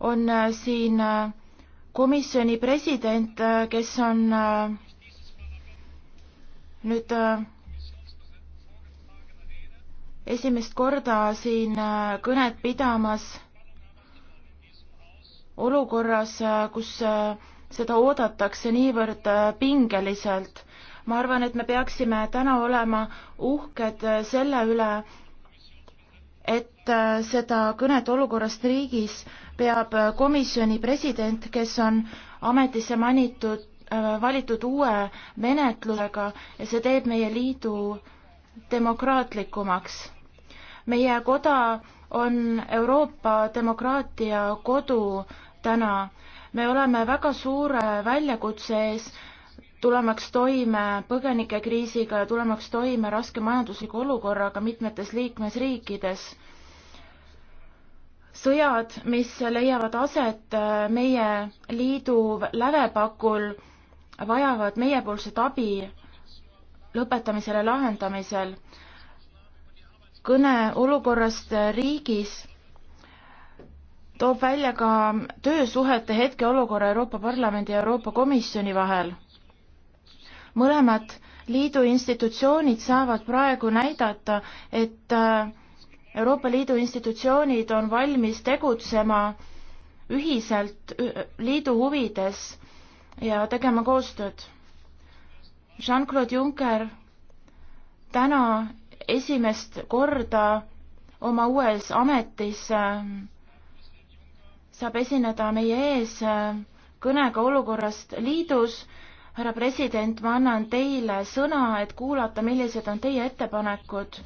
on äh, siin äh, komisjoni president, äh, kes on nüüd esimest korda siin kõnet pidamas olukorras, kus seda oodatakse niivõrd pingeliselt. ma arvan, et me peaksime täna olema uhked selle üle, et seda kõnet olukorrast riigis peab komisjoni president, kes on ametisse manitud, äh, valitud uue menetlusega ja see teeb meie liidu demokraatlikumaks. meie koda on Euroopa demokraatia kodu täna. me oleme väga suure väljakutse ees, tulemaks toime põgenikekriisiga ja tulemaks toime raske majandusliku olukorraga mitmetes liikmesriikides sõjad, mis leiavad aset äh, meie liidu lävepakul, vajavad meiepoolset abi lõpetamisele, lahendamisel. kõne olukorrast riigis toob välja ka töösuhete hetkeolukorra Euroopa Parlamendi ja Euroopa Komisjoni vahel. mõlemad liidu institutsioonid saavad praegu näidata, et äh, Euroopa Liidu institutsioonid on valmis tegutsema ühiselt liidu huvides ja tegema koostööd. Jean-Claude Juncker täna esimest korda oma uues ametis äh, saab esineda meie ees äh, kõnega olukorrast liidus. härra president, ma annan teile sõna, et kuulata, millised on teie ettepanekud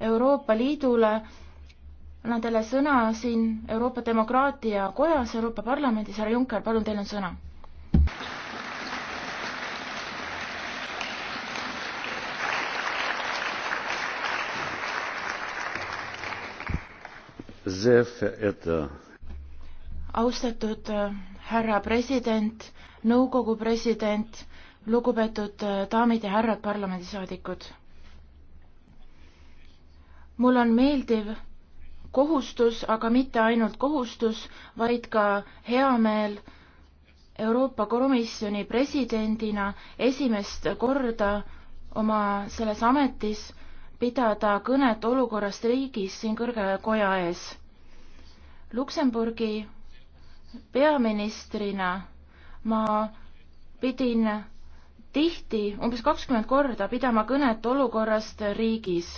Euroopa Liidule. annan teile sõna siin Euroopa Demokraatia Kojas, Euroopa Parlamendis, härra Juncker, palun, teil on sõna. austatud äh, härra president, nõukogu president, lugupeetud äh, daamid ja härrad parlamendisaadikud mul on meeldiv kohustus, aga mitte ainult kohustus, vaid ka heameel Euroopa Komisjoni presidendina esimest korda oma selles ametis pidada kõnet olukorrast riigis siin kõrge koja ees. Luksemburgi peaministrina ma pidin tihti, umbes kakskümmend korda, pidama kõnet olukorrast riigis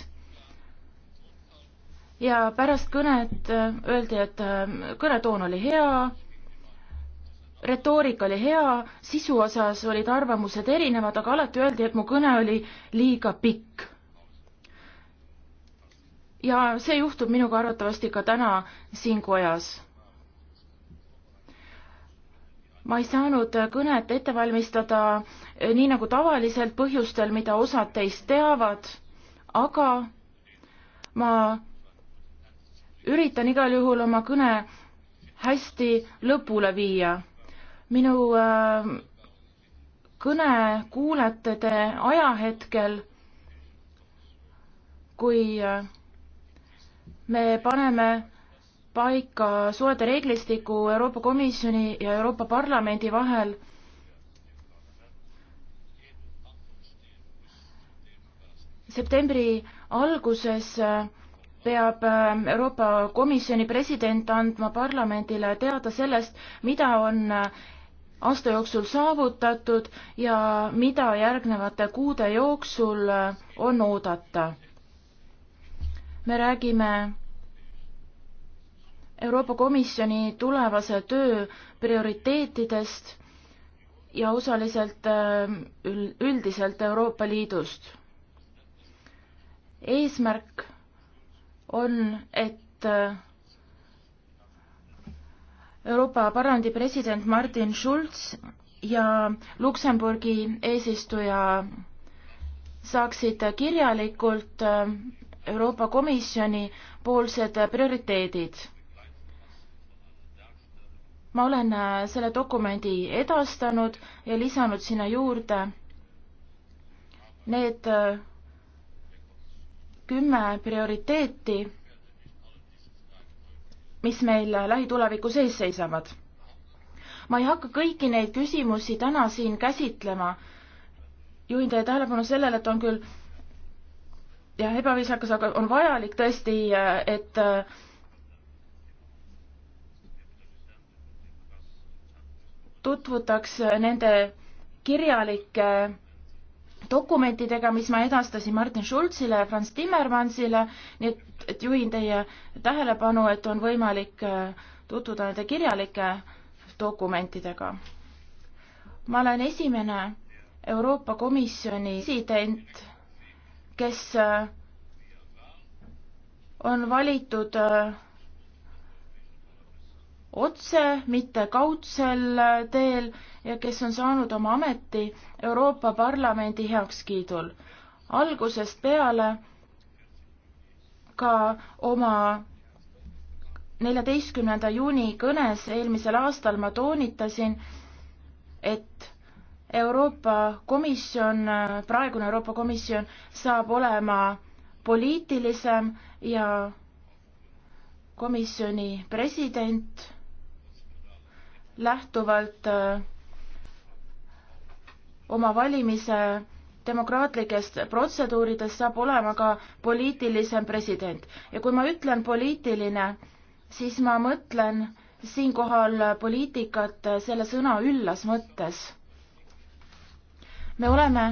ja pärast kõnet äh, öeldi, et äh, kõnetoon oli hea, retoorika oli hea, sisu osas olid arvamused erinevad, aga alati öeldi, et mu kõne oli liiga pikk. ja see juhtub minuga arvatavasti ka täna siin kojas. ma ei saanud kõnet ette valmistada äh, nii nagu tavaliselt põhjustel, mida osad teist teavad, aga ma üritan igal juhul oma kõne hästi lõpule viia. minu äh, kõne kuulete te ajahetkel, kui äh, me paneme paika suhete reeglistiku Euroopa Komisjoni ja Euroopa Parlamendi vahel septembri alguses äh, peab ähm, Euroopa Komisjoni president andma parlamendile teada sellest, mida on äh, aasta jooksul saavutatud ja mida järgnevate kuude jooksul äh, on oodata. me räägime Euroopa Komisjoni tulevase töö prioriteetidest ja osaliselt ähm, üldiselt Euroopa Liidust. eesmärk on, et äh, Euroopa Parlamendi president Martin Schulz ja Luksemburgi eesistuja saaksid kirjalikult äh, Euroopa Komisjoni poolsed prioriteedid. ma olen äh, selle dokumendi edastanud ja lisanud sinna juurde need kümme prioriteeti, mis meil lähitulevikus ees seisavad. ma ei hakka kõiki neid küsimusi täna siin käsitlema. juhin teie tähelepanu sellele, et on küll jah, ebaviisakas, aga on vajalik tõesti, et tutvutaks nende kirjalike dokumentidega, mis ma edastasin Martin Schulzile ja Franz Timmermansile, nii et, et juhin teie tähelepanu, et on võimalik äh, tutvuda nende kirjalike dokumentidega. ma olen esimene Euroopa Komisjoni president, kes äh, on valitud äh, otse, mitte kaudsel teel ja kes on saanud oma ameti Euroopa Parlamendi heakskiidul. algusest peale ka oma neljateistkümnenda juuni kõnes eelmisel aastal ma toonitasin, et Euroopa Komisjon, praegune Euroopa Komisjon saab olema poliitilisem ja komisjoni president lähtuvalt äh, oma valimise demokraatlikest protseduuridest saab olema ka poliitilisem president. ja kui ma ütlen poliitiline, siis ma mõtlen siinkohal poliitikat selle sõna üllas mõttes. me oleme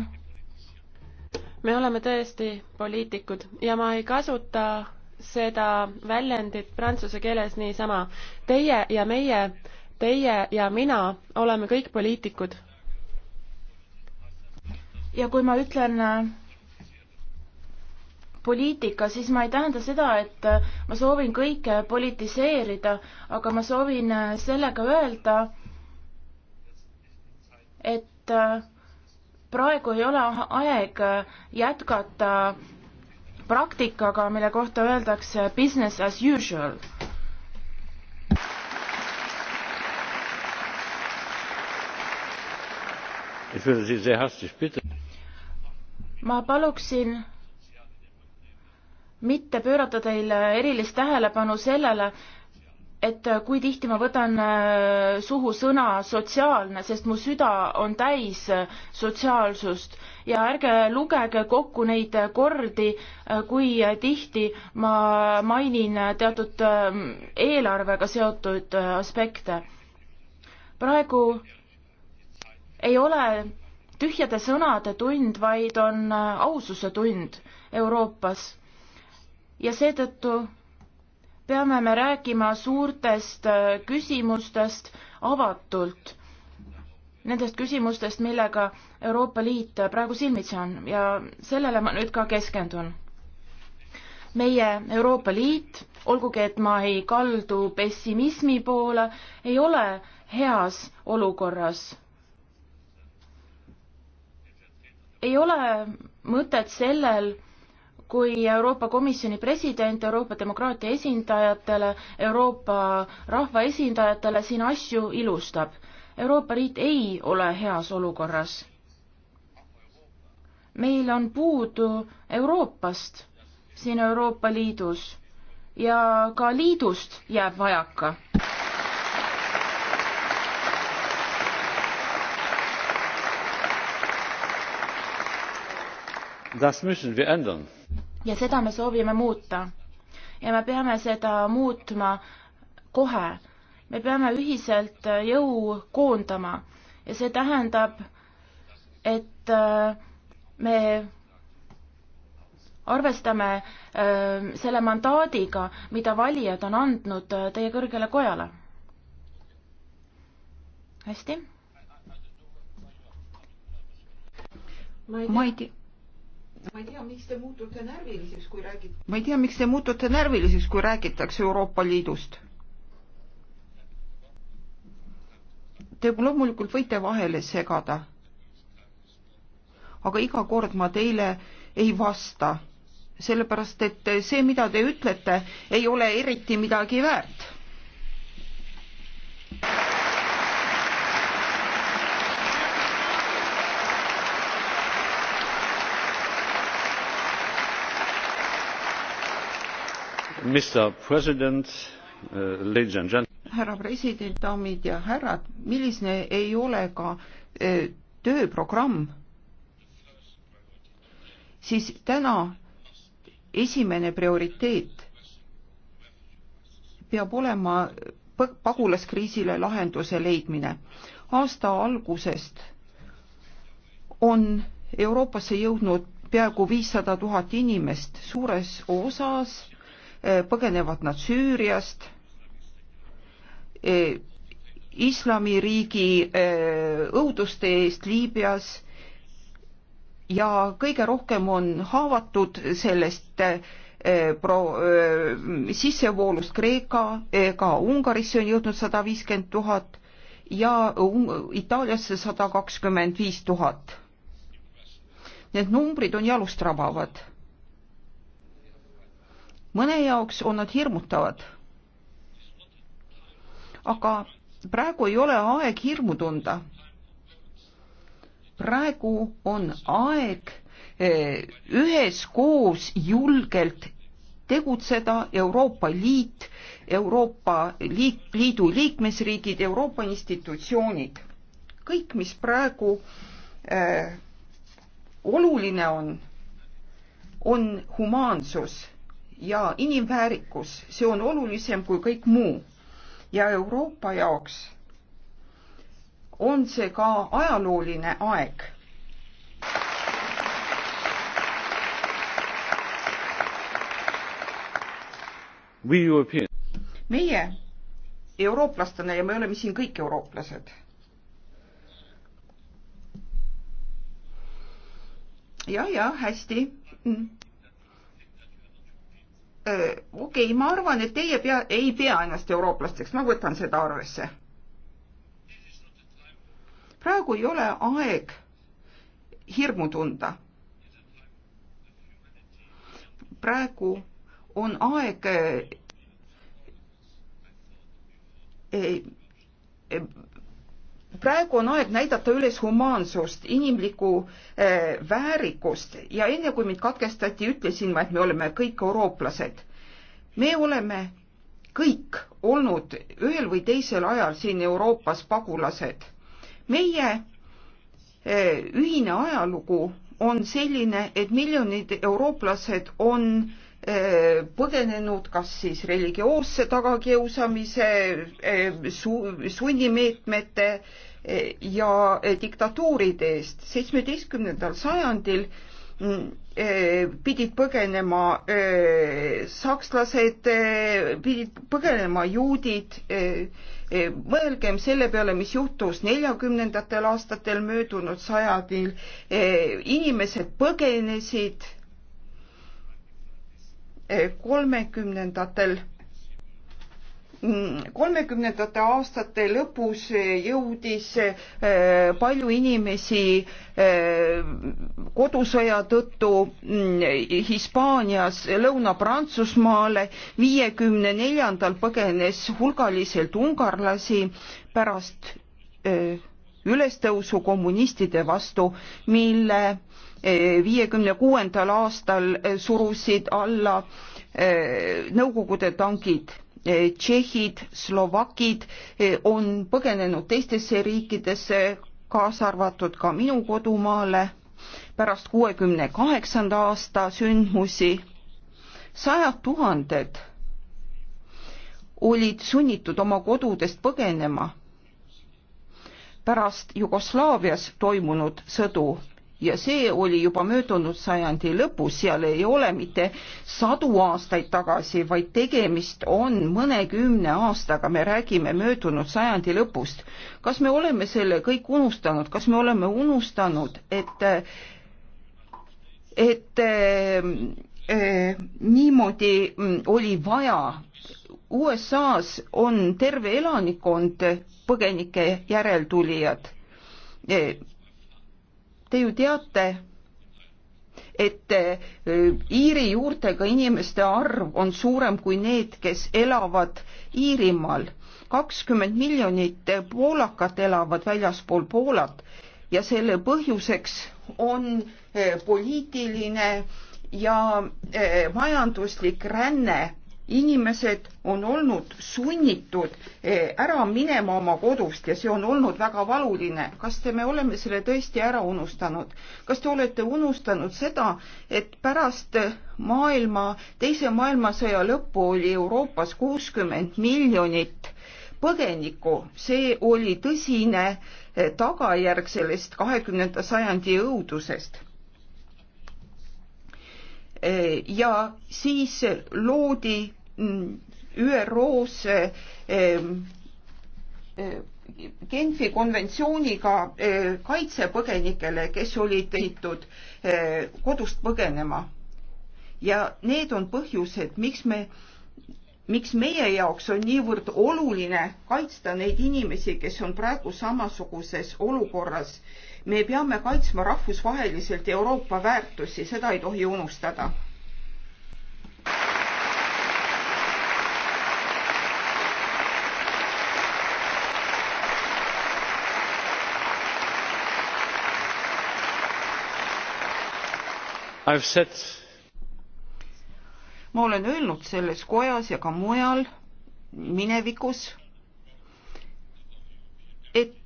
me oleme tõesti poliitikud ja ma ei kasuta seda väljendit prantsuse keeles niisama. Teie ja meie teie ja mina oleme kõik poliitikud. ja kui ma ütlen äh, poliitika, siis ma ei tähenda seda, et äh, ma soovin kõike politiseerida, aga ma soovin äh, sellega öelda, et praegu ei ole aeg jätkata praktikaga, mille kohta öeldakse business as usual ma paluksin mitte pöörata teile erilist tähelepanu sellele, et kui tihti ma võtan äh, suhu sõna sotsiaalne, sest mu süda on täis äh, sotsiaalsust ja ärge lugege kokku neid kordi, äh, kui tihti ma mainin teatud eelarvega seotud aspekte. praegu ei ole tühjade sõnade tund, vaid on äh, aususe tund Euroopas. ja seetõttu peame me rääkima suurtest äh, küsimustest avatult, nendest küsimustest, millega Euroopa Liit praegu silmitsi on ja sellele ma nüüd ka keskendun. meie Euroopa Liit, olgugi et ma ei kaldu pessimismi poole, ei ole heas olukorras ei ole mõtet sellel, kui Euroopa Komisjoni president Euroopa demokraatia esindajatele, Euroopa rahva esindajatele siin asju ilustab. Euroopa Liit ei ole heas olukorras. meil on puudu Euroopast siin Euroopa Liidus ja ka liidust jääb vajaka ja seda me soovime muuta. ja me peame seda muutma kohe. me peame ühiselt äh, jõu koondama ja see tähendab, et äh, me arvestame äh, selle mandaadiga, mida valijad on andnud teie kõrgele kojale. hästi? ma ei tea ma ei tea, miks te muutute närviliseks, kui räägite. ma ei tea, miks te muutute närviliseks, kui räägitakse Euroopa Liidust. Te loomulikult võite vahele segada. aga iga kord ma teile ei vasta, sellepärast et see, mida te ütlete, ei ole eriti midagi väärt. Uh, härra president, daamid ja härrad, milline ei ole ka uh, tööprogramm, siis täna esimene prioriteet peab olema pagulaskriisile lahenduse leidmine. aasta algusest on Euroopasse jõudnud peaaegu viissada tuhat inimest, suures osas Äh, põgenevad nad Süüriast, äh, islamiriigi äh, õuduste eest Liibüas ja kõige rohkem on haavatud sellest pro-, sissevoolust Kreeka, ka Ungarisse on jõudnud sada viiskümmend tuhat ja um-, Itaaliasse sada kakskümmend viis tuhat. Need numbrid on jalust rabavad mõne jaoks on nad hirmutavad. aga praegu ei ole aeg hirmu tunda. praegu on aeg eh, üheskoos julgelt tegutseda, Euroopa Liit, Euroopa liik, Liidu liikmesriigid, Euroopa institutsioonid. kõik, mis praegu äh, oluline on, on humaansus ja inimväärikus, see on olulisem kui kõik muu. ja Euroopa jaoks on see ka ajalooline aeg. meie eurooplastena ja me oleme siin kõik eurooplased. ja, ja hästi mm okei okay,, ma arvan, et teie pea, ei pea ennast eurooplasteks, ma võtan seda arvesse. praegu ei ole aeg hirmu tunda. praegu on aeg praegu on aeg näidata üles humaansust, inimlikku äh, väärikust ja enne kui mind katkestati, ütlesin ma, et me oleme kõik eurooplased. me oleme kõik olnud ühel või teisel ajal siin Euroopas pagulased. meie äh, ühine ajalugu on selline, et miljonid eurooplased on äh, Eh, põgenenud kas siis religioosse tagakiusamise, eh, sunnimeetmete eh, ja diktatuuride eest. seitsmeteistkümnendal sajandil mm, pidid põgenema sakslased, pidid põgenema juudid. mõelgem selle peale, mis juhtus neljakümnendatel aastatel möödunud sajandil. inimesed põgenesid kolmekümnendatel, mm, kolmekümnendate aastate lõpus jõudis eh, palju inimesi eh, kodusõja tõttu mm, Hispaanias Lõuna-Prantsusmaale, viiekümne neljandal põgenes hulgaliselt ungarlasi pärast eh, ülestõusu kommunistide vastu, mille viiekümne kuuendal aastal surusid alla eh, Nõukogude tankid. Eh, tšehhid, Slovakid eh, on põgenenud teistesse riikidesse, kaasa arvatud ka minu kodumaale pärast kuuekümne kaheksanda aasta sündmusi. sajad tuhanded olid sunnitud oma kodudest põgenema pärast Jugoslaavias toimunud sõdu ja see oli juba möödunud sajandi lõpus, seal ei ole mitte sadu aastaid tagasi, vaid tegemist on mõnekümne aastaga, me räägime möödunud sajandi lõpust. kas me oleme selle kõik unustanud, kas me oleme unustanud, et, et äh, äh, niimoodi mm, oli vaja USA-s on terve elanikkond põgenike järeltulijad e Te ju teate, et äh, Iiri juurtega inimeste arv on suurem kui need, kes elavad Iirimaal. kakskümmend miljonit poolakat elavad väljaspool Poolat ja selle põhjuseks on äh, poliitiline ja äh, majanduslik ränne inimesed on olnud sunnitud eh, ära minema oma kodust ja see on olnud väga valuline. kas te, me oleme selle tõesti ära unustanud? kas te olete unustanud seda, et pärast maailma, teise maailmasõja lõppu oli Euroopas kuuskümmend miljonit põgenikku, see oli tõsine eh, tagajärg sellest kahekümnenda sajandi õudusest eh, ja siis loodi ÜRO-s eh, eh, Genfi konventsiooniga eh, kaitsepõgenikele, kes olid tehtud kodust põgenema. ja need on põhjused, miks me, miks meie jaoks on niivõrd oluline kaitsta neid inimesi, kes on praegu samasuguses olukorras. me peame kaitsma rahvusvaheliselt Euroopa väärtusi, seda ei tohi unustada. Said... ma olen öelnud selles kojas ja ka mujal minevikus, et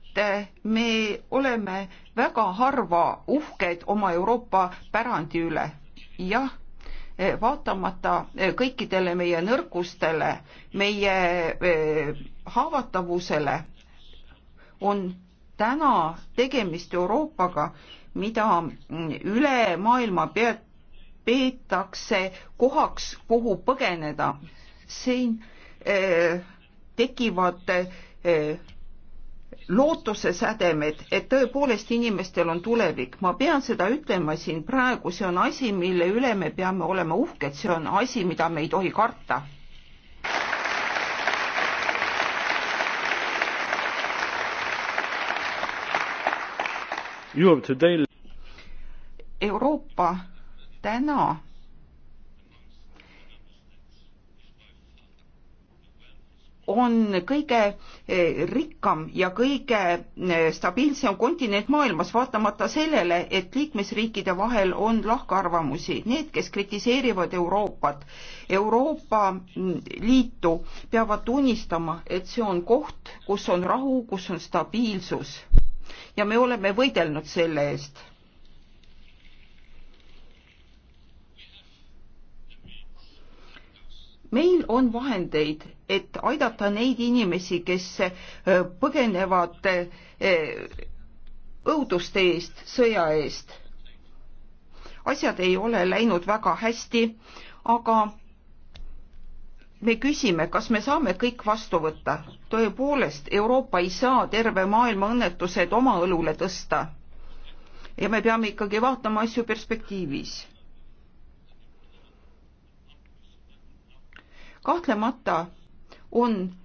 me oleme väga harva uhked oma Euroopa pärandi üle. jah, vaatamata kõikidele meie nõrkustele, meie e, haavatavusele, on täna tegemist Euroopaga, mida üle maailma peetakse kohaks, kuhu põgeneda. siin äh, tekivad äh, lootuse sädemed, et tõepoolest inimestel on tulevik. ma pean seda ütlema siin praegu, see on asi, mille üle me peame olema uhked, see on asi, mida me ei tohi karta Euroopa täna on kõige eh, rikkam ja kõige eh, stabiilsem kontinent maailmas, vaatamata sellele, et liikmesriikide vahel on lahkarvamusi. Need, kes kritiseerivad Euroopat, Euroopa mm, Liitu, peavad tunnistama, et see on koht, kus on rahu, kus on stabiilsus ja me oleme võidelnud selle eest. meil on vahendeid, et aidata neid inimesi, kes äh, põgenevad äh, õuduste eest, sõja eest. asjad ei ole läinud väga hästi, aga me küsime, kas me saame kõik vastu võtta. tõepoolest, Euroopa ei saa terve maailma õnnetused oma õlule tõsta. ja me peame ikkagi vaatama asju perspektiivis. kahtlemata on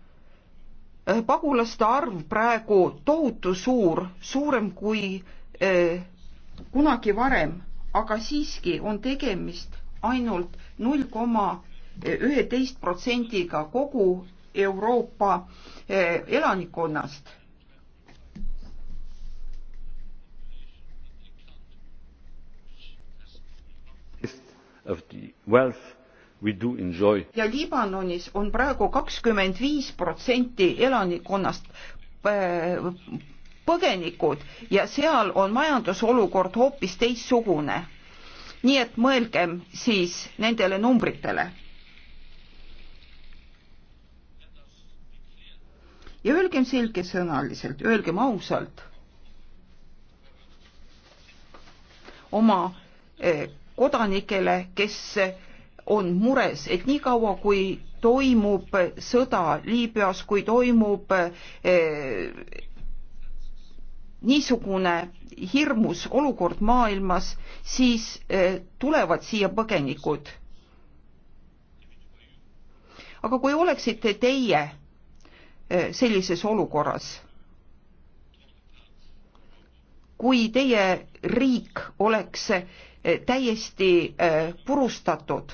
äh, pagulaste arv praegu tohutu suur, suurem kui eh, kunagi varem, aga siiski on tegemist ainult null koma üheteist protsendiga kogu Euroopa eh, elanikkonnast. ja Liibanonis on praegu kakskümmend viis protsenti elanikkonnast eh, põgenikud ja seal on majandusolukord hoopis teistsugune. nii et mõelgem siis nendele numbritele ja öelgem selgesõnaliselt, öelgem ausalt oma eh, kodanikele, kes on mures, et niikaua kui toimub sõda Liibüas, kui toimub eh, niisugune hirmus olukord maailmas, siis eh, tulevad siia põgenikud. aga kui oleksite teie Äh, sellises olukorras. kui teie riik oleks äh, täiesti äh, purustatud,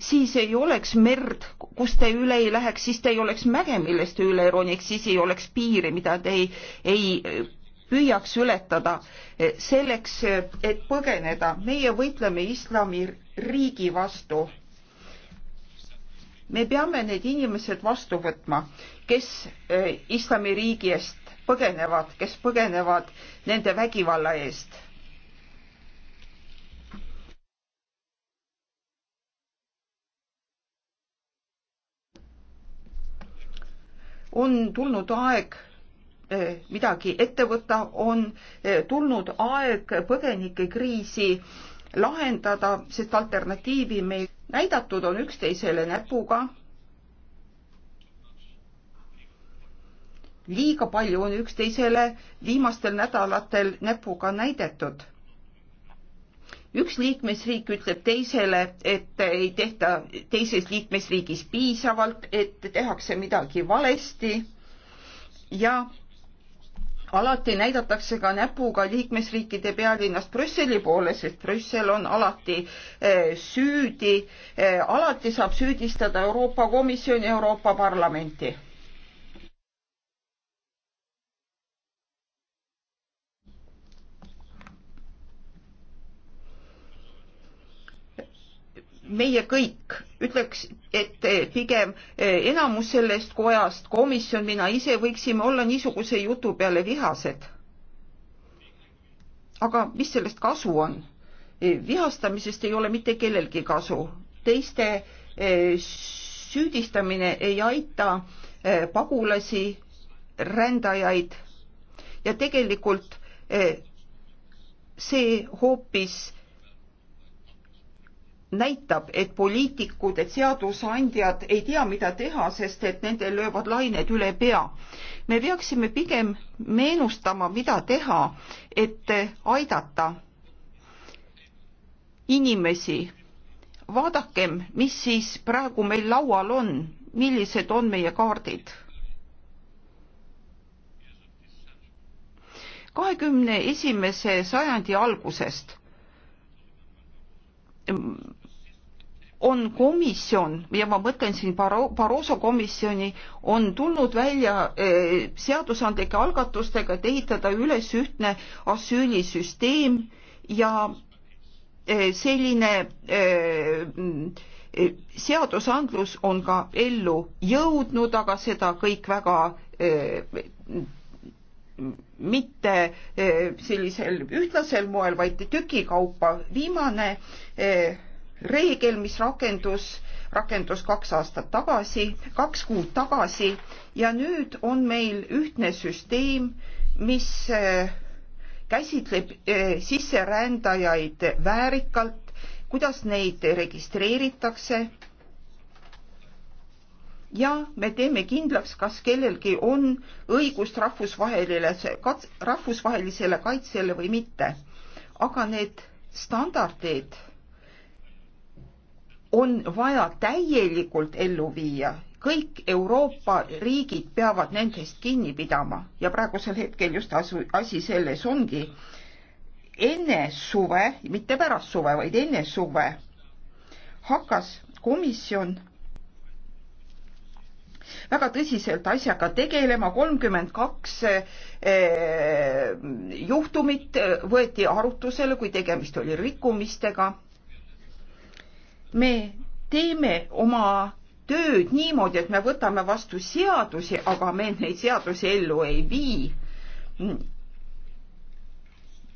siis ei oleks merd, kust te üle ei läheks, siis te ei oleks mäge, millest te üle ei roniks, siis ei oleks piiri, mida te ei, ei püüaks ületada eh, selleks, eh, et põgeneda. meie võitleme islamiriigi vastu. me peame need inimesed vastu võtma, kes eh, islamiriigi eest põgenevad, kes põgenevad nende vägivalla eest on tulnud aeg Äh, midagi ette võtta, on äh, tulnud aeg põgenikekriisi lahendada, sest alternatiivi meil näidatud on üksteisele näpuga. liiga palju on üksteisele viimastel nädalatel näpuga näidatud. üks liikmesriik ütleb teisele, et ei tehta teises liikmesriigis piisavalt, et tehakse midagi valesti ja alati näidatakse ka näpuga liikmesriikide pealinnast Brüsseli poole, sest Brüssel on alati eh, süüdi, eh, alati saab süüdistada Euroopa Komisjoni, Euroopa Parlamenti meie kõik, ütleks, et eh, pigem eh, enamus sellest kojast, komisjon, mina ise võiksime olla niisuguse jutu peale vihased. aga mis sellest kasu on? Eh, vihastamisest ei ole mitte kellelgi kasu, teiste süüdistamine ei aita pagulasi, rändajaid ja tegelikult see hoopis näitab, et poliitikud, et seadusandjad ei tea, mida teha, sest et nendel löövad lained üle pea. me peaksime pigem meenustama, mida teha, et aidata inimesi. vaadakem, mis siis praegu meil laual on, millised on meie kaardid. kahekümne esimese sajandi algusest on komisjon ja ma mõtlen siin Baro-, Barroso komisjoni, on tulnud välja eh, seadusandlike algatustega, et ehitada üles ühtne asüülisüsteem ja eh, selline eh, seadusandlus on ka ellu jõudnud, aga seda kõik väga mitte sellisel ühtlasel moel, vaid tüki kaupa. viimane reegel, mis rakendus, rakendus kaks aastat tagasi, kaks kuud tagasi ja nüüd on meil ühtne süsteem, mis äh, käsitleb äh, sisserändajaid väärikalt, kuidas neid registreeritakse. ja me teeme kindlaks, kas kellelgi on õigust rahvusvahelisele, rahvusvahelisele kaitsele või mitte. aga need standardid on vaja täielikult ellu viia. kõik Euroopa riigid peavad nendest kinni pidama ja praegusel hetkel just asu, asi selles ongi. enne suve, mitte pärast suve, vaid enne suve hakkas komisjon väga tõsiselt asjaga tegelema, kolmkümmend kaks eh, juhtumit võeti arutusele, kui tegemist oli rikkumistega me teeme oma tööd niimoodi, et me võtame vastu seadusi, aga me neid seadusi ellu ei vii.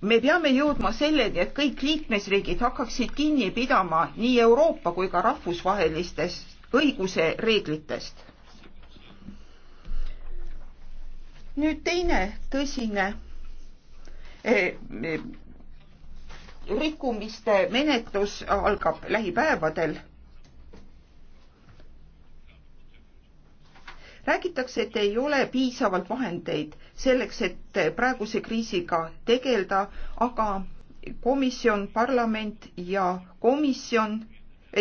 me peame jõudma selleni, et kõik liikmesriigid hakkaksid kinni pidama nii Euroopa kui ka rahvusvahelistest õiguse reeglitest. nüüd teine tõsine eh, rikkumiste menetlus algab lähipäevadel. räägitakse, et ei ole piisavalt vahendeid selleks, et praeguse kriisiga tegeleda, aga komisjon, parlament ja komisjon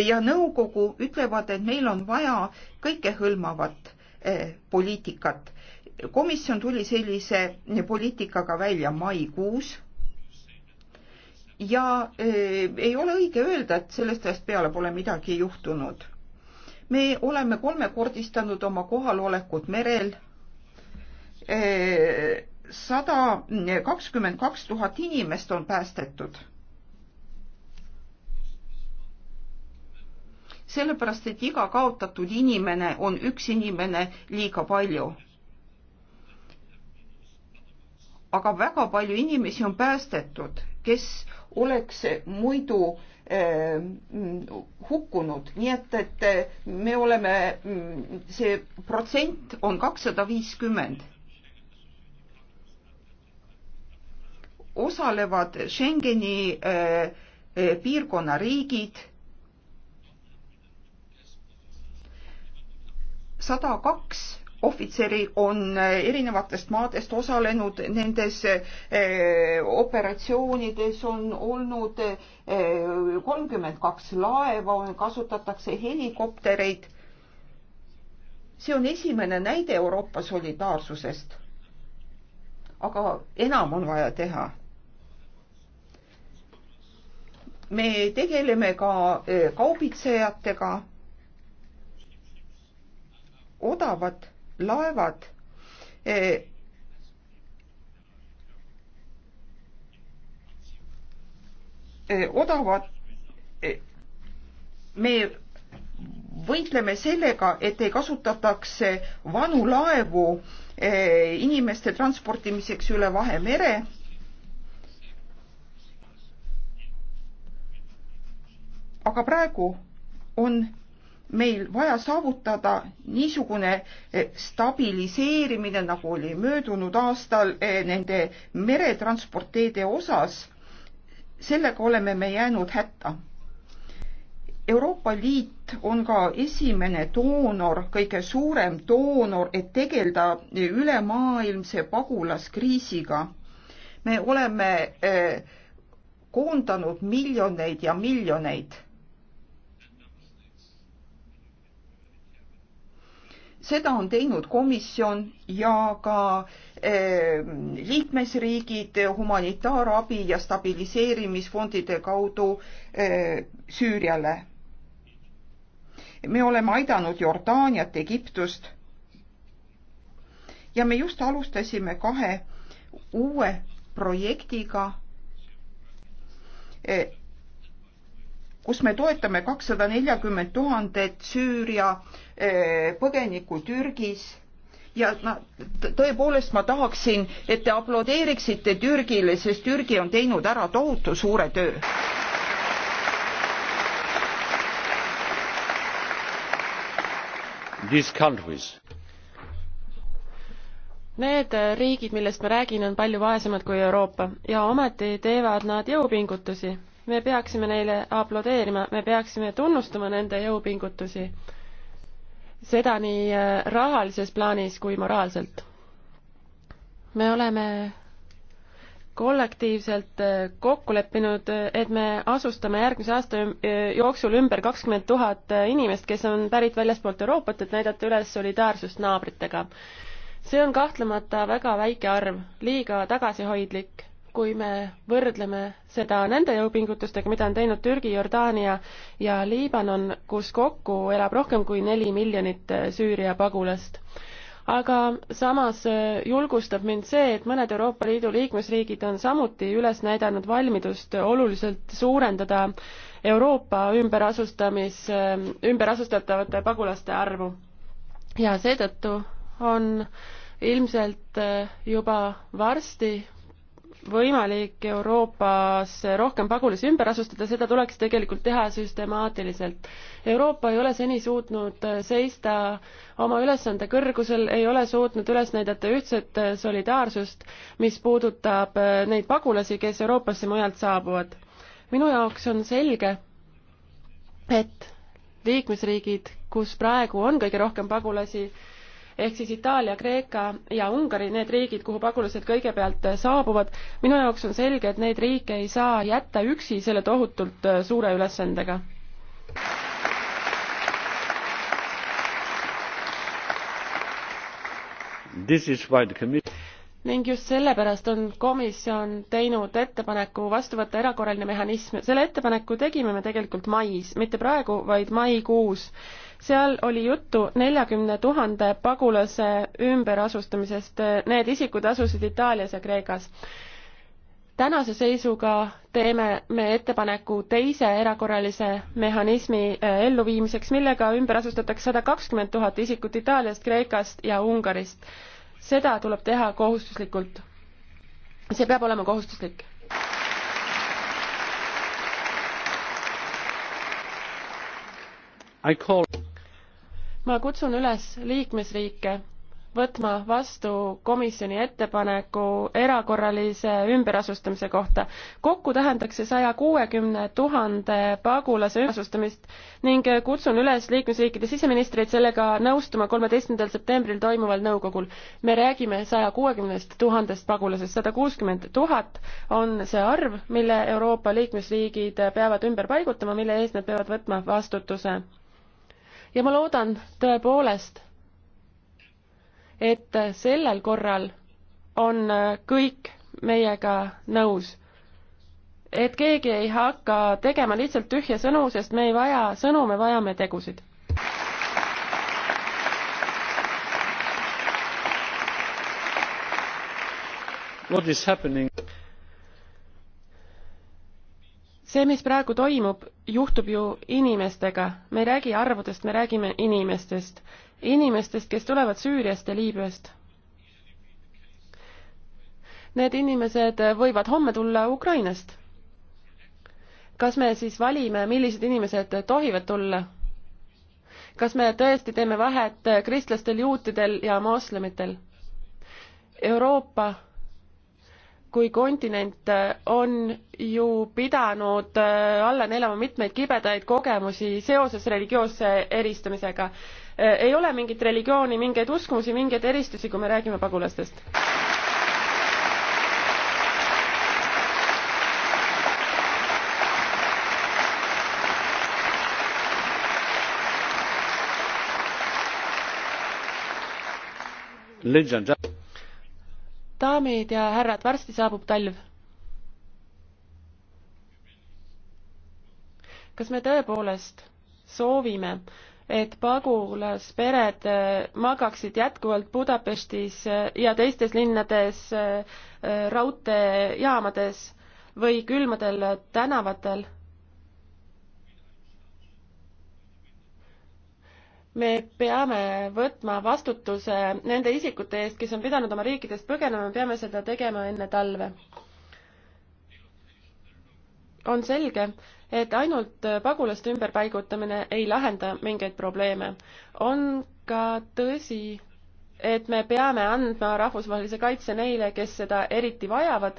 ja nõukogu ütlevad, et meil on vaja kõikehõlmavat eh, poliitikat. komisjon tuli sellise poliitikaga välja maikuus ja äh, ei ole õige öelda, et sellest ajast peale pole midagi juhtunud. me oleme kolmekordistanud oma kohalolekut merel äh, e, sada kakskümmend kaks tuhat inimest on päästetud. sellepärast, et iga kaotatud inimene on üks inimene liiga palju. aga väga palju inimesi on päästetud, kes oleks muidu ähm, hukkunud, nii et, et äh, me oleme, mm, see protsent on kakssada viiskümmend. osalevad Schengeni äh, äh, piirkonna riigid sada kaks ohvitserid on eh, erinevatest maadest osalenud nendes eh, operatsioonides, on olnud eh, kolmkümmend kaks laeva, kasutatakse helikoptereid. see on esimene näide Euroopa solidaarsusest. aga enam on vaja teha me tegeleme ka kaubitsejatega. odavad laevad eh, eh, odavad, eh, me võitleme sellega, et ei kasutataks vanu laevu inimeste transportimiseks üle Vahemere. aga praegu on meil vaja saavutada niisugune eh, stabiliseerimine, nagu oli möödunud aastal eh, nende meretransportteede osas. sellega oleme me jäänud hätta. Euroopa Liit on ka esimene doonor, kõige suurem doonor, et tegeleda ülemaailmse pagulaskriisiga. me oleme eh, koondanud miljoneid ja miljoneid seda on teinud komisjon ja ka eh, liikmesriigid humanitaarabi ja stabiliseerimisfondide kaudu eh, Süüriale. me oleme aidanud Jordaaniat, Egiptust ja me just alustasime kahe uue projektiga eh, kus me toetame kakssada neljakümmet tuhandet Süüria eh, põgenikku Türgis ja no, tõepoolest ma tahaksin, et te aplodeeriksite Türgile, sest Türgi on teinud ära tohutu suure töö. Need eh, riigid, millest ma räägin, on palju vaesemad kui Euroopa ja ometi teevad nad jõupingutusi me peaksime neile aplodeerima, me peaksime tunnustama nende jõupingutusi, seda nii äh, rahalises plaanis kui moraalselt. me oleme kollektiivselt äh, kokku leppinud, äh, et me asustame järgmise aasta jooksul ümber kakskümmend tuhat inimest, kes on pärit väljastpoolt Euroopat, et näidata üles solidaarsust naabritega. see on kahtlemata väga väike arv, liiga tagasihoidlik kui me võrdleme seda nende jõupingutustega, mida on teinud Türgi, Jordaania ja Liibanon, kus kokku elab rohkem kui neli miljonit äh, Süüria pagulast. aga samas äh, julgustab mind see, et mõned Euroopa Liidu liikmesriigid on samuti üles näidanud valmidust oluliselt suurendada Euroopa ümberasustamis, äh, ümberasustatavate pagulaste arvu. ja seetõttu on ilmselt juba varsti võimalik Euroopas rohkem pagulasi ümber asustada, seda tuleks tegelikult teha süstemaatiliselt. Euroopa ei ole seni suutnud seista oma ülesande kõrgusel, ei ole suutnud üles näidata ühtset solidaarsust, mis puudutab neid pagulasi, kes Euroopasse mujalt saabuvad. minu jaoks on selge, et liikmesriigid, kus praegu on kõige rohkem pagulasi, ehk siis Itaalia, Kreeka ja Ungari, need riigid, kuhu pagulased kõigepealt äh, saabuvad, minu jaoks on selge, et neid riike ei saa jätta üksi selle tohutult äh, suure ülesandega. ning just sellepärast on komisjon teinud ettepaneku vastu võtta erakorraline mehhanism. selle ettepaneku tegime me tegelikult mais, mitte praegu, vaid maikuus seal oli juttu neljakümne tuhande pagulase ümberasustamisest. Need isikud asusid Itaalias ja Kreekas. tänase seisuga teeme me ettepaneku teise erakorralise mehhanismi eh, elluviimiseks, millega ümber asustatakse sada kakskümmend tuhat isikut Itaaliast, Kreekast ja Ungarist. seda tuleb teha kohustuslikult. see peab olema kohustuslik I call ma kutsun üles liikmesriike võtma vastu komisjoni ettepaneku erakorralise ümberasustamise kohta. kokku tähendaks see saja kuuekümne tuhande pagulase ümberasustamist ning kutsun üles liikmesriikide siseministreid sellega nõustuma kolmeteistkümnendal septembril toimuval nõukogul. me räägime saja kuuekümnest tuhandest pagulasest, sada kuuskümmend tuhat on see arv, mille Euroopa liikmesriigid peavad ümber paigutama, mille eest nad peavad võtma vastutuse ja ma loodan tõepoolest, et sellel korral on kõik meiega nõus. et keegi ei hakka tegema lihtsalt tühje sõnu, sest me ei vaja sõnu, me vajame tegusid. What is happening? see, mis praegu toimub, juhtub ju inimestega, me ei räägi arvudest, me räägime inimestest. inimestest, kes tulevad Süüriast ja Liibüast. Need inimesed võivad homme tulla Ukrainast. kas me siis valime, millised inimesed tohivad tulla? kas me tõesti teeme vahet kristlastel, juutidel ja moslemitel? Euroopa kui kontinent äh, on ju pidanud äh, alla nelama mitmeid kibedaid kogemusi seoses religioosse eristamisega. Äh, ei ole mingit religiooni, mingeid uskumusi, mingeid eristusi, kui me räägime pagulastest. Legend daamid ja härrad, varsti saabub talv. kas me tõepoolest soovime, et pagulaspered äh, magaksid jätkuvalt Budapestis äh, ja teistes linnades äh, raudteejaamades või külmadel tänavatel? me peame võtma vastutuse nende isikute eest, kes on pidanud oma riikidest põgenema, me peame seda tegema enne talve. on selge, et ainult pagulaste ümberpaigutamine ei lahenda mingeid probleeme. on ka tõsi, et me peame andma rahvusvahelise kaitse neile, kes seda eriti vajavad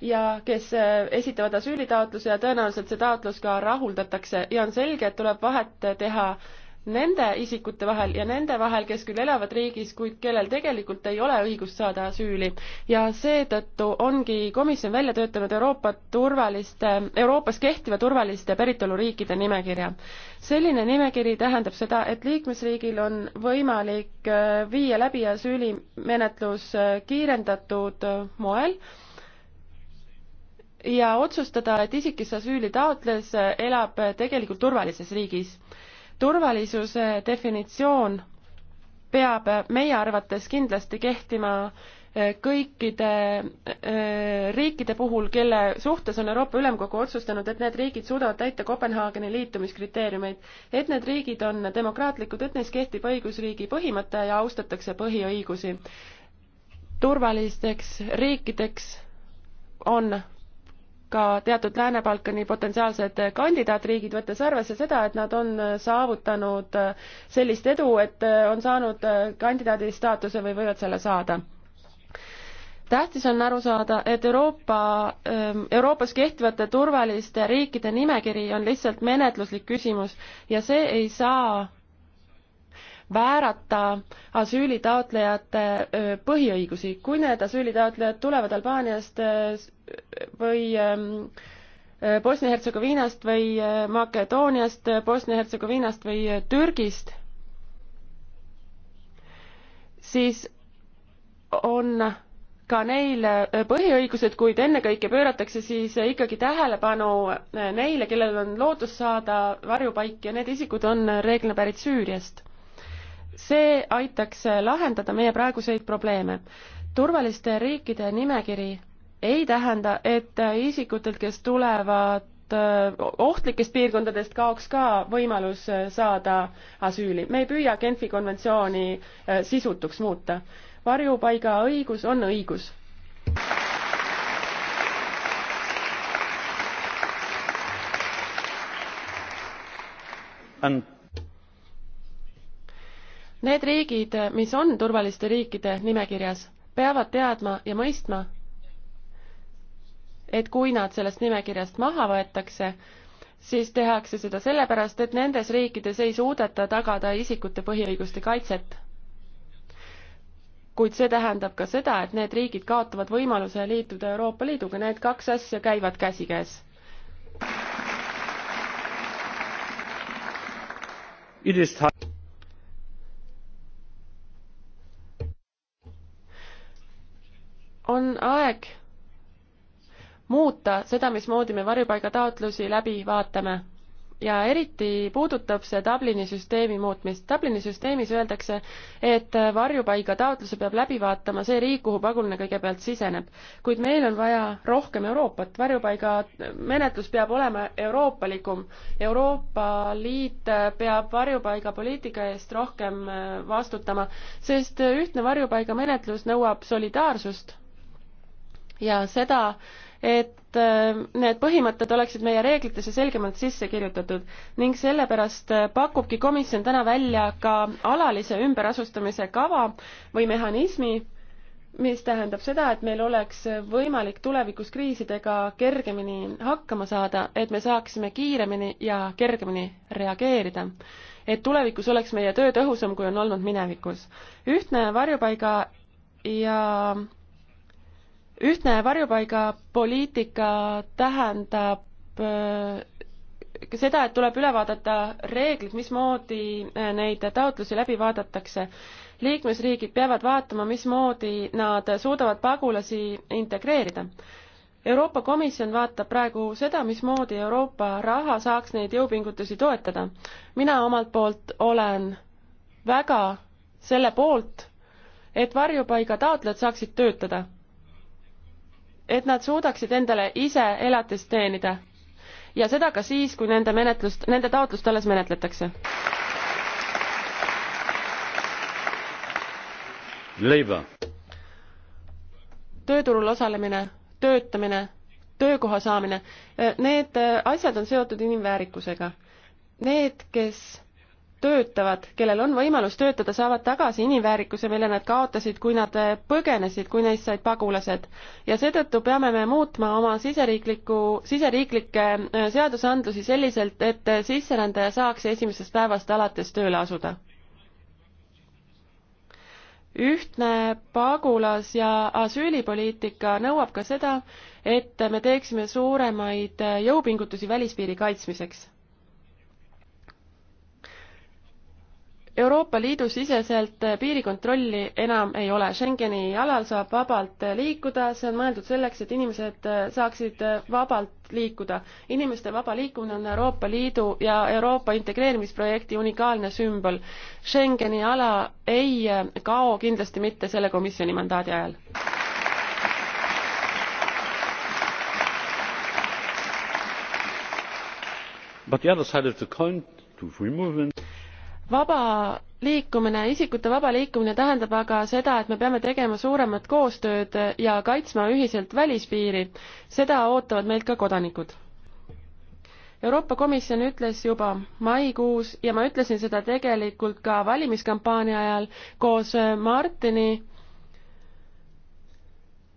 ja kes äh, esitavad asüülitaotluse ja tõenäoliselt see taotlus ka rahuldatakse ja on selge, et tuleb vahet teha nende isikute vahel ja nende vahel, kes küll elavad riigis, kuid kellel tegelikult ei ole õigust saada asüüli. ja seetõttu ongi komisjon välja töötanud Euroopa turvaliste, Euroopas kehtiva turvaliste päritoluriikide nimekirja. selline nimekiri tähendab seda, et liikmesriigil on võimalik äh, viia läbi asüülimenetlus äh, kiirendatud äh, moel ja otsustada, et isik, kes asüüli taotles, elab tegelikult turvalises riigis turvalisuse definitsioon peab meie arvates kindlasti kehtima eh, kõikide eh, riikide puhul, kelle suhtes on Euroopa Ülemkogu otsustanud, et need riigid suudavad täita Kopenhaageni liitumiskriteeriumeid, et need riigid on demokraatlikud, et neis kehtib õigusriigi põhimõte ja austatakse põhiõigusi. turvalisteks riikideks on ka teatud Lääne-Balkani potentsiaalsed kandidaatriigid, võttes arvesse seda, et nad on saavutanud sellist edu, et on saanud kandidaadi staatuse või võivad selle saada tähtis on aru saada, et Euroopa, Euroopas kehtivate turvaliste riikide nimekiri on lihtsalt menetluslik küsimus ja see ei saa väärata asüülitaotlejate põhiõigusi. kui need asüülitaotlejad tulevad Albaaniast või Bosnia-Hertsegoviinast või Makedooniast, Bosnia-Hertsegoviinast või Türgist, siis on ka neil põhiõigused, kuid ennekõike pööratakse siis ikkagi tähelepanu neile, kellel on lootus saada varjupaik ja need isikud on reeglina pärit Süüriast see aitaks lahendada meie praeguseid probleeme. turvaliste riikide nimekiri ei tähenda, et isikutelt, kes tulevad ohtlikest piirkondadest kaoks ka võimalus saada asüüli. me ei püüa Genfi konventsiooni sisutuks muuta. varjupaiga õigus on õigus. and Need riigid, mis on turvaliste riikide nimekirjas, peavad teadma ja mõistma, et kui nad sellest nimekirjast maha võetakse, siis tehakse seda sellepärast, et nendes riikides ei suudeta tagada isikute põhiõiguste kaitset. kuid see tähendab ka seda, et need riigid kaotavad võimaluse liituda Euroopa Liiduga, need kaks asja käivad käsikäes. on aeg muuta seda, mismoodi me varjupaigataotlusi läbi vaatame. ja eriti puudutab see Dublini süsteemi muutmist. Dublini süsteemis öeldakse, et varjupaigataotluse peab läbi vaatama see riik, kuhu pagulane kõigepealt siseneb. kuid meil on vaja rohkem Euroopat, varjupaigamenetlus peab olema euroopalikum. Euroopa Liit peab varjupaigapoliitika eest rohkem äh, vastutama, sest ühtne varjupaigamenetlus nõuab solidaarsust ja seda, et äh, need põhimõtted oleksid meie reeglitesse selgemalt sisse kirjutatud ning sellepärast äh, pakubki komisjon täna välja ka alalise ümberasustamise kava või mehhanismi, mis tähendab seda, et meil oleks võimalik tulevikus kriisidega kergemini hakkama saada, et me saaksime kiiremini ja kergemini reageerida. et tulevikus oleks meie töö tõhusam, kui on olnud minevikus. ühtne varjupaiga ja ühtne varjupaigapoliitika tähendab äh, seda, et tuleb üle vaadata reeglid, mismoodi äh, neid taotlusi läbi vaadatakse. liikmesriigid peavad vaatama, mismoodi nad suudavad pagulasi integreerida. Euroopa Komisjon vaatab praegu seda, mismoodi Euroopa raha saaks neid jõupingutusi toetada. mina omalt poolt olen väga selle poolt, et varjupaiga taotlejad saaksid töötada et nad suudaksid endale ise elatist teenida ja seda ka siis, kui nende menetlust, nende taotlust alles menetletakse. leiba. tööturul osalemine, töötamine, töökoha saamine, need asjad on seotud inimväärikusega. Need, kes töötavad, kellel on võimalus töötada, saavad tagasi inimväärikuse, mille nad kaotasid, kui nad äh, põgenesid, kui neist said pagulased. ja seetõttu peame me muutma oma siseriikliku, siseriiklikke äh, seadusandlusi selliselt, et äh, sisserändaja saaks esimesest päevast alates tööle asuda. ühtne pagulas- ja asüülipoliitika nõuab ka seda, et me teeksime suuremaid jõupingutusi välispiiri kaitsmiseks Euroopa Liidu siseselt piirikontrolli enam ei ole. Schengeni alal saab vabalt liikuda, see on mõeldud selleks, et inimesed saaksid vabalt liikuda. inimeste vaba liikumine on Euroopa Liidu ja Euroopa integreerimisprojekti unikaalne sümbol. Schengeni ala ei kao kindlasti mitte selle komisjoni mandaadi ajal. But the other side of the coin, to free movement vaba liikumine, isikute vaba liikumine tähendab aga seda, et me peame tegema suuremat koostööd ja kaitsma ühiselt välispiiri. seda ootavad meilt ka kodanikud. Euroopa Komisjon ütles juba maikuus ja ma ütlesin seda tegelikult ka valimiskampaania ajal koos Martini,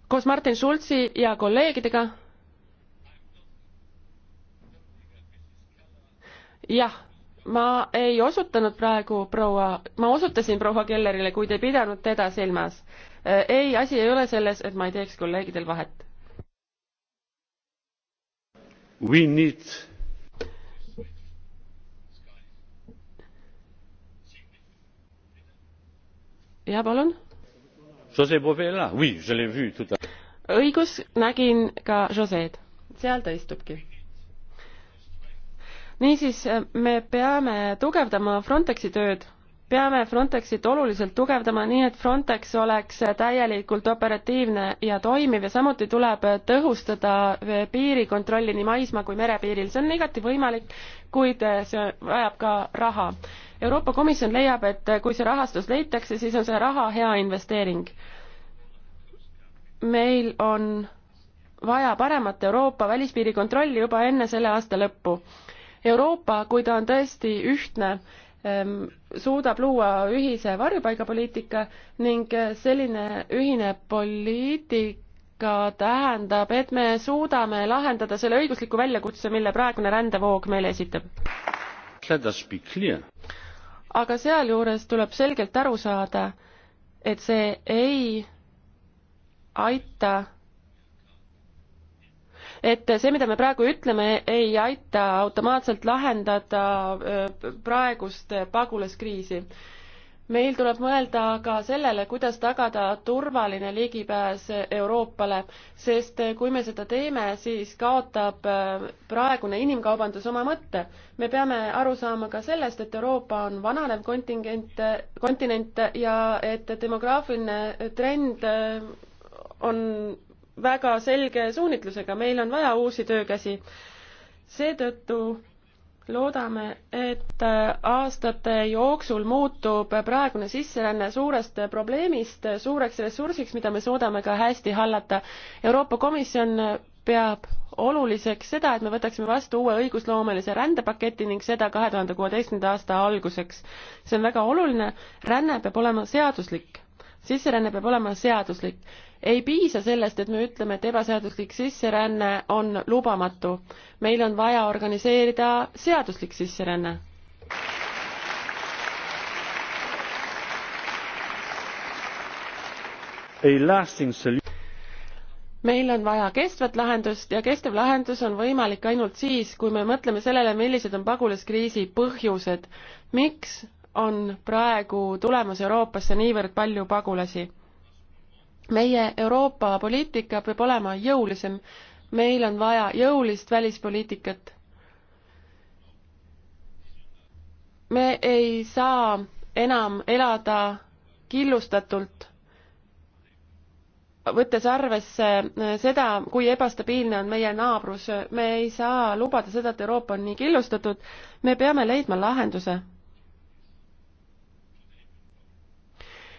koos Martin Schulzi ja kolleegidega. jah ma ei osutanud praegu proua, ma osutasin proua Kellerile, kuid ei pidanud teda silmas. Äh, ei, asi ei ole selles, et ma ei teeks kolleegidel vahet. We need jah, palun? õigus, nägin ka Josed. seal ta istubki niisiis, äh, me peame tugevdama Frontexi tööd, peame Frontexit oluliselt tugevdama, nii et Frontex oleks täielikult operatiivne ja toimiv ja samuti tuleb tõhustada piirikontrolli nii maismaa kui merepiiril, see on igati võimalik, kuid äh, see vajab ka raha. Euroopa Komisjon leiab, et äh, kui see rahastus leitakse, siis on see raha hea investeering. meil on vaja paremat Euroopa välispiiri kontrolli juba enne selle aasta lõppu Euroopa, kui ta on tõesti ühtne, ehm, suudab luua ühise varjupaigapoliitika ning eh, selline ühine poliitika tähendab, et me suudame lahendada selle õigusliku väljakutse, mille praegune rändevoog meile esitab. aga sealjuures tuleb selgelt aru saada, et see ei aita et see, mida me praegu ütleme, ei aita automaatselt lahendada äh, praegust pagulaskriisi. meil tuleb mõelda ka sellele, kuidas tagada turvaline ligipääs Euroopale, sest kui me seda teeme, siis kaotab äh, praegune inimkaubandus oma mõtte. me peame aru saama ka sellest, et Euroopa on vananev kontingent, kontinent ja et demograafiline trend äh, on väga selge suunitlusega, meil on vaja uusi töökäsi. seetõttu loodame, et äh, aastate jooksul muutub praegune sisseränne suurest probleemist suureks ressursiks, mida me suudame ka hästi hallata. Euroopa Komisjon peab oluliseks seda, et me võtaksime vastu uue õigusloomelise rändepaketi ning seda kahe tuhande kuueteistkümnenda aasta alguseks. see on väga oluline, ränne peab olema seaduslik sisseränne peab olema seaduslik. ei piisa sellest, et me ütleme, et ebaseaduslik sisseränne on lubamatu. meil on vaja organiseerida seaduslik sisseränne. meil on vaja kestvat lahendust ja kestev lahendus on võimalik ainult siis, kui me mõtleme sellele, millised on pagulaskriisi põhjused. miks on praegu tulemas Euroopasse niivõrd palju pagulasi. meie Euroopa poliitika peab olema jõulisem, meil on vaja jõulist välispoliitikat. me ei saa enam elada killustatult, võttes arvesse seda, kui ebastabiilne on meie naabrus, me ei saa lubada seda, et Euroopa on nii killustatud, me peame leidma lahenduse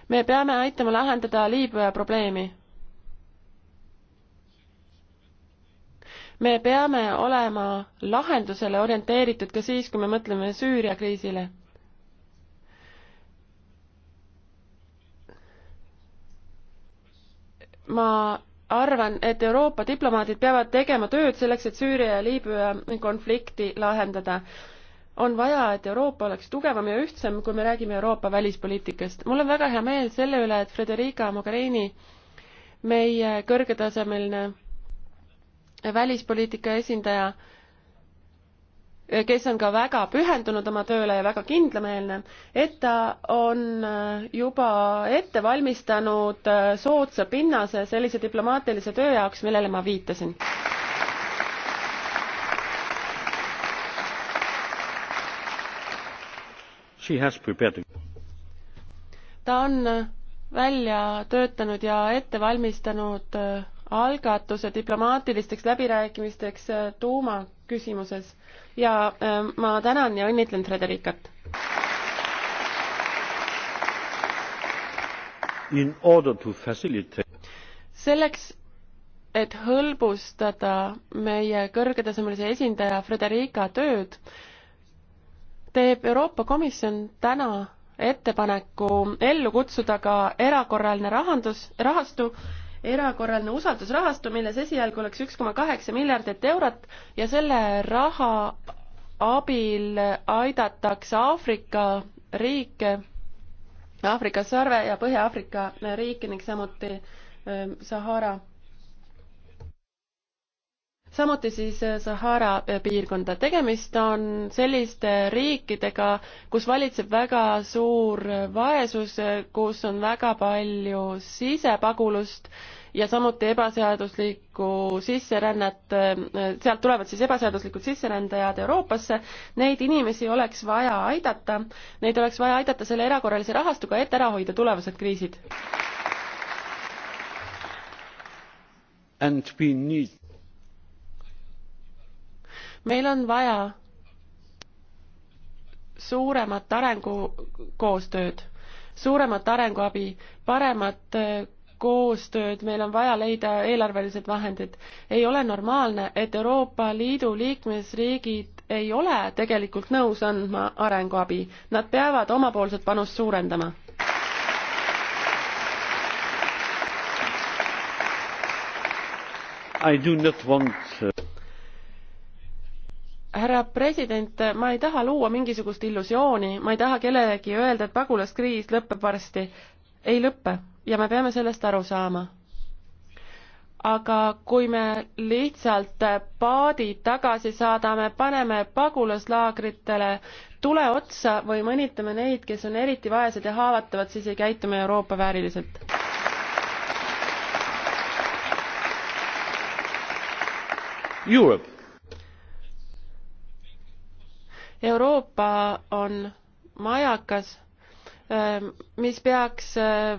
me peame aitama lahendada Liibüa probleemi. me peame olema lahendusele orienteeritud ka siis, kui me mõtleme Süüria kriisile ma arvan, et Euroopa diplomaadid peavad tegema tööd selleks, et Süüria ja Liibüa konflikti lahendada on vaja, et Euroopa oleks tugevam ja ühtsem, kui me räägime Euroopa välispoliitikast. mul on väga hea meel selle üle, et Frederica Mogherini, meie kõrgetasemeline välispoliitika esindaja, kes on ka väga pühendunud oma tööle ja väga kindlameelne, et ta on äh, juba ette valmistanud äh, soodsa pinnase sellise diplomaatilise töö jaoks, millele ma viitasin. ta on välja töötanud ja ette valmistanud äh, algatuse diplomaatilisteks läbirääkimisteks äh, tuumaküsimuses ja äh, ma tänan ja õnnitlen Fredericat. selleks, et hõlbustada meie kõrgetasemelise esindaja Frederica tööd, teeb Euroopa Komisjon täna ettepaneku ellu kutsuda ka erakorraline rahandus, rahastu, erakorraline usaldusrahastu, milles esialgu oleks üks koma kaheksa miljardit eurot ja selle raha abil aidatakse Aafrika riike, Aafrika sarve ja Põhja-Aafrika riike ning samuti ähm, Sahara samuti siis äh, Sahara äh, piirkonda. tegemist on selliste riikidega, kus valitseb väga suur äh, vaesus, kus on väga palju sisepagulust ja samuti ebaseaduslikku sisserännet, sealt tulevad siis ebaseaduslikud sisserändajad Euroopasse, neid inimesi oleks vaja aidata, neid oleks vaja aidata selle erakorralise rahastuga, et ära hoida tulevased kriisid. And we need meil on vaja suuremat arengukoostööd, suuremat arenguabi, paremat äh, koostööd, meil on vaja leida eelarvelised vahendid. ei ole normaalne, et Euroopa Liidu liikmesriigid ei ole tegelikult nõus andma arenguabi, nad peavad omapoolset panust suurendama. I do not want uh, härra president, ma ei taha luua mingisugust illusiooni, ma ei taha kellelegi öelda, et pagulaskriis lõpeb varsti. ei lõpe ja me peame sellest aru saama. aga kui me lihtsalt paadid tagasi saadame, paneme pagulaslaagritele tule otsa või mõnitame neid, kes on eriti vaesed ja haavatavad, siis ei käitu me Euroopa vääriliselt. Europe Euroopa on majakas, ähm, mis peaks äh,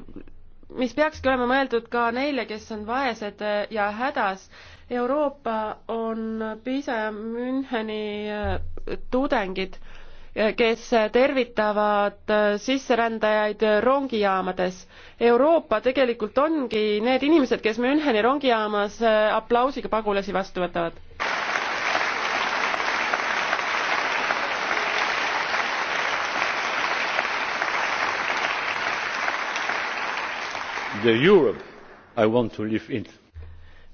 mis peakski olema mõeldud ka neile, kes on vaesed äh, ja hädas. Euroopa on Piisa ja Müncheni äh, tudengid, kes tervitavad sisserändajaid rongijaamades. Euroopa tegelikult ongi need inimesed, kes Müncheni rongijaamas aplausiga pagulasi vastu võtavad. the europe i want to live in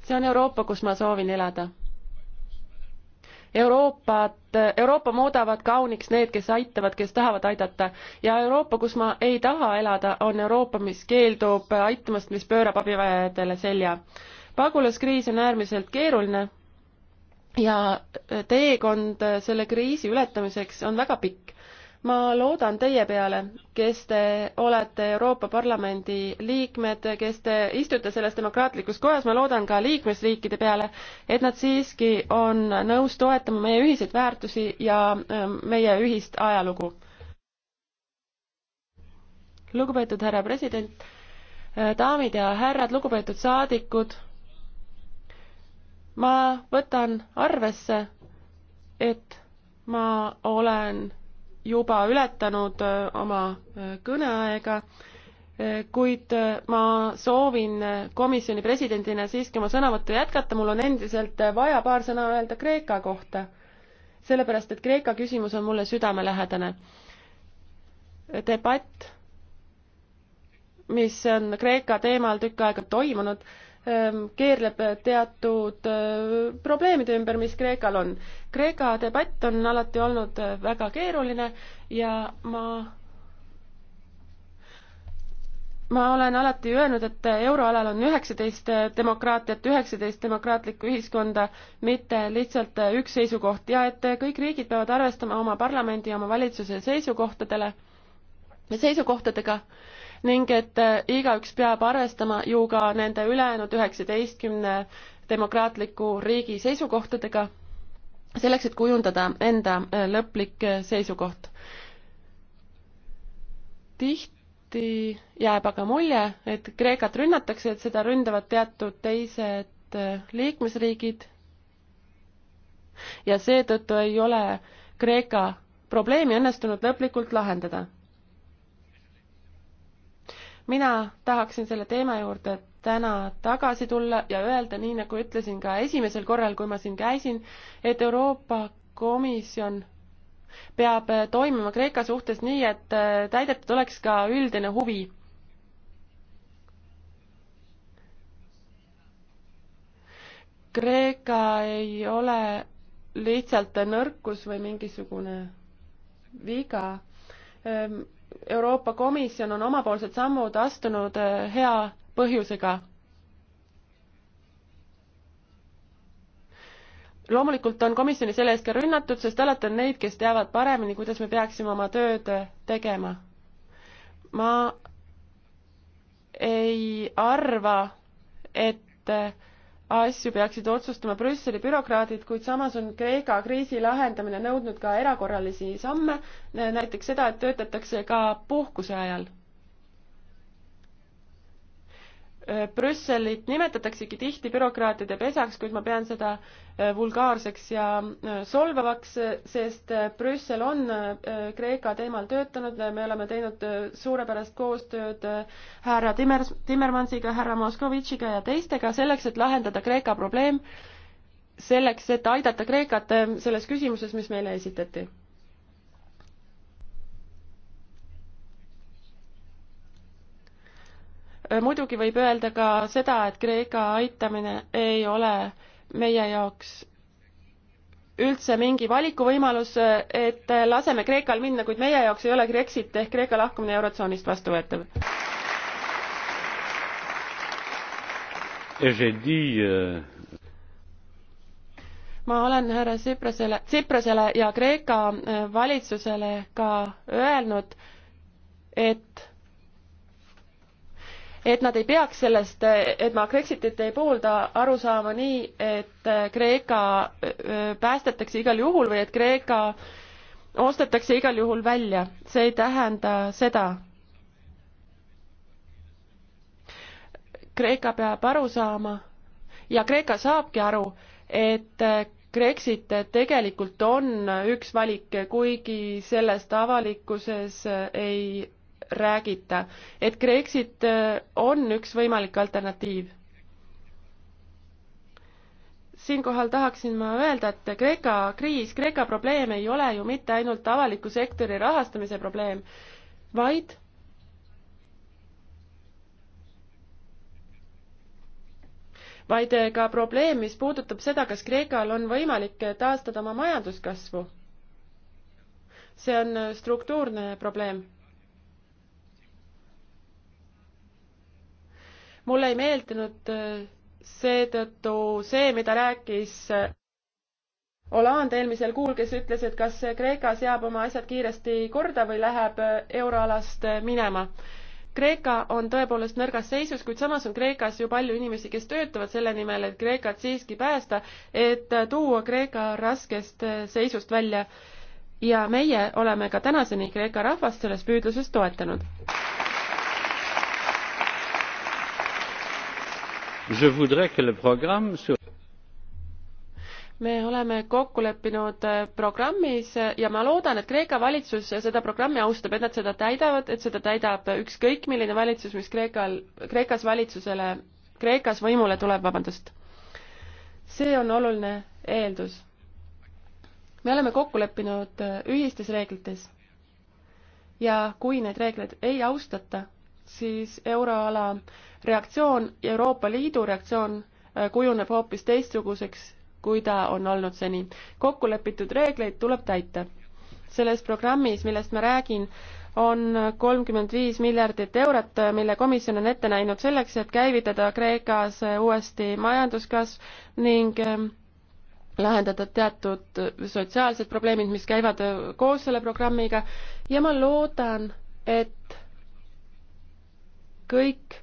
see on euroopa kus ma soovin elada euroopat euroopa muudavad kauniks need kes aitavad kes tahavad aidata ja euroopa kus ma ei taha elada on euroopa mis keeldub aitamast mis pöörab abivajajatele selja pagulaskriis on äärmiselt keeruline ja teekond selle kriisi ületamiseks on väga pikk ma loodan teie peale, kes te olete Euroopa Parlamendi liikmed, kes te istute selles demokraatlikus kojas, ma loodan ka liikmesriikide peale, et nad siiski on nõus toetama meie ühiseid väärtusi ja ähm, meie ühist ajalugu. lugupeetud härra president, äh, daamid ja härrad, lugupeetud saadikud, ma võtan arvesse, et ma olen juba ületanud äh, oma äh, kõneaega, äh, kuid ma soovin komisjoni presidendina siiski oma sõnavõttu jätkata, mul on endiselt vaja paar sõna öelda Kreeka kohta. sellepärast, et Kreeka küsimus on mulle südamelähedane. debatt, mis on Kreeka teemal tükk aega toimunud Ehm, keerleb teatud ehm, probleemide ümber, mis Kreekal on. Kreeka debatt on alati olnud ehm, väga keeruline ja ma ma olen alati öelnud, et euroalal on üheksateist demokraatiat, üheksateist demokraatlikku ühiskonda, mitte lihtsalt üks seisukoht ja et kõik riigid peavad arvestama oma parlamendi ja oma valitsuse seisukohtadele, seisukohtadega ning et äh, igaüks peab arvestama ju ka nende ülejäänud üheksateistkümne demokraatliku riigi seisukohtadega, selleks et kujundada enda äh, lõplik äh, seisukoht. tihti jääb aga mulje, et Kreekat rünnatakse, et seda ründavad teatud teised liikmesriigid ja seetõttu ei ole Kreeka probleemi õnnestunud lõplikult lahendada mina tahaksin selle teema juurde täna tagasi tulla ja öelda, nii nagu ütlesin ka esimesel korral, kui ma siin käisin, et Euroopa Komisjon peab toimima Kreeka suhtes nii, et äh, täidetud oleks ka üldine huvi Kreeka ei ole lihtsalt nõrkus või mingisugune viga. Ehm, Euroopa Komisjon on omapoolsed sammud astunud eh, hea põhjusega. loomulikult on komisjoni selle eest ka rünnatud, sest alati on neid, kes teavad paremini, kuidas me peaksime oma tööd eh, tegema. ma ei arva, et eh, asju peaksid otsustama Brüsseli bürokraadid, kuid samas on Kreeka kriisi lahendamine nõudnud ka erakorralisi samme, näiteks seda, et töötatakse ka puhkuse ajal Äh, Brüsselit nimetataksegi tihti bürokraatide pesaks, kuid ma pean seda äh, vulgaarseks ja äh, solvavaks, sest Brüssel on Kreeka teemal töötanud, me oleme teinud suurepärast koostööd härra Timmer, Timmermansiga, härra Moskovitšiga ja teistega selleks, et lahendada Kreeka probleem, selleks, et aidata Kreekat selles küsimuses, mis meile esitati muidugi võib öelda ka seda, et Kreeka aitamine ei ole meie jaoks üldse mingi valikuvõimalus, et laseme Kreekal minna, kuid meie jaoks ei ole Brexit ehk Kreeka lahkumine Eurotsoonist vastuvõetav. Euh, ma olen härra Tsiprasele, Tsiprasele ja Kreeka valitsusele ka öelnud, et et nad ei peaks sellest, et ma Brexitit ei poolda, aru saama nii, et Kreeka päästetakse igal juhul või et Kreeka ostetakse igal juhul välja. see ei tähenda seda. Kreeka peab aru saama ja Kreeka saabki aru, et Brexit tegelikult on üks valik, kuigi sellest avalikkuses ei räägita, et Brexit äh, on üks võimalik alternatiiv. siinkohal tahaksin ma öelda, et Kreeka kriis, Kreeka probleem ei ole ju mitte ainult avaliku sektori rahastamise probleem, vaid vaid ka probleem, mis puudutab seda, kas Kreekal on võimalik taastada oma majanduskasvu. see on struktuurne probleem. mulle ei meeldinud äh, seetõttu see, mida rääkis äh, Oland eelmisel kuul, kes ütles, et kas Kreeka seab oma asjad kiiresti korda või läheb äh, euroalast minema. Kreeka on tõepoolest nõrgas seisus, kuid samas on Kreekas ju palju inimesi, kes töötavad selle nimel, et Kreekat siiski päästa, et tuua Kreeka raskest seisust välja. ja meie oleme ka tänaseni Kreeka rahvast selles püüdluses toetanud. je voudrais que le programme sur me oleme kokku leppinud äh, programmis ja ma loodan, et Kreeka valitsus seda programmi austab, et nad seda täidavad, et seda täidab ükskõik milline valitsus, mis Kreekal, Kreekas valitsusele, Kreekas võimule tuleb, vabandust. see on oluline eeldus. me oleme kokku leppinud äh, ühistes reeglites. ja kui neid reegleid ei austata siis euroala reaktsioon, Euroopa Liidu reaktsioon äh, kujuneb hoopis teistsuguseks, kui ta on olnud seni. kokkulepitud reegleid tuleb täita. selles programmis, millest ma räägin, on kolmkümmend viis miljardit eurot, mille komisjon on ette näinud selleks, et käivitada Kreekas uuesti majanduskasv ning äh, lahendada teatud sotsiaalsed probleemid, mis käivad koos selle programmiga ja ma loodan, et kõik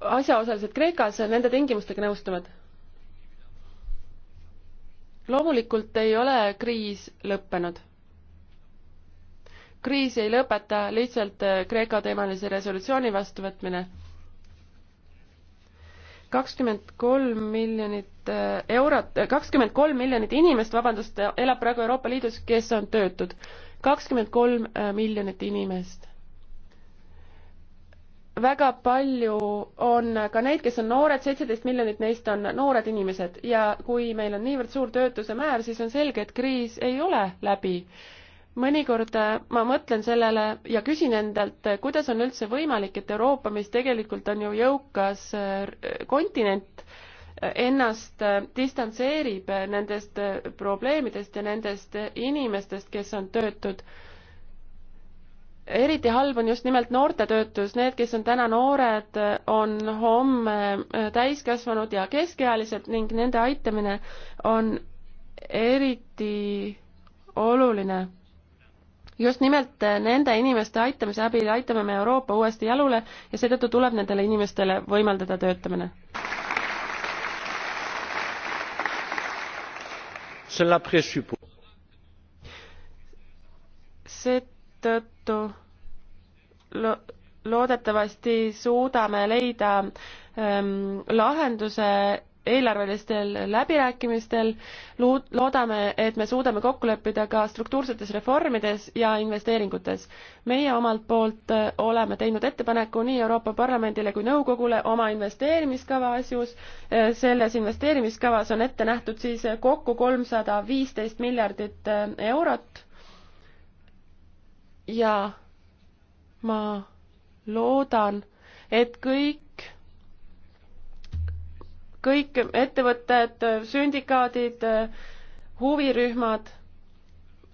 asjaosalised Kreekas nende tingimustega nõustuvad. loomulikult ei ole kriis lõppenud. kriis ei lõpeta lihtsalt Kreeka teemalise resolutsiooni vastuvõtmine. kakskümmend kolm miljonit äh, eurot, äh, kakskümmend kolm miljonit inimest, vabandust, elab praegu Euroopa Liidus, kes on töötud. kakskümmend kolm äh, miljonit inimest väga palju on ka neid, kes on noored, seitseteist miljonit neist on noored inimesed ja kui meil on niivõrd suur töötuse määr, siis on selge, et kriis ei ole läbi. mõnikord ma mõtlen sellele ja küsin endalt, kuidas on üldse võimalik, et Euroopa, mis tegelikult on ju jõukas äh, kontinent, ennast äh, distantseerib äh, nendest probleemidest ja nendest inimestest, kes on töötud eriti halb on just nimelt noorte töötus, need, kes on täna noored, on homme äh, täiskasvanud ja keskealised ning nende aitamine on eriti oluline. just nimelt äh, nende inimeste aitamise abil aitame me Euroopa uuesti jalule ja seetõttu tuleb nendele inimestele võimaldada töötamine. see tõttu lo loodetavasti suudame leida ähm, lahenduse eelarvelistel läbirääkimistel, loodame, et me suudame kokku leppida ka struktuursetes reformides ja investeeringutes. meie omalt poolt äh, oleme teinud ettepaneku nii Euroopa Parlamendile kui nõukogule oma investeerimiskava asjus. Äh, selles investeerimiskavas on ette nähtud siis kokku kolmsada viisteist miljardit äh, eurot ja ma loodan, et kõik, kõik ettevõtted, sündikaadid, huvirühmad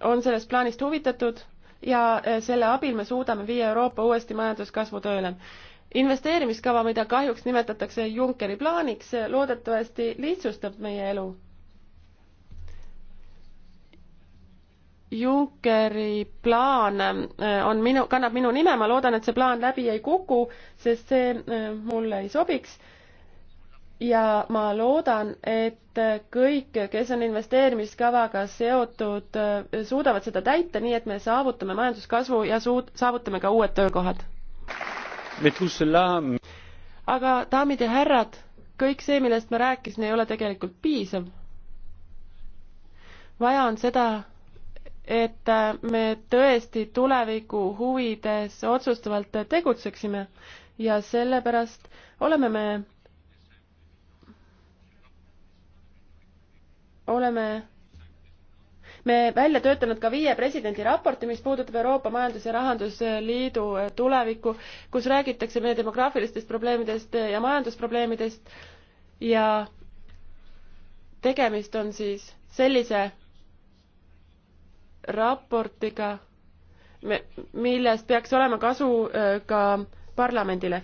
on sellest plaanist huvitatud ja selle abil me suudame viia Euroopa uuesti majanduskasvu tööle. investeerimiskava, mida kahjuks nimetatakse Junckeri plaaniks, loodetavasti lihtsustab meie elu Junckeri plaan äh, on minu, kannab minu nime, ma loodan, et see plaan läbi ei kuku, sest see äh, mulle ei sobiks. ja ma loodan, et kõik, kes on investeerimiskavaga seotud, äh, suudavad seda täita, nii et me saavutame majanduskasvu ja suud-, saavutame ka uued töökohad. aga daamid ja härrad, kõik see, millest ma rääkisin, ei ole tegelikult piisav. vaja on seda, et äh, me tõesti tuleviku huvides otsustavalt tegutseksime ja sellepärast oleme me, oleme me välja töötanud ka viie presidendi raporti, mis puudutab Euroopa Majandus- ja Rahandusliidu tulevikku, kus räägitakse meie demograafilistest probleemidest ja majandusprobleemidest ja tegemist on siis sellise raportiga, millest peaks olema kasu äh, ka parlamendile.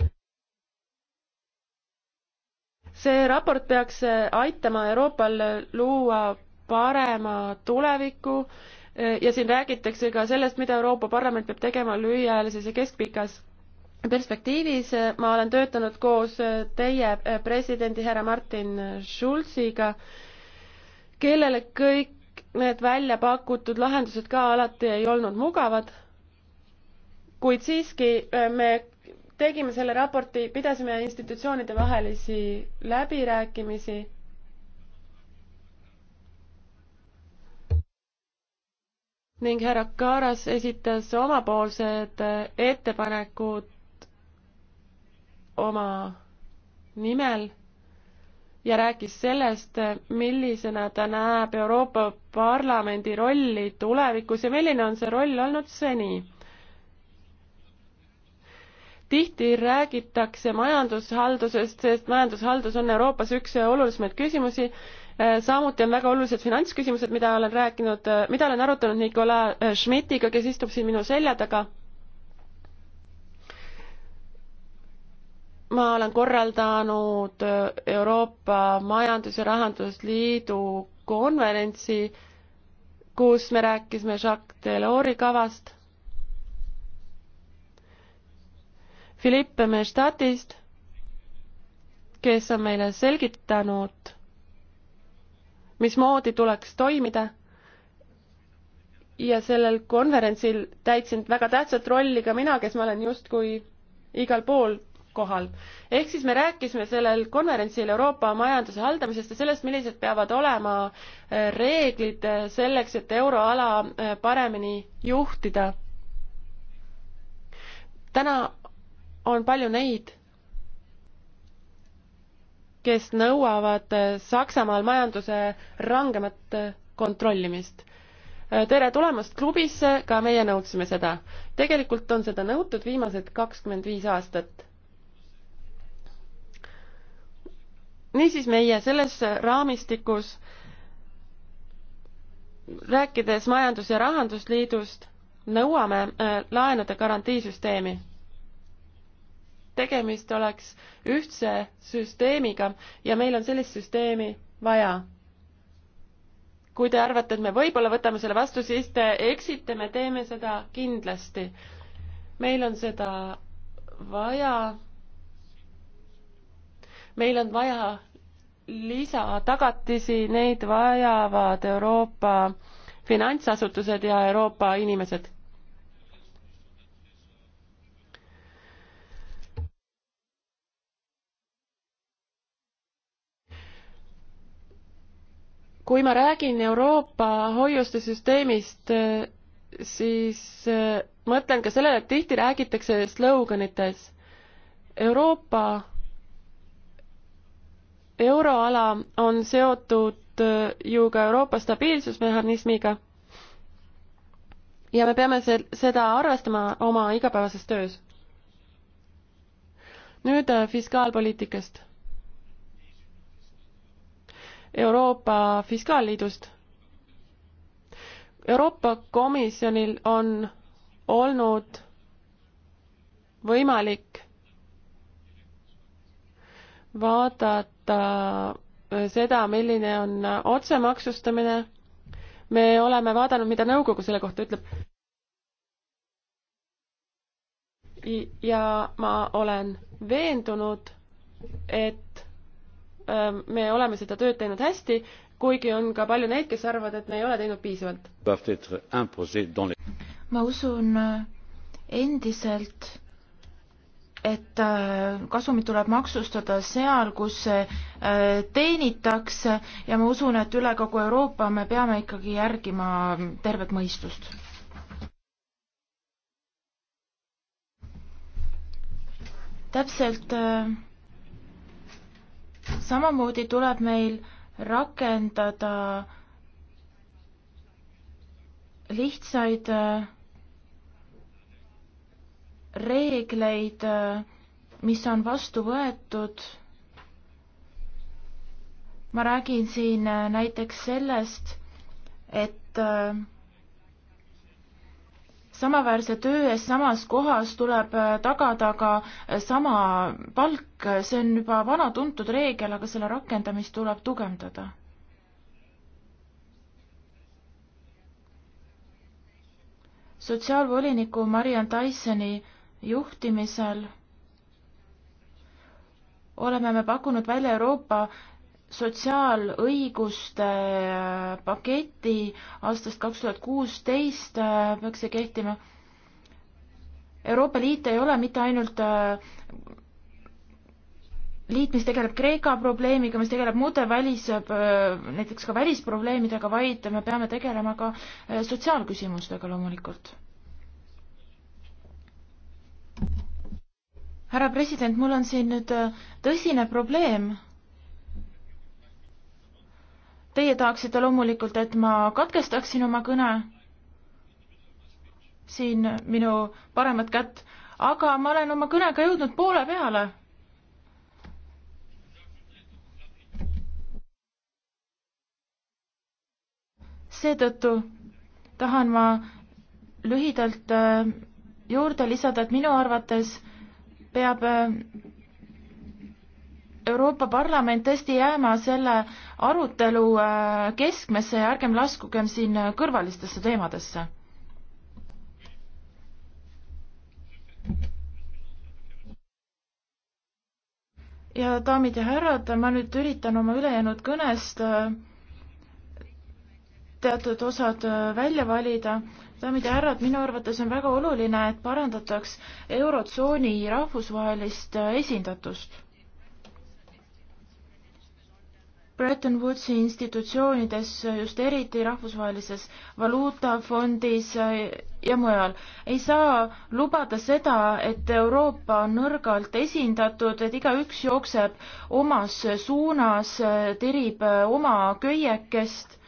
see raport peaks äh, aitama Euroopal luua parema tuleviku äh, ja siin räägitakse ka sellest, mida Euroopa Parlament peab tegema lühiajalises ja keskpikas perspektiivis. ma olen töötanud koos teie presidendi härra Martin Schulziga, kellele kõik need välja pakutud lahendused ka alati ei olnud mugavad, kuid siiski äh, me tegime selle raporti, pidasime institutsioonide vahelisi läbirääkimisi. ning härra Kaaras esitas omapoolsed äh, ettepanekud oma nimel ja rääkis sellest, millisena ta näeb Euroopa Parlamendi rolli tulevikus ja milline on see roll olnud seni. tihti räägitakse majandushaldusest, sest majandushaldus on Euroopas üks olulisemaid küsimusi, samuti on väga olulised finantsküsimused, mida olen rääkinud, mida olen arutanud Nicolas Schmidtiga, kes istub siin minu selja taga ma olen korraldanud Euroopa Majandus- ja Rahandusliidu konverentsi, kus me rääkisime Jacques Delors'i kavast, Philippe Mestatis, kes on meile selgitanud, mismoodi tuleks toimida ja sellel konverentsil täitsin väga tähtsat rolli ka mina, kes ma olen justkui igal pool kohal. ehk siis me rääkisime sellel konverentsil Euroopa majanduse haldamisest ja sellest, millised peavad olema äh, reeglid äh, selleks, et euroala äh, paremini juhtida. täna on palju neid, kes nõuavad Saksamaal majanduse rangemat kontrollimist tere tulemast klubisse, ka meie nõudsime seda. tegelikult on seda nõutud viimased kakskümmend viis aastat niisiis meie selles raamistikus, rääkides Majandus- ja Rahandusliidust, nõuame äh, laenude garantiisüsteemi. tegemist oleks ühtse süsteemiga ja meil on sellist süsteemi vaja kui te arvate, et me võib-olla võtame selle vastu, siis te eksite, me teeme seda kindlasti. meil on seda vaja meil on vaja lisatagatisi, neid vajavad Euroopa finantsasutused ja Euroopa inimesed. kui ma räägin Euroopa hoiuste süsteemist, siis äh, mõtlen ka sellele, et tihti räägitakse sloganites. Euroopa euroala on seotud äh, ju ka Euroopa stabiilsusmehhanismiga ja me peame seda arvestama oma igapäevases töös. nüüd äh, fiskaalpoliitikast. Euroopa Fiskaalliidust. Euroopa Komisjonil on olnud võimalik vaadata vaadata äh, seda, milline on äh, otsemaksustamine. me oleme vaadanud, mida nõukogu selle kohta ütleb. ja ma olen veendunud, et ähm, me oleme seda tööd teinud hästi, kuigi on ka palju neid, kes arvavad, et me ei ole teinud piisavalt. ma usun äh, endiselt, et äh, kasumit tuleb maksustada seal, kus äh, teenitakse ja ma usun, et üle kogu Euroopa me peame ikkagi järgima tervet mõistust. täpselt äh, samamoodi tuleb meil rakendada lihtsaid äh, reegleid, mis on vastu võetud. ma räägin siin näiteks sellest, et samaväärse töö eest samas kohas tuleb tagada ka sama palk, see on juba vana tuntud reegel, aga selle rakendamist tuleb tugevdada. sotsiaalvoliniku Mariann Tysoni juhtimisel oleme me pakkunud välja Euroopa sotsiaalõiguste paketi aastast kaks tuhat kuusteist peaks see kehtima. Euroopa Liit ei ole mitte ainult äh, liit, mis tegeleb Kreeka probleemiga, mis tegeleb muude välis, äh, näiteks ka välisprobleemidega, vaid me peame tegelema ka äh, sotsiaalküsimustega loomulikult härra president, mul on siin nüüd äh, tõsine probleem. Teie tahaksite loomulikult, et ma katkestaksin oma kõne, siin minu paremat kätt, aga ma olen oma kõnega jõudnud poole peale. seetõttu tahan ma lühidalt äh, juurde lisada, et minu arvates peab äh, Euroopa Parlament tõesti jääma selle arutelu äh, keskmesse ja ärgem laskugem siin kõrvalistesse teemadesse. ja daamid ja härrad, ma nüüd üritan oma ülejäänud kõnest äh, teatud osad välja valida daamid ja härrad, minu arvates on väga oluline, et parandataks Eurotsooni rahvusvahelist äh, esindatust. Bretton Woodsi institutsioonides, äh, just eriti rahvusvahelises valuutafondis äh, ja mujal, ei saa lubada seda, et Euroopa on nõrgalt esindatud, et igaüks jookseb omas suunas, tirib oma köiekest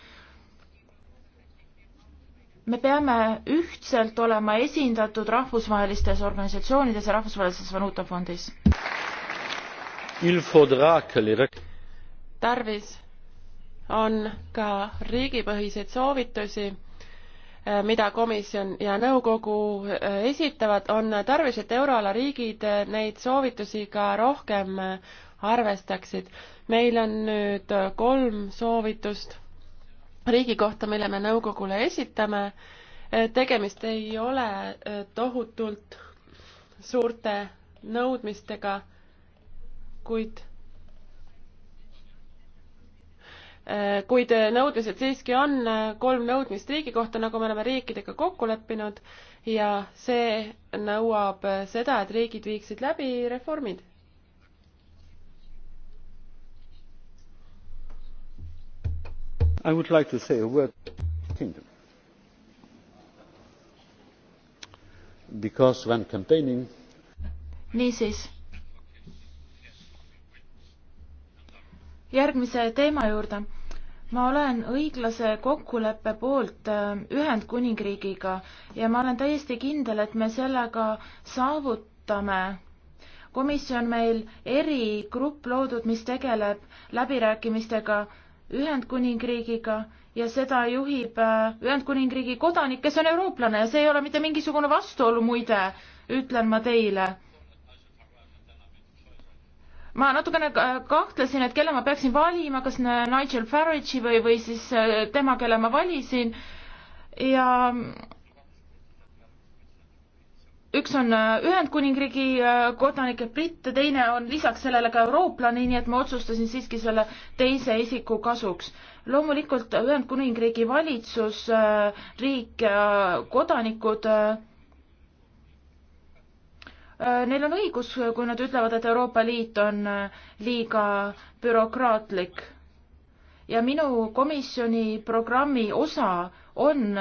me peame ühtselt olema esindatud rahvusvahelistes organisatsioonides ja rahvusvahelises valuutafondis. tarvis on ka riigipõhiseid soovitusi, eh, mida komisjon ja nõukogu eh, esitavad, on tarvis, et euroala riigid eh, neid soovitusi ka rohkem arvestaksid. meil on nüüd kolm soovitust riigi kohta, mille me nõukogule esitame. Eh, tegemist ei ole eh, tohutult suurte nõudmistega, kuid eh, kuid nõudmised siiski on, kolm nõudmist riigi kohta, nagu me oleme riikidega kokku leppinud ja see nõuab seda, et riigid viiksid läbi reformid I would like to say a word kingdom. Because when campaigning niisiis, järgmise teema juurde. ma olen õiglase kokkuleppe poolt äh, Ühendkuningriigiga ja ma olen täiesti kindel, et me sellega saavutame komisjon meil erigrupp loodud, mis tegeleb läbirääkimistega Ühendkuningriigiga ja seda juhib äh, Ühendkuningriigi kodanik, kes on eurooplane ja see ei ole mitte mingisugune vastuolu, muide, ütlen ma teile. ma natukene äh, kahtlesin, et kelle ma peaksin valima, kas Nigel Farage'i või, või siis äh, tema, kelle ma valisin ja üks on äh, Ühendkuningriigi äh, kodanik ja britt, teine on lisaks sellele ka eurooplane, nii et ma otsustasin siiski selle teise isiku kasuks. loomulikult äh, Ühendkuningriigi valitsus, riik, kodanikud, neil on õigus, kui nad ütlevad, et Euroopa Liit on liiga bürokraatlik. ja minu komisjoni programmi osa on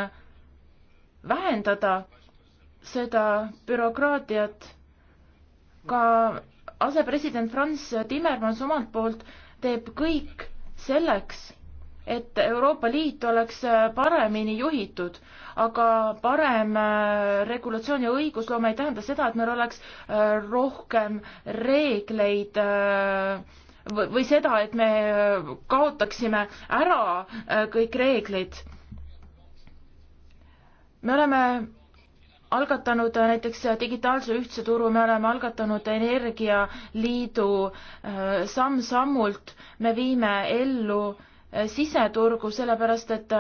vähendada seda bürokraatiat. ka asepresident Franz Timmermans omalt poolt teeb kõik selleks, et Euroopa Liit oleks paremini juhitud, aga parem äh, regulatsioon ja õigusloome ei tähenda seda, et meil oleks äh, rohkem reegleid äh, või seda, et me kaotaksime ära kõik reeglid. me oleme algatanud äh, näiteks äh, digitaalse ühtse turu, me oleme algatanud Energialiidu äh, samm-sammult, me viime ellu siseturgu, sellepärast et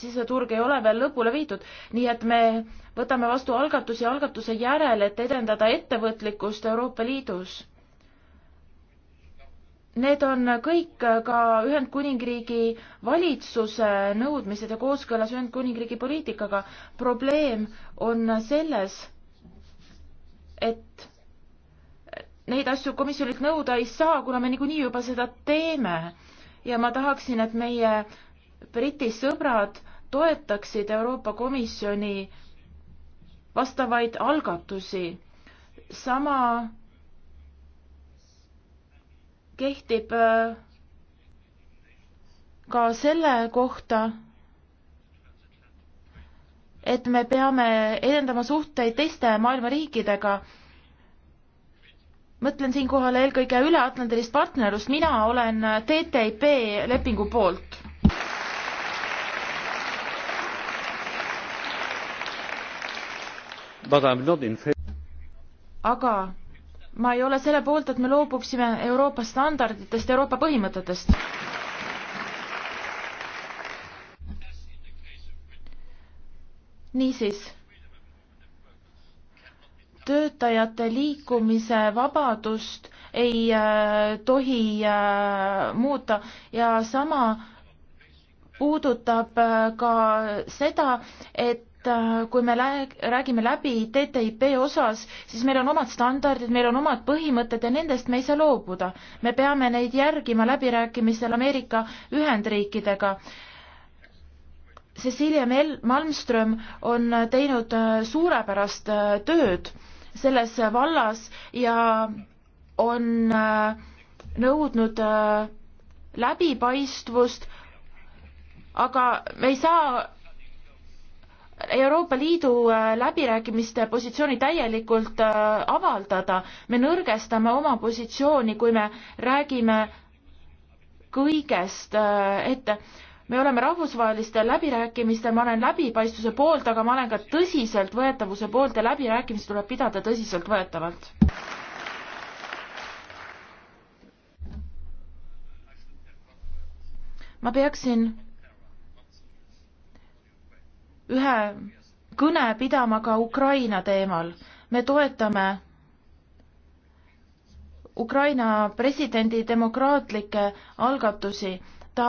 siseturg ei ole veel lõpule viidud, nii et me võtame vastu algatusi algatuse järel, et edendada ettevõtlikkust Euroopa Liidus Need on kõik ka Ühendkuningriigi valitsuse nõudmised ja kooskõlas Ühendkuningriigi poliitikaga. probleem on selles, et neid asju komisjonilt nõuda ei saa, kuna me niikuinii juba seda teeme. ja ma tahaksin, et meie Briti sõbrad toetaksid Euroopa Komisjoni vastavaid algatusi. sama kehtib äh, ka selle kohta, et me peame edendama suhteid teiste maailma riikidega. mõtlen siinkohal eelkõige üleatlandilist partnerlust, mina olen TTIP lepingu poolt. aga ma ei ole selle poolt, et me loobuksime Euroopa standarditest, Euroopa põhimõtetest. niisiis, töötajate liikumise vabadust ei äh, tohi äh, muuta ja sama puudutab äh, ka seda, et Äh, kui me räägime läbi TTIP osas, siis meil on omad standardid, meil on omad põhimõtted ja nendest me ei saa loobuda. me peame neid järgima läbirääkimistel Ameerika Ühendriikidega. Cecilia Malmström on teinud äh, suurepärast äh, tööd selles vallas ja on nõudnud läbipaistvust, aga me ei saa Euroopa Liidu äh, läbirääkimiste positsiooni täielikult äh, avaldada. me nõrgestame oma positsiooni, kui me räägime kõigest äh, ette me oleme rahvusvahelistel läbirääkimistel, ma olen läbipaistvuse poolt, aga ma olen ka tõsiseltvõetavuse poolt ja läbirääkimisi tuleb pidada tõsiseltvõetavalt. ma peaksin ühe kõne pidama ka Ukraina teemal. me toetame Ukraina presidendi demokraatlikke algatusi. ta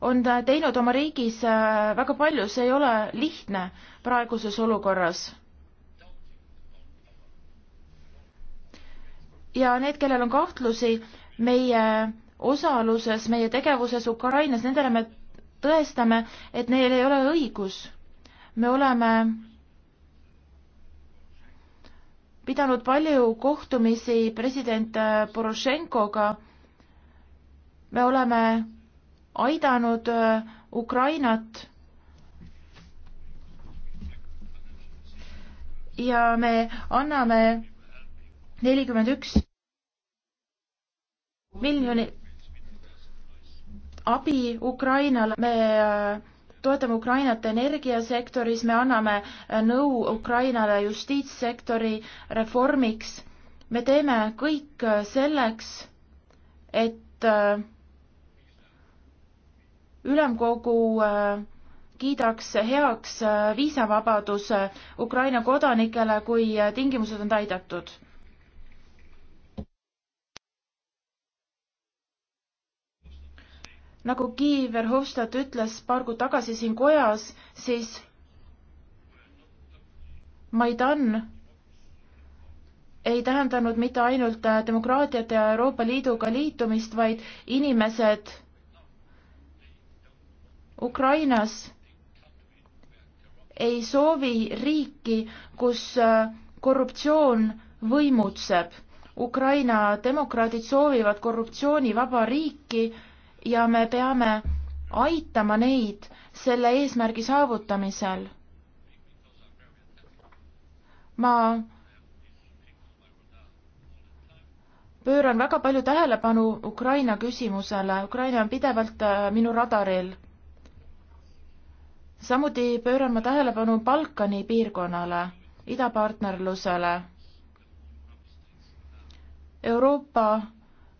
on teinud oma riigis äh, väga palju, see ei ole lihtne praeguses olukorras. ja need, kellel on kahtlusi meie osaluses, meie tegevuses Ukrainas, nendele me tõestame, et neil ei ole õigus. me oleme pidanud palju kohtumisi president Porošenkoga. me oleme aidanud äh, Ukrainat ja me anname nelikümmend üks miljoni abi Ukrainale, me äh, toetame Ukrainat energiasektoris, me anname äh, nõu Ukrainale justiitssektori reformiks. me teeme kõik äh, selleks, et ülemkogu kiidaks heaks viisavabaduse Ukraina kodanikele, kui tingimused on täidetud nagu Guy Verhofstadt ütles paar kuud tagasi siin kojas, siis Maidan ei tähendanud mitte ainult äh, demokraatiat ja Euroopa Liiduga liitumist, vaid inimesed Ukrainas ei soovi riiki, kus äh, korruptsioon võimutseb. Ukraina demokraadid soovivad korruptsioonivaba riiki ja me peame aitama neid selle eesmärgi saavutamisel. ma pööran väga palju tähelepanu Ukraina küsimusele, Ukraina on pidevalt äh, minu radaril. samuti pööran ma tähelepanu Balkani piirkonnale, idapartnerlusele. Euroopa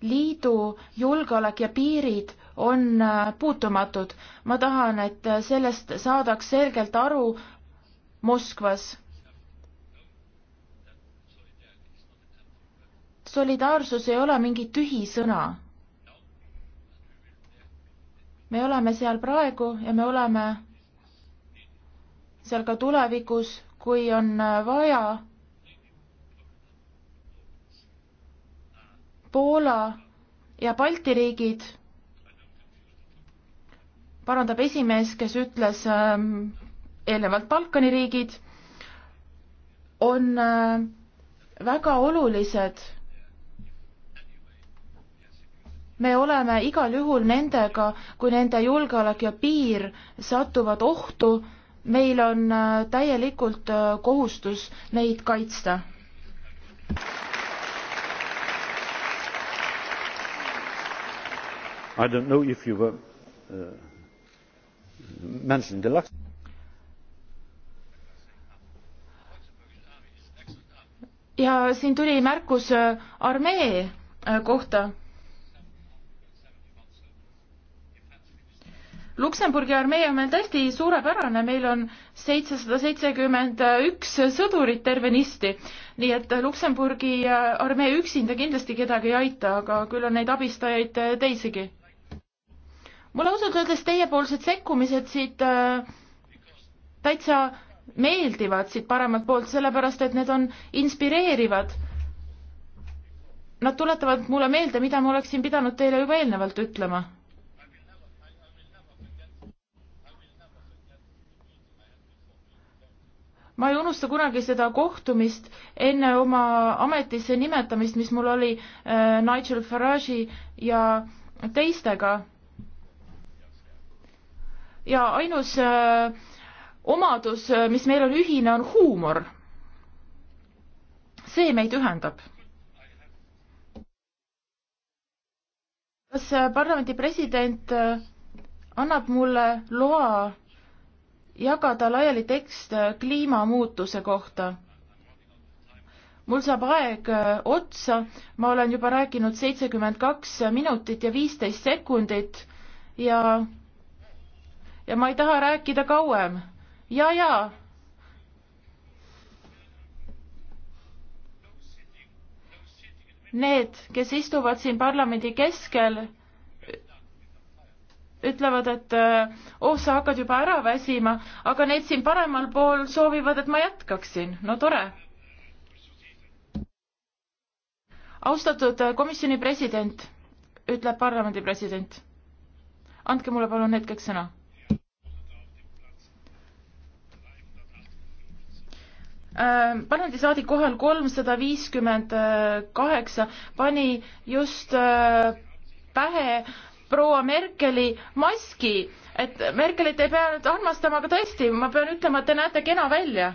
liidu julgeolek ja piirid on äh, puutumatud. ma tahan, et äh, sellest saadaks selgelt aru Moskvas. solidaarsus ei ole mingi tühi sõna. me oleme seal praegu ja me oleme seal ka tulevikus, kui on äh, vaja Poola ja Balti riigid, parandab esimees, kes ütles ähm, eelnevalt Balkani riigid, on äh, väga olulised. me oleme igal juhul nendega, kui nende julgeolek ja piir satuvad ohtu, meil on äh, täielikult äh, kohustus neid kaitsta. i do not know if you were uh, mentioning the Lux ja siin tuli märkus äh, armee äh, kohta. Luksemburgi armee on meil tõesti suurepärane, meil on seitsesada seitsekümmend üks sõdurit tervenisti, nii et Luksemburgi äh, armee üksinda kindlasti kedagi ei aita, aga küll on neid abistajaid teisigi mulle ausalt öeldes teiepoolsed sekkumised siit äh, täitsa meeldivad siit paremalt poolt, sellepärast et need on inspireerivad. Nad tuletavad mulle meelde, mida ma oleksin pidanud teile juba eelnevalt ütlema. ma ei unusta kunagi seda kohtumist enne oma ametisse nimetamist, mis mul oli äh, Nigel Farage'i ja teistega ja ainus äh, omadus, äh, mis meil on ühine, on huumor. see meid ühendab. kas äh, parlamendi president annab mulle loa jagada laiali tekst kliimamuutuse kohta? mul saab aeg otsa, ma olen juba rääkinud seitsekümmend kaks minutit ja viisteist sekundit ja ja ma ei taha rääkida kauem. ja, ja. Need, kes istuvad siin parlamendi keskel, ütlevad, et oh, sa hakkad juba ära väsima, aga need siin paremal pool soovivad, et ma jätkaksin. no tore. austatud äh, komisjoni president, ütleb parlamendi president. andke mulle palun hetkeks sõna Äh, parlamendisaadik kohal kolmsada viiskümmend kaheksa pani just äh, pähe proua Merkeli maski, et Merkelit ei pea nüüd armastama, aga tõesti, ma pean ütlema, et te näete kena välja.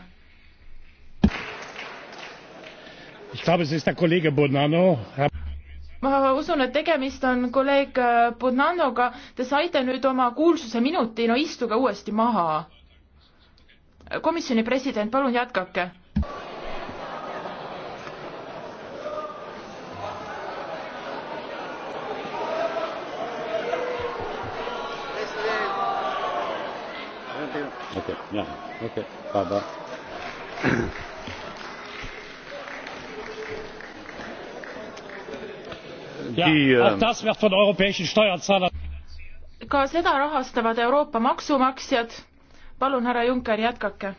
ma usun, et tegemist on kolleeg Bonannoga, te saite nüüd oma kuulsuse minuti, no istuge uuesti maha komisjoni president, palun jätkake. Okay, yeah, okay, bye bye. Ja, äh, auch das wird von europäischen Steuerzahlern. Ka seda rahastavad Euroopa maksumaksjad palun, härra Juncker, jätkake.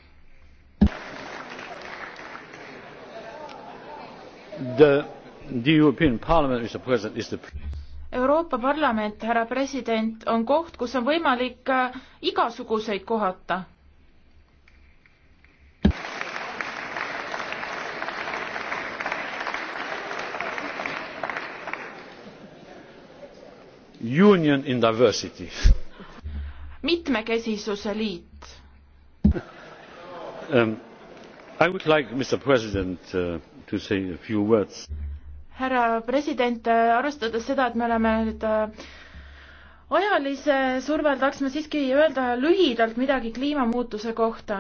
Euroopa Parlament, härra president, on koht, kus on võimalik äh, igasuguseid kohata union in diversity mitmekesisuse liit um,. I would like, Mr President uh,, to say a few words. härra president, äh, arvestades seda, et me oleme nüüd äh, ajalise surve all, tahaks ma siiski öelda lühidalt midagi kliimamuutuse kohta.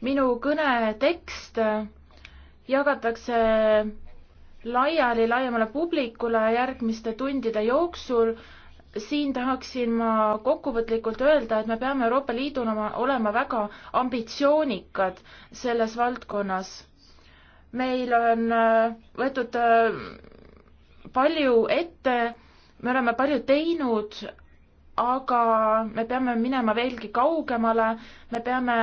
minu kõne tekst äh, jagatakse laiali laiemale publikule järgmiste tundide jooksul siin tahaksin ma kokkuvõtlikult öelda, et me peame Euroopa Liiduna olema väga ambitsioonikad selles valdkonnas. meil on äh, võetud äh, palju ette, me oleme palju teinud, aga me peame minema veelgi kaugemale, me peame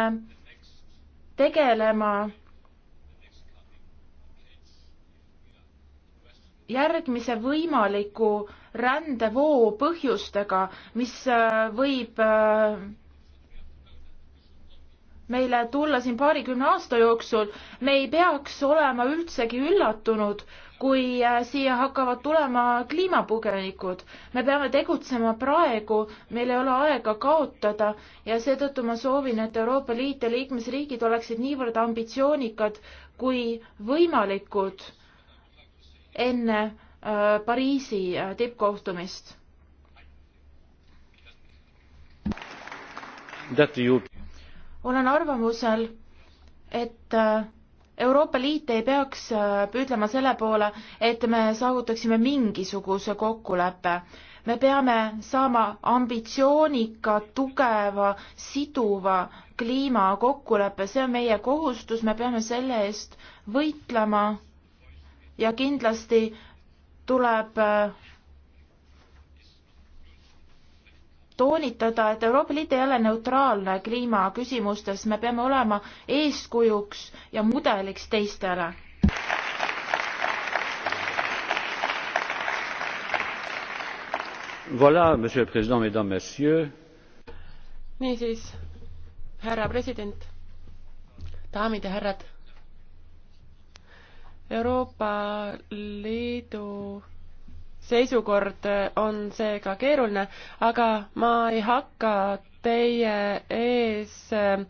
tegelema järgmise võimaliku rändevoo põhjustega, mis äh, võib äh, meile tulla siin paarikümne aasta jooksul, me ei peaks olema üldsegi üllatunud, kui äh, siia hakkavad tulema kliimapõgenikud. me peame tegutsema praegu, meil ei ole aega kaotada ja seetõttu ma soovin, et Euroopa Liit ja liikmesriigid oleksid niivõrd ambitsioonikad kui võimalikud enne äh, Pariisi äh, tippkohtumist. olen arvamusel, et äh, Euroopa Liit ei peaks püüdlema selle poole, et me saavutaksime mingisuguse kokkuleppe. me peame saama ambitsioonika, tugeva, siduva kliimakokkuleppe, see on meie kohustus, me peame selle eest võitlema ja kindlasti tuleb äh, toonitada, et Euroopa Liit ei ole neutraalne kliimaküsimustes, me peame olema eeskujuks ja mudeliks teistele. Voilà, monsieur le président, mesdames, messieurs. niisiis, härra president, daamid ja härrad Euroopa Liidu seisukord on seega keeruline, aga ma ei hakka teie ees äh,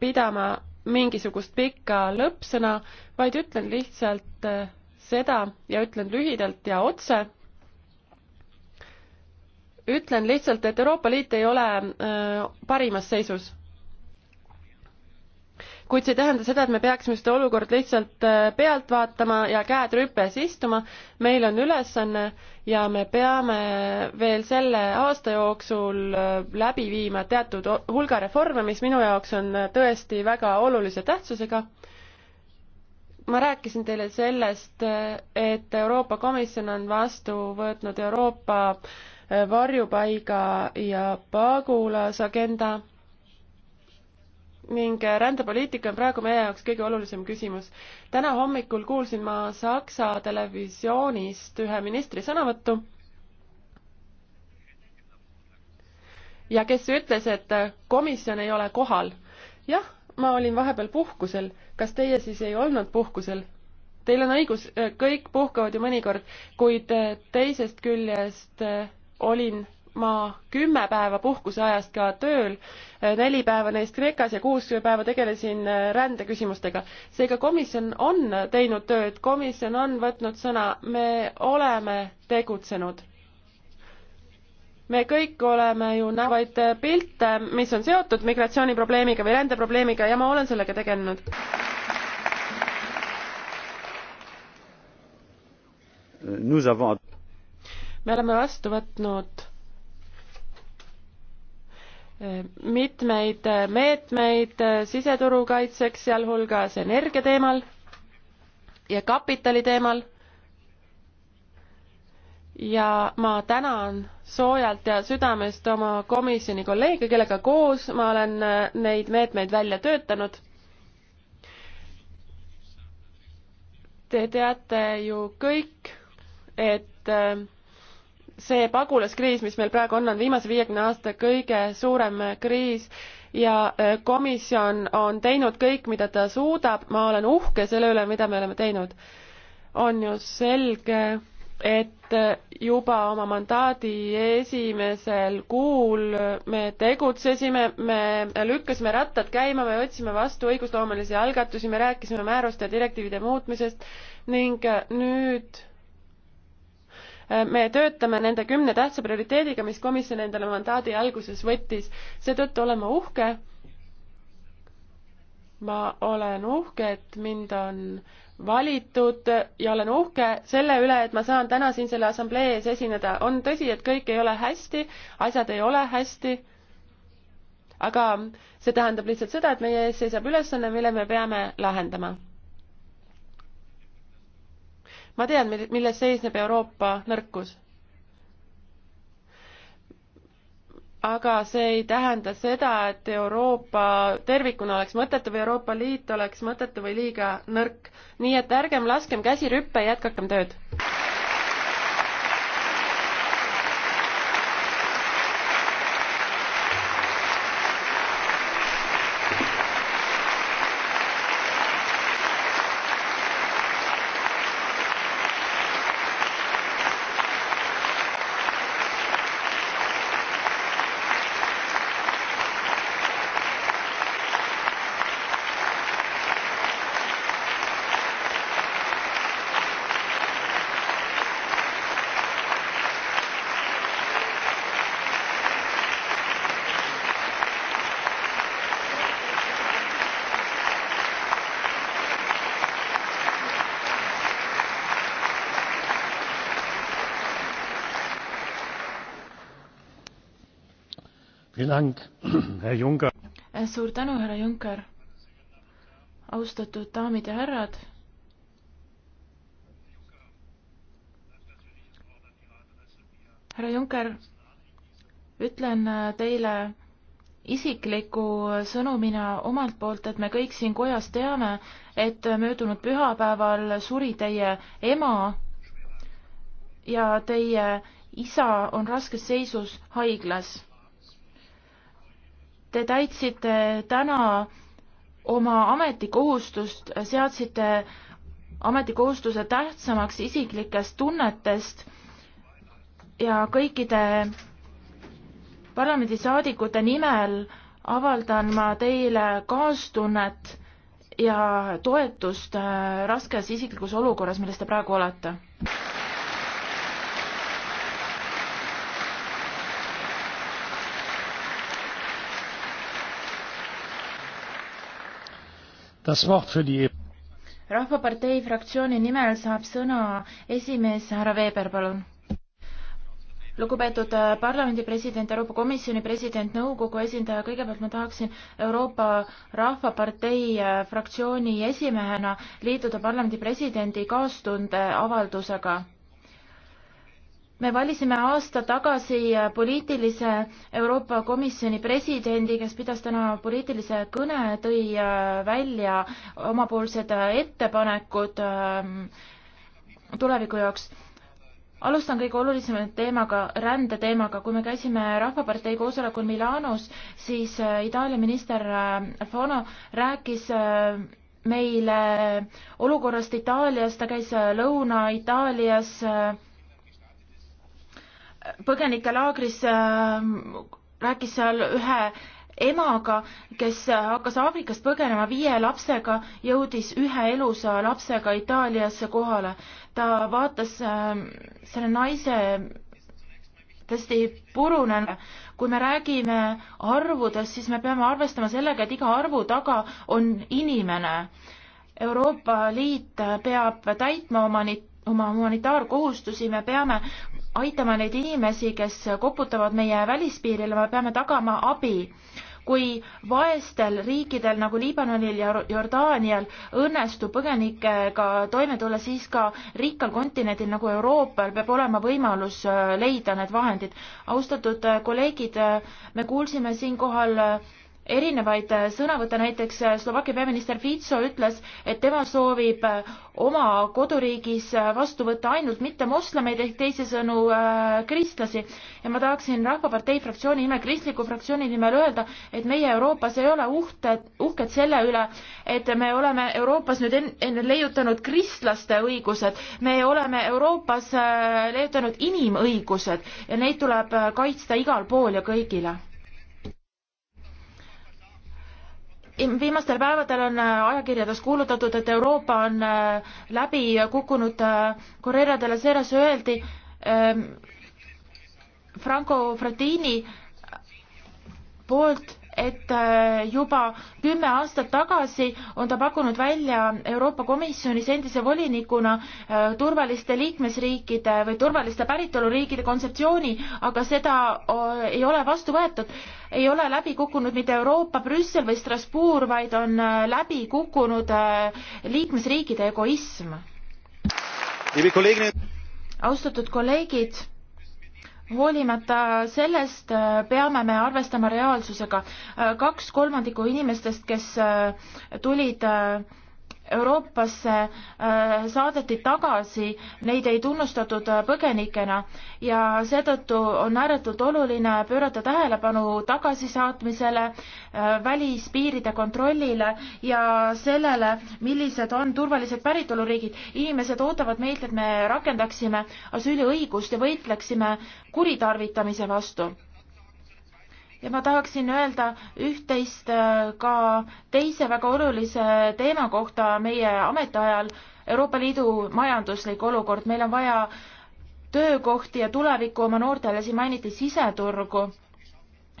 pidama mingisugust pikka lõppsõna, vaid ütlen lihtsalt äh, seda ja ütlen lühidalt ja otse. ütlen lihtsalt, et Euroopa Liit ei ole äh, parimas seisus kuid see ei tähenda seda, et me peaksime seda olukorda lihtsalt äh, pealt vaatama ja käed rüpes istuma. meil on ülesanne ja me peame veel selle aasta jooksul äh, läbi viima teatud hulga reforme, mis minu jaoks on äh, tõesti väga olulise tähtsusega ma rääkisin teile sellest, et Euroopa Komisjon on vastu võtnud Euroopa varjupaiga ja pagulasagenda ning rändepoliitika on praegu meie jaoks kõige olulisem küsimus. täna hommikul kuulsin ma Saksa televisioonist ühe ministri sõnavõttu ja kes ütles, et komisjon ei ole kohal. jah, ma olin vahepeal puhkusel, kas teie siis ei olnud puhkusel? Teil on õigus, kõik puhkavad ju mõnikord, kuid teisest küljest äh, olin ma kümme päeva puhkuseajast ka tööl, neli päeva neist Kreekas ja kuus päeva tegelesin äh, rändeküsimustega. seega komisjon on teinud tööd, komisjon on võtnud sõna, me oleme tegutsenud. me kõik oleme ju näovaid pilte, mis on seotud migratsiooniprobleemiga või rändeprobleemiga ja ma olen sellega tegelenud. me oleme vastu võtnud mitmeid meetmeid siseturu kaitseks, sealhulgas energia teemal ja kapitali teemal. ja ma tänan soojalt ja südamest oma komisjoni kolleege, kellega koos ma olen neid meetmeid välja töötanud. Te teate ju kõik, et äh, see pagulaskriis, mis meil praegu on, on viimase viiekümne aasta kõige suurem kriis ja äh, komisjon on teinud kõik, mida ta suudab, ma olen uhke selle üle, mida me oleme teinud. on ju selge, et äh, juba oma mandaadi esimesel kuul me tegutsesime, me lükkasime rattad käima, me võtsime vastu õigusloomelisi algatusi, me rääkisime määruste ja direktiivide muutmisest ning äh, nüüd Äh, me töötame nende kümne tähtsa prioriteediga, mis komisjon endale mandaadi alguses võttis. seetõttu olen ma uhke. ma olen uhke, et mind on valitud ja olen uhke selle üle, et ma saan täna siin selle assamblee ees esineda. on tõsi, et kõik ei ole hästi, asjad ei ole hästi, aga see tähendab lihtsalt seda, et meie ees seisab ülesanne, mille me peame lahendama ma tean, milles seisneb Euroopa nõrkus. aga see ei tähenda seda, et Euroopa tervikuna oleks mõttetu või Euroopa Liit oleks mõttetu või liiga nõrk. nii et ärgem laskem käsi rüppe, jätkakem tööd. Äh, suur tänu, härra Juncker. austatud daamid ja härrad. härra Juncker, ütlen äh, teile isikliku sõnumina omalt poolt, et me kõik siin kojas teame, et möödunud pühapäeval suri teie ema ja teie isa on raskes seisus haiglas Te täitsite täna oma ametikohustust, seadsite ametikohustuse tähtsamaks isiklikest tunnetest ja kõikide parlamendisaadikute nimel avaldan ma teile kaastunnet ja toetust äh, raskes isiklikus olukorras, milles te praegu olete E rahvapartei fraktsiooni nimel saab sõna esimees härra Veber, palun. lugupeetud äh, parlamendi president, Euroopa Komisjoni president, nõukogu esindaja, kõigepealt ma tahaksin Euroopa Rahvapartei äh, fraktsiooni esimehena liituda parlamendi presidendi kaastunde avaldusega me valisime aasta tagasi poliitilise Euroopa Komisjoni presidendi, kes pidas täna poliitilise kõne, tõi äh, välja omapoolsed äh, ettepanekud ähm, tuleviku jaoks alustan kõige olulisema teemaga, rändeteemaga. kui me käisime Rahvapartei koosolekul Milanos, siis äh, Itaalia minister Fono rääkis meile olukorrast Itaalias, ta käis Lõuna-Itaalias põgenikelaagris äh, rääkis seal ühe emaga, kes hakkas Aafrikast põgenema viie lapsega, jõudis ühe elusa lapsega Itaaliasse kohale. ta vaatas äh, selle naise tõesti purunenud. kui me räägime arvudest, siis me peame arvestama sellega, et iga arvu taga on inimene. Euroopa Liit peab täitma oma, oma humanitaarkohustusi, me peame aitama neid inimesi, kes koputavad meie välispiirile, me peame tagama abi. kui vaestel riikidel nagu Liibanonil ja Jordaanial õnnestub põgenikega toime tulla, siis ka rikkal kontinendil nagu Euroopal peab olema võimalus äh, leida need vahendid. austatud äh, kolleegid, äh, me kuulsime siinkohal erinevaid äh, sõnavõtte, näiteks äh, Slovakkia peaminister Fico ütles, et tema soovib äh, oma koduriigis vastu võtta ainult mittemoslemeid ehk teisisõnu kristlasi. ja ma tahaksin Rahvapartei fraktsiooni nimel, kristliku fraktsiooni nimel öelda, et meie Euroopas ei ole uhked, uhked selle üle, et me oleme Euroopas nüüd enne leiutanud kristlaste õigused, me oleme Euroopas leiutanud inimõigused ja neid tuleb kaitsta igal pool ja kõigile viimastel päevadel on äh, ajakirjades kuulutatud, et Euroopa on äh, läbi kukkunud äh, Correira de la Seras öeldi ähm, Franco Frattini poolt, et äh, juba kümme aastat tagasi on ta pakkunud välja Euroopa Komisjonis endise volinikuna äh, turvaliste liikmesriikide või turvaliste päritoluriikide kontseptsiooni, aga seda äh, ei ole vastu võetud. ei ole läbi kukkunud mitte Euroopa Brüssel või Strasbourg, vaid on läbi kukkunud liikmesriikide egoism. austatud kolleegid hoolimata sellest äh, peame me arvestama reaalsusega. Äh, kaks kolmandikku inimestest, kes äh, tulid Euroopasse äh, saadeti tagasi, neid ei tunnustatud äh, põgenikena ja seetõttu on ääretult oluline pöörata tähelepanu tagasisaatmisele, äh, välispiiride kontrollile ja sellele, millised on turvalised päritoluriigid. inimesed ootavad meilt, et me rakendaksime asüüliõigust ja võitleksime kuritarvitamise vastu ja ma tahaksin öelda üht-teist äh, ka teise väga olulise teema kohta meie ametiajal, Euroopa Liidu majanduslik olukord, meil on vaja töökohti ja tulevikku oma noortele, siin mainiti siseturgu.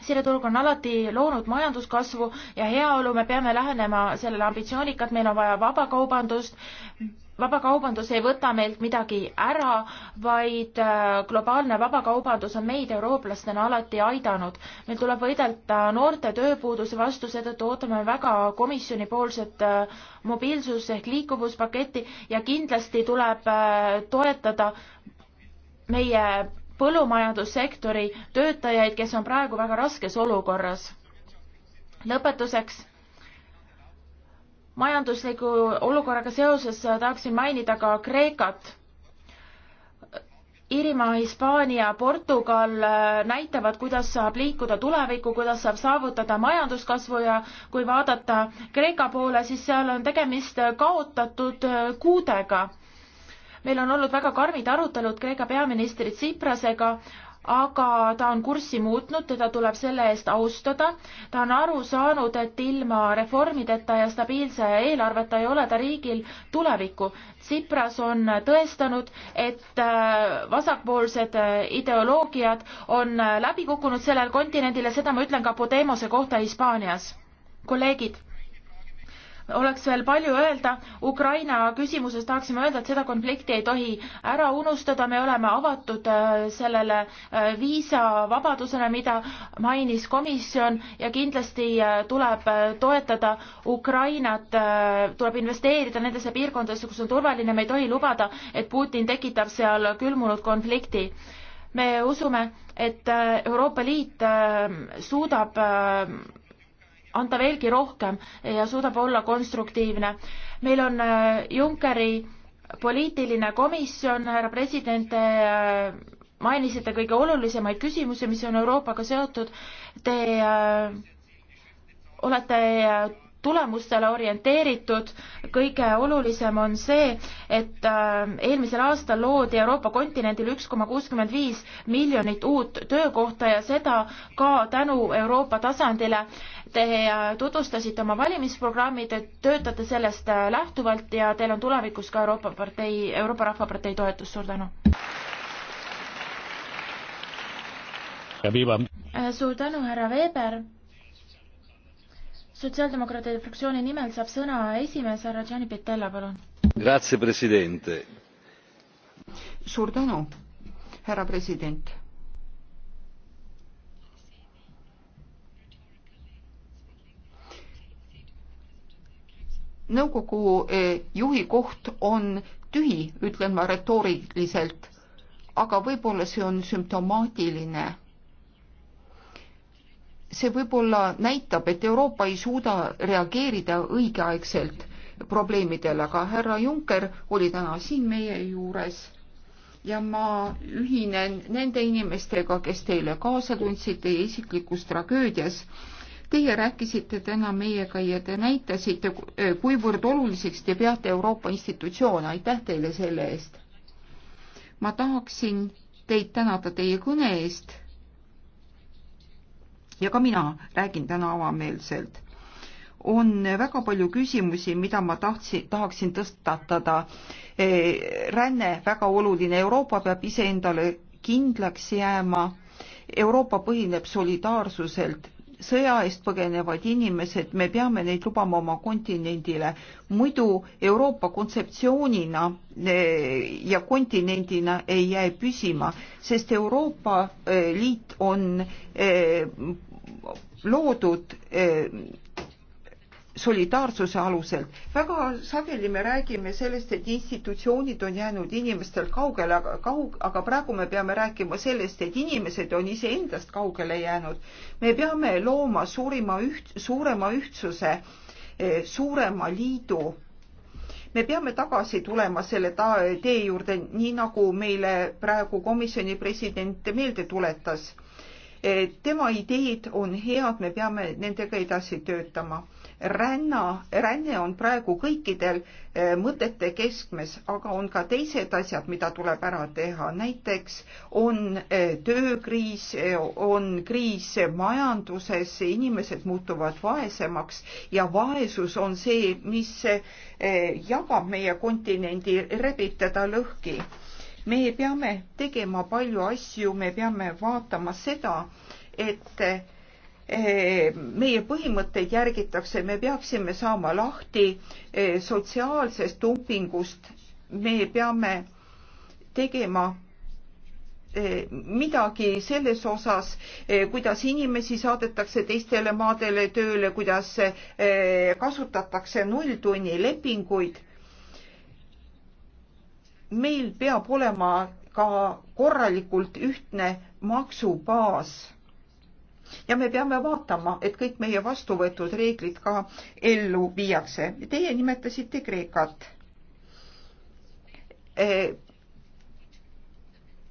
siseturg on alati loonud majanduskasvu ja heaolu, me peame lähenema sellele ambitsioonikalt, meil on vaja vabakaubandust, vabakaubandus ei võta meilt midagi ära, vaid äh, globaalne vabakaubandus on meid, eurooplastena, alati aidanud. meil tuleb võidelda noorte tööpuuduse vastu, seetõttu ootame väga komisjonipoolset äh, mobiilsus ehk liikuvuspaketti ja kindlasti tuleb äh, toetada meie põllumajandussektori töötajaid, kes on praegu väga raskes olukorras. lõpetuseks majandusliku olukorraga seoses tahaksin mainida ka Kreekat. Iirimaa, Hispaania, Portugal äh, näitavad, kuidas saab liikuda tulevikku, kuidas saab saavutada majanduskasvu ja kui vaadata Kreeka poole, siis seal on tegemist kaotatud äh, kuudega meil on olnud väga karmid arutelud Kreeka peaministri Tsiprasega, aga ta on kurssi muutnud, teda tuleb selle eest austada. ta on aru saanud, et ilma reformideta ja stabiilse eelarveta ei ole ta riigil tulevikku. Tsipras on tõestanud, et äh, vasakpoolsed äh, ideoloogiad on äh, läbi kukkunud sellel kontinendil ja seda ma ütlen ka Podemose kohta Hispaanias. kolleegid oleks veel palju öelda. Ukraina küsimuses tahaksime öelda, et seda konflikti ei tohi ära unustada, me oleme avatud äh, sellele äh, viisavabadusele, mida mainis komisjon ja kindlasti äh, tuleb toetada Ukrainat, tuleb investeerida nendesse piirkondadesse, kus on turvaline, me ei tohi lubada, et Putin tekitab seal külmunud konflikti me usume, et Euroopa Liit suudab anda veelgi rohkem ja suudab olla konstruktiivne. meil on äh, Junckeri poliitiline komisjon, härra president, äh, mainisite kõige olulisemaid küsimusi, mis on Euroopaga seotud. Te äh, olete tulemustele orienteeritud, kõige olulisem on see, et äh, eelmisel aastal loodi Euroopa kontinendil üks koma kuuskümmend viis miljonit uut töökohta ja seda ka tänu Euroopa tasandile. Te äh, tutvustasite oma valimisprogrammi, te töötate sellest äh, lähtuvalt ja teil on tulevikus ka Euroopa partei, Euroopa Rahvapartei toetus, suur tänu! suur tänu, härra Weber! sotsiaaldemokraatide fraktsiooni nimel saab sõna esimees härra Gianni Pitella, palun. suur tänu, härra president nõukogu eh, juhi koht on tühi, ütlen ma retooriliselt, aga võib-olla see on sümptomaatiline see võib-olla näitab, et Euroopa ei suuda reageerida õigeaegselt probleemidele, aga härra Juncker oli täna siin meie juures ja ma ühinen nende inimestega, kes teile kaasa tundsid teie isiklikus tragöödias. Teie rääkisite täna meiega ja te näitasite, kuivõrd oluliseks te peate Euroopa institutsioone, aitäh teile selle eest. ma tahaksin teid tänada teie kõne eest ja ka mina räägin täna avameelselt. on väga palju küsimusi, mida ma tahtsin, tahaksin tõstatada. E, ränne väga oluline, Euroopa peab iseendale kindlaks jääma. Euroopa põhineb solidaarsuselt, sõja eest põgenevad inimesed, me peame neid lubama oma kontinendile. muidu Euroopa kontseptsioonina e, ja kontinendina ei jää püsima, sest Euroopa e, Liit on loodud eh, solidaarsuse aluselt. väga sageli me räägime sellest, et institutsioonid on jäänud inimestel kaugele, aga kaug-, aga praegu me peame rääkima sellest, et inimesed on iseendast kaugele jäänud. me peame looma suurima üht-, suurema ühtsuse, eh, suurema liidu. me peame tagasi tulema selle ta-, tee juurde, nii nagu meile praegu komisjoni president meelde tuletas tema ideed on head, me peame nendega edasi töötama. ränna, ränne on praegu kõikidel eh, mõtete keskmes, aga on ka teised asjad, mida tuleb ära teha, näiteks on eh, töökriis, eh, on kriis majanduses, inimesed muutuvad vaesemaks ja vaesus on see, mis jagab meie kontinendi, rebib teda lõhki me peame tegema palju asju, me peame vaatama seda, et eh, meie põhimõtteid järgitakse, me peaksime saama lahti eh, sotsiaalsest dumpingust, me peame tegema eh, midagi selles osas, kuidas inimesi saadetakse teistele maadele tööle, kuidas kasutatakse nulltunnilepinguid meil peab olema ka korralikult ühtne maksubaas ja me peame vaatama, et kõik meie vastu võetud reeglid ka ellu viiakse. Teie nimetasite Kreekat. E,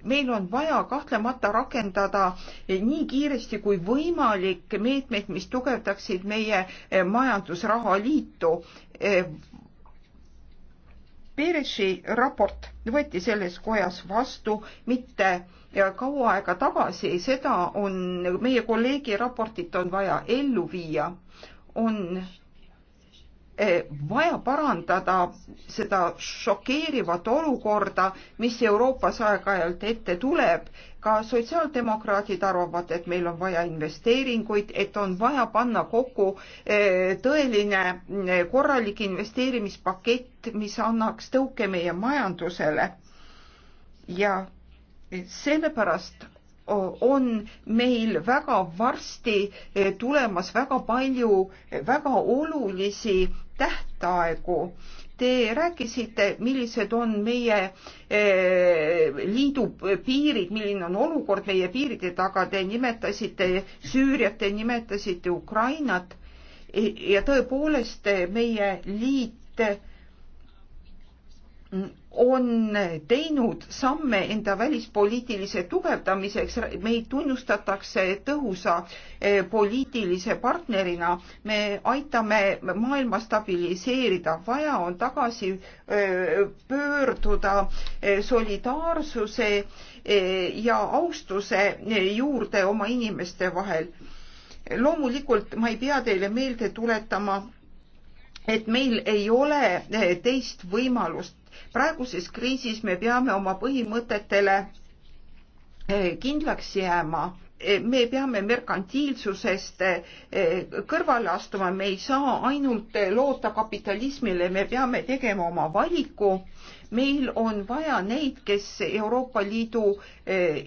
meil on vaja kahtlemata rakendada nii kiiresti kui võimalik meetmeid, mis tugevdaksid meie majandusrahaliitu. E, Pereši raport võeti selles kojas vastu mitte kaua aega tagasi, seda on, meie kolleegi raportit on vaja ellu viia, on Eh, vaja parandada seda šokeerivat olukorda, mis Euroopas aeg-ajalt ette tuleb. ka sotsiaaldemokraadid arvavad, et meil on vaja investeeringuid, et on vaja panna kokku eh, tõeline eh, korralik investeerimispakett, mis annaks tõuke meie majandusele. ja sellepärast on meil väga varsti tulemas väga palju väga olulisi tähtaegu. Te rääkisite, millised on meie eh, liidu piirid, milline on olukord meie piiride taga, te nimetasite Süüriat, te nimetasite Ukrainat e, ja tõepoolest meie liit mm, on teinud samme enda välispoliitilise tugevdamiseks, meid tunnustatakse tõhusa eh, poliitilise partnerina, me aitame maailma stabiliseerida, vaja on tagasi eh, pöörduda eh, solidaarsuse ja austuse juurde oma inimeste vahel. loomulikult ma ei pea teile meelde tuletama, et meil ei ole teist võimalust praeguses kriisis me peame oma põhimõtetele eh, kindlaks jääma eh, me peame merkantiilsusest eh, kõrvale astuma, me ei saa ainult loota kapitalismile, me peame tegema oma valiku. meil on vaja neid, kes Euroopa Liidu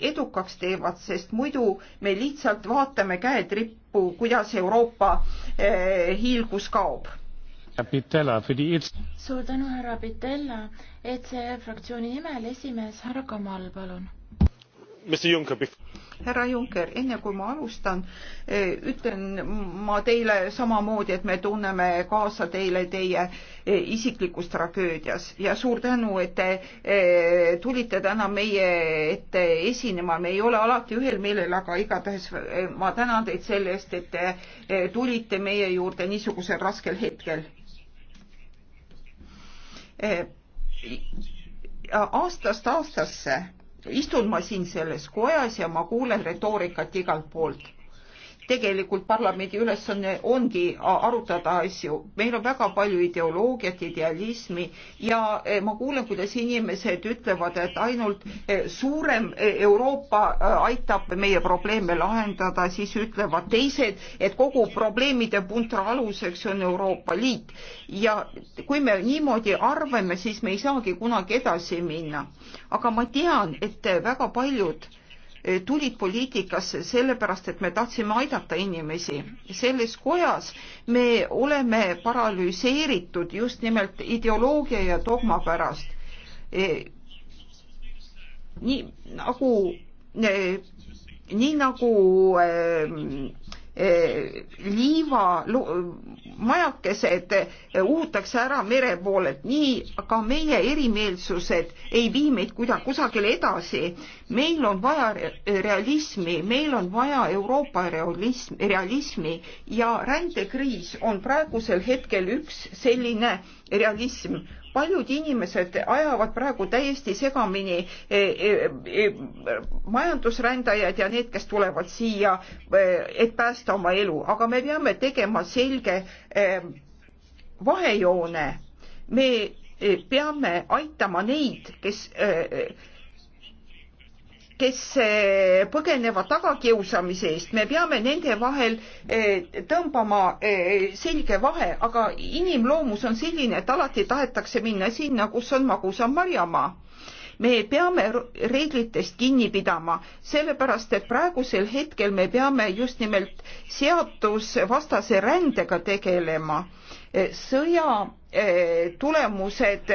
edukaks teevad, sest muidu me lihtsalt vaatame käed rippu, kuidas Euroopa hiilgus kaob suur tänu, härra Pitella. ECR fraktsiooni nimel esimees härra Kamal, palun. härra Juncker, enne kui ma alustan, eh, ütlen ma teile samamoodi, et me tunneme kaasa teile teie eh, isiklikus tragöödias ja suur tänu, et te eh, tulite täna meie ette esinema, me ei ole alati ühel meelel, aga igatahes ma tänan teid selle eest, et te tulite meie juurde niisugusel raskel hetkel Eh, aastast aastasse istun ma siin selles kojas ja ma kuulen retoorikat igalt poolt tegelikult parlamendi ülesanne ongi arutada asju. meil on väga palju ideoloogiat, idealismi ja e, ma kuulen, kuidas inimesed ütlevad, et ainult e, suurem e, Euroopa aitab meie probleeme lahendada, siis ütlevad teised, et kogu probleemide puntra aluseks on Euroopa Liit. ja kui me niimoodi arvame, siis me ei saagi kunagi edasi minna. aga ma tean, et väga paljud Eh, tulid poliitikasse sellepärast, et me tahtsime aidata inimesi. selles kojas me oleme paralüüseeritud just nimelt ideoloogia ja dogma pärast. Eh, nii nagu, eh, nii nagu liiva majakesed uhutakse ära mere poolelt, nii ka meie erimeelsused ei vii meid kuidagi kusagile edasi. meil on vaja realismi, meil on vaja Euroopa realism, realismi ja rändekriis on praegusel hetkel üks selline realism paljud inimesed ajavad praegu täiesti segamini e, e, e, majandusrändajad ja need, kes tulevad siia, et päästa oma elu, aga me peame tegema selge vahejoone. me peame aitama neid, kes kes eh, põgenevad tagakiusamise eest, me peame nende vahel eh, tõmbama eh, selge vahe, aga inimloomus on selline, et alati tahetakse minna sinna, kus on magusam marjamaa me peame reeglitest kinni pidama, sellepärast et praegusel hetkel me peame just nimelt seadusvastase rändega tegelema. sõja Eh, tulemused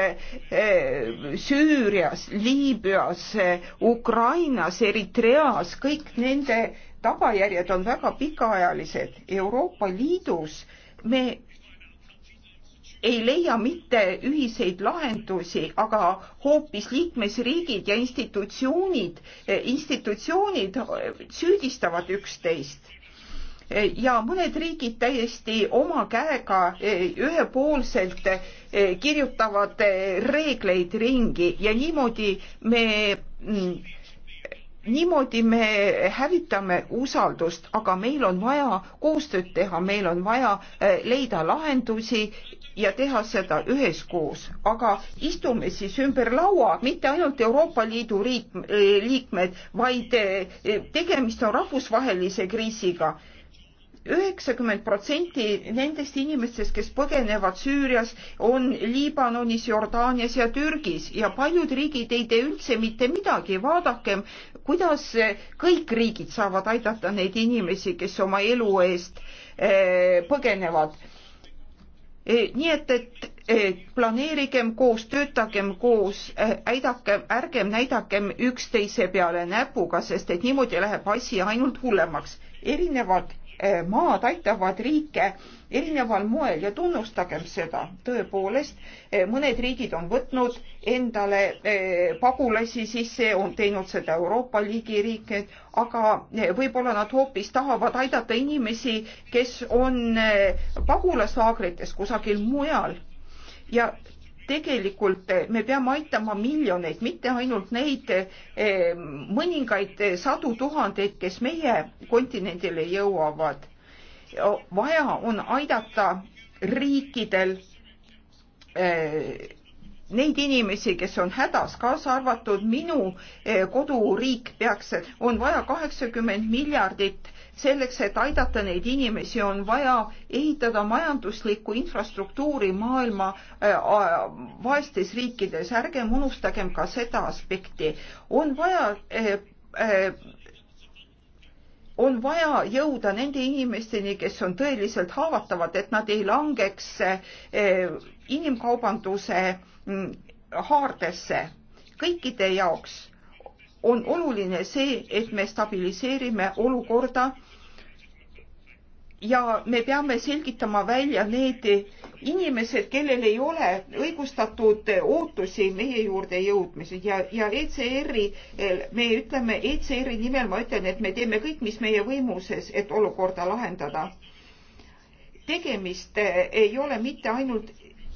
eh, Süürias, Liibüas, eh, Ukrainas, Eritreas, kõik nende tagajärjed on väga pikaajalised. Euroopa Liidus me ei leia mitte ühiseid lahendusi, aga hoopis liikmesriigid ja institutsioonid, institutsioonid süüdistavad üksteist ja mõned riigid täiesti oma käega e, ühepoolselt e, kirjutavad e, reegleid ringi ja niimoodi me mm, niimoodi me hävitame usaldust, aga meil on vaja koostööd teha, meil on vaja leida lahendusi ja teha seda üheskoos, aga istume siis ümber laua, mitte ainult Euroopa Liidu riik, liikmed, vaid tegemist on rahvusvahelise kriisiga üheksakümmend protsenti nendest inimestest, kes põgenevad Süürias, on Liibanonis, Jordaanias ja Türgis ja paljud riigid ei tee üldse mitte midagi. vaadakem, kuidas kõik riigid saavad aidata neid inimesi, kes oma elu eest eh, põgenevad. Eh, nii et, et eh, planeerigem koos, töötagem koos, äidakem, ärgem näidakem üksteise peale näpuga, sest et niimoodi läheb asi ainult hullemaks. erinevalt Eh, maad aitavad riike erineval moel ja tunnustagem seda. tõepoolest, eh, mõned riigid on võtnud endale eh, pagulasi sisse, on teinud seda Euroopa Liigi riiked, aga võib-olla nad hoopis tahavad aidata inimesi, kes on pagulaslaagrites kusagil mujal ja tegelikult eh, me peame aitama miljoneid, mitte ainult neid eh, mõningaid eh, sadu tuhandeid, kes meie kontinendile jõuavad. vaja on aidata riikidel neid inimesi, kes on hädas, kaasa arvatud minu koduriik peaks, on vaja kaheksakümmend miljardit selleks, et aidata neid inimesi, on vaja ehitada majanduslikku infrastruktuuri maailma äh, vaestes riikides. ärgem unustagem ka seda aspekti. on vaja eh, eh, on vaja jõuda nende inimesteni, kes on tõeliselt haavatavad, et nad ei langeks eh, inimkaubanduse mm, haardesse. kõikide jaoks on oluline see, et me stabiliseerime olukorda ja me peame selgitama välja need inimesed, kellel ei ole õigustatud ootusi meie juurde jõudmised ja, ja ECR-i, eh, me ütleme ECR-i nimel, ma ütlen, et me teeme kõik, mis meie võimuses, et olukorda lahendada. tegemist eh, ei ole mitte ainult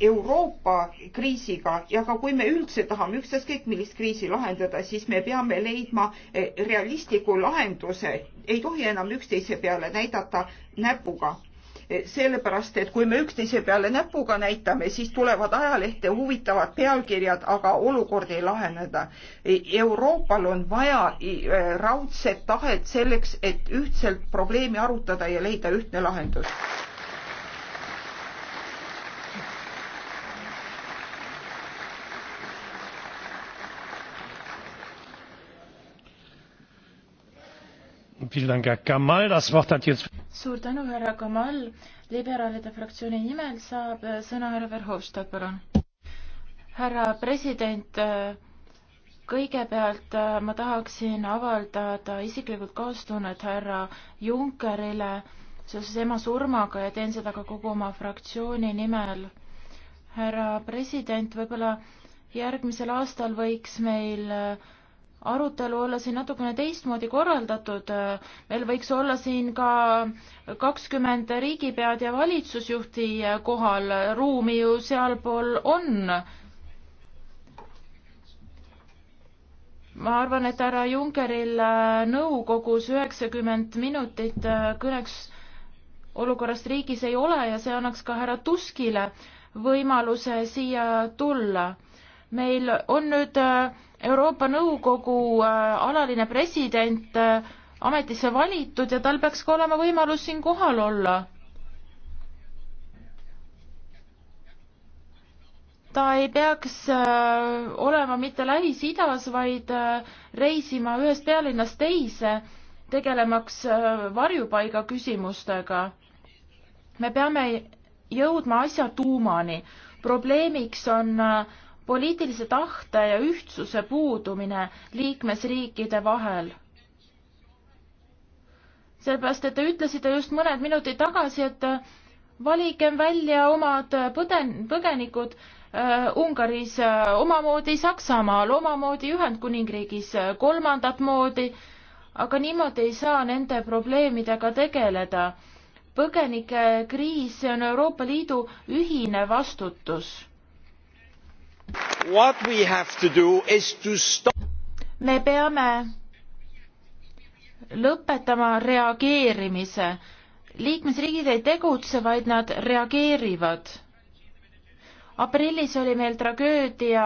Euroopa kriisiga ja ka kui me üldse tahame ükstaskõik millist kriisi lahendada, siis me peame leidma eh, realistliku lahenduse, ei tohi enam üksteise peale näidata näpuga. Eh, sellepärast, et kui me üksteise peale näpuga näitame, siis tulevad ajalehte huvitavad pealkirjad, aga olukord ei laheneda. Eh, Euroopal on vaja raudset tahet selleks, et ühtselt probleemi arutada ja leida ühtne lahendus suur tänu, härra Kamal. liberaalide fraktsiooni nimel saab äh, sõna härra Verhofstadt, palun. härra president, äh, kõigepealt äh, ma tahaksin avaldada isiklikult kaastunnet härra Junckerile seoses ema surmaga ja teen seda ka kogu oma fraktsiooni nimel. härra president, võib-olla järgmisel aastal võiks meil äh, arutelu olla siin natukene teistmoodi korraldatud, meil võiks olla siin ka kakskümmend riigipead ja valitsusjuhti kohal, ruumi ju sealpool on. ma arvan, et härra Junckeril nõukogus üheksakümmend minutit kõneks olukorrast riigis ei ole ja see annaks ka härra Tuskile võimaluse siia tulla. meil on nüüd äh, Euroopa Nõukogu äh, alaline president äh, ametisse valitud ja tal peaks ka olema võimalus siin kohal olla. ta ei peaks äh, olema mitte Lähis-Idas, vaid reisima ühest pealinnast teise, tegelemaks varjupaiga küsimustega. me peame jõudma asja tuumani. probleemiks on äh, poliitilise tahte ja ühtsuse puudumine liikmesriikide vahel. sellepärast, et te ütlesite just mõned minutid tagasi, et valigem välja omad põden-, põgenikud äh, Ungaris äh,, omamoodi Saksamaal, omamoodi Ühendkuningriigis äh,, kolmandat moodi, aga niimoodi ei saa nende probleemidega tegeleda. põgenikekriis on Euroopa Liidu ühine vastutus me peame lõpetama reageerimise. liikmesriigid ei tegutse, vaid nad reageerivad. aprillis oli meil tragöödia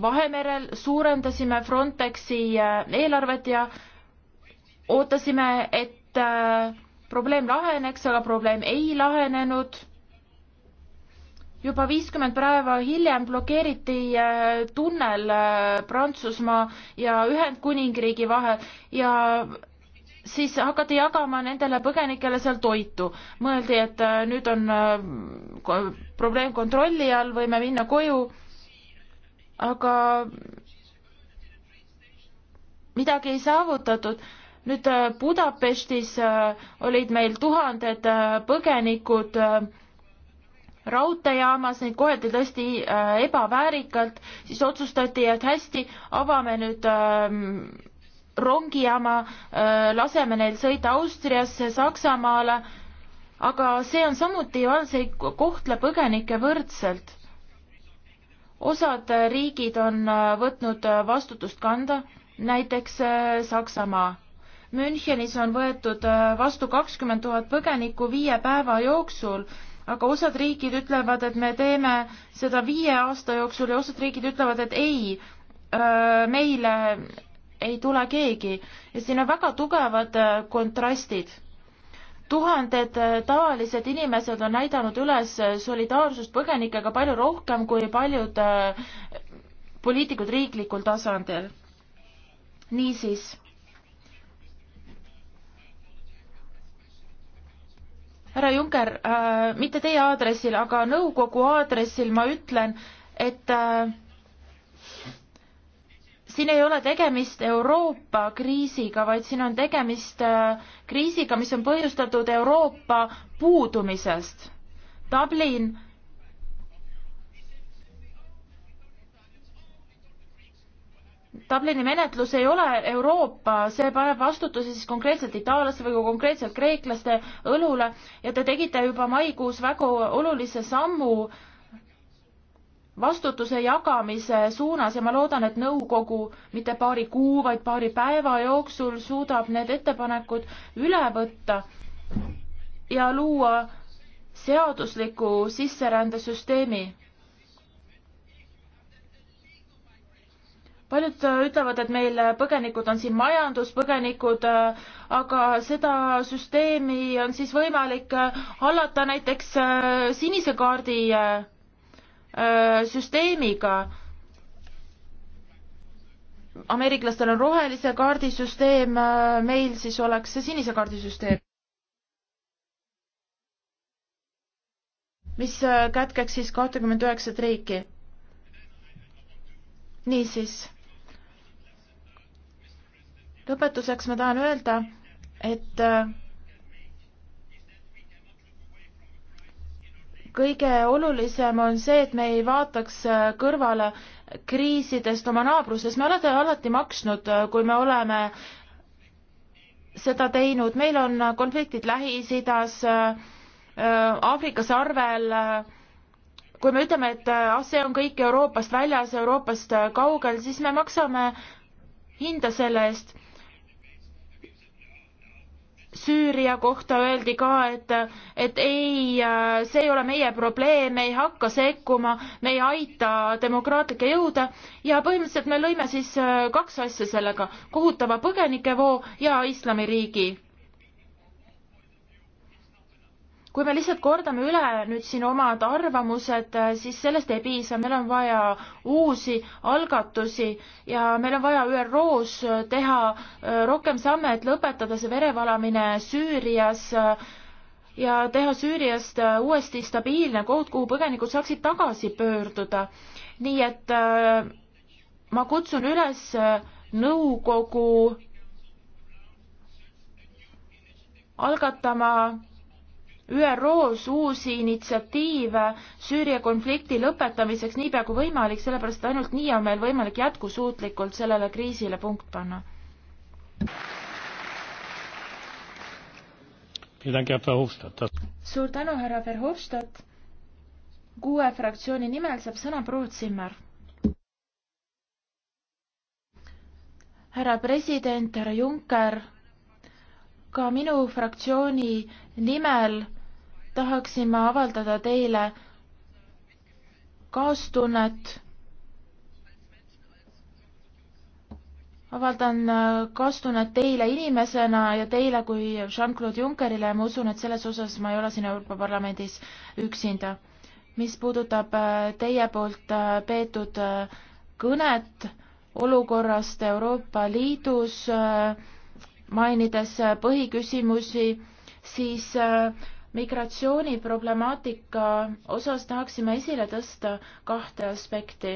Vahemerel, suurendasime Frontexi äh, eelarvet ja ootasime, et äh, probleem laheneks, aga probleem ei lahenenud juba viiskümmend päeva hiljem blokeeriti äh, tunnel äh, Prantsusmaa ja Ühendkuningriigi vahel ja siis hakati jagama nendele põgenikele seal toitu. mõeldi, et äh, nüüd on probleem kontrolli all, võime minna koju, aga midagi ei saavutatud. nüüd Budapestis olid meil tuhanded põgenikud raudteejaamas, neid koheldi tõesti äh, ebaväärikalt, siis otsustati, et hästi, avame nüüd äh, rongijaama äh,, laseme neil sõita Austriasse, Saksamaale, aga see on samuti ju all, see ei kohtle põgenikke võrdselt. osad riigid on äh, võtnud äh, vastutust kanda, näiteks äh, Saksamaa Münchenis on võetud äh, vastu kakskümmend tuhat põgenikku viie päeva jooksul aga osad riigid ütlevad, et me teeme seda viie aasta jooksul ja osad riigid ütlevad, et ei, meile ei tule keegi ja siin on väga tugevad kontrastid. tuhanded tavalised inimesed on näidanud üles solidaarsust põgenikega palju rohkem kui paljud poliitikud riiklikul tasandil. niisiis härra Juncker äh,, mitte teie aadressil, aga nõukogu aadressil ma ütlen, et äh, siin ei ole tegemist Euroopa kriisiga, vaid siin on tegemist äh, kriisiga, mis on põhjustatud Euroopa puudumisest. Dublin Dublini menetlus ei ole Euroopa, see paneb vastutuse siis konkreetselt itaallaste või konkreetselt kreeklaste õlule ja te tegite juba maikuus väga olulise sammu vastutuse jagamise suunas ja ma loodan, et nõukogu mitte paari kuu, vaid paari päeva jooksul suudab need ettepanekud üle võtta ja luua seadusliku sisserändesüsteemi paljud äh, ütlevad, et meil äh, põgenikud on siin majanduspõgenikud, äh, aga seda süsteemi on siis võimalik hallata näiteks sinise kaardi süsteemiga. ameeriklastel on rohelise kaardi süsteem, meil siis oleks see sinise kaardi süsteem. mis kätkeks siis kahtekümmet üheksat riiki niisiis lõpetuseks ma tahan öelda, et äh, kõige olulisem on see, et me ei vaataks äh, kõrvale kriisidest oma naabruses, me oleme alati maksnud, äh, kui me oleme seda teinud, meil on konfliktid Lähis-Idas, Aafrika sarvel, kui me ütleme, et ah, see on kõik Euroopast väljas, Euroopast kaugel, siis me maksame hinda selle eest Süüria kohta öeldi ka, et, et ei, see ei ole meie probleem, me ei hakka sekkuma, me ei aita demokraatlikke jõude ja põhimõtteliselt me lõime siis kaks asja sellega, kohutava põgenikevoo ja islamiriigi kui me lihtsalt kordame üle nüüd siin omad arvamused, äh, siis sellest ei piisa, meil on vaja uusi algatusi ja meil on vaja ÜRO-s äh, teha äh, rohkem samme, et lõpetada see verevalamine Süürias ja teha Süüriast uuesti stabiilne koht, kuhu põgenikud saaksid tagasi pöörduda. nii et ma kutsun üles nõukogu algatama ÜRO-s uusi initsiatiive Süüria konflikti lõpetamiseks niipea kui võimalik, sellepärast ainult nii on meil võimalik jätkusuutlikult sellele kriisile punkt panna. suur tänu, härra Verhofstadt. kuue fraktsiooni nimel saab sõna proua Zimmer. härra president, härra Juncker, ka minu fraktsiooni nimel tahaksin ma avaldada teile kaastunnet. avaldan äh, kaastunnet teile inimesena ja teile kui Jean-Claude Junckerile ja ma usun, et selles osas ma ei ole siin Euroopa Parlamendis üksinda. mis puudutab äh, teie poolt äh, peetud kõnet olukorrast Euroopa Liidus, mainides põhiküsimusi, siis äh, migratsiooniproblemaatika osas tahaksime esile tõsta kahte aspekti.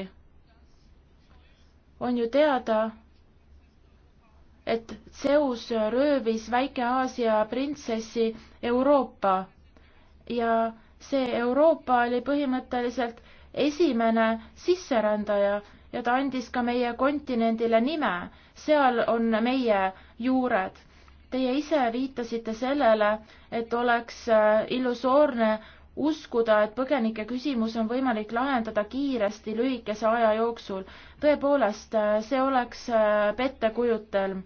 on ju teada, et Zeus röövis Väike-Aasia printsessi Euroopa ja see Euroopa oli põhimõtteliselt esimene sisserändaja ja ta andis ka meie kontinendile nime, seal on meie juured Teie ise viitasite sellele, et oleks äh, illusoorne uskuda, et põgenike küsimus on võimalik lahendada kiiresti lühikese aja jooksul. tõepoolest, äh, see oleks äh, pettekujutelm.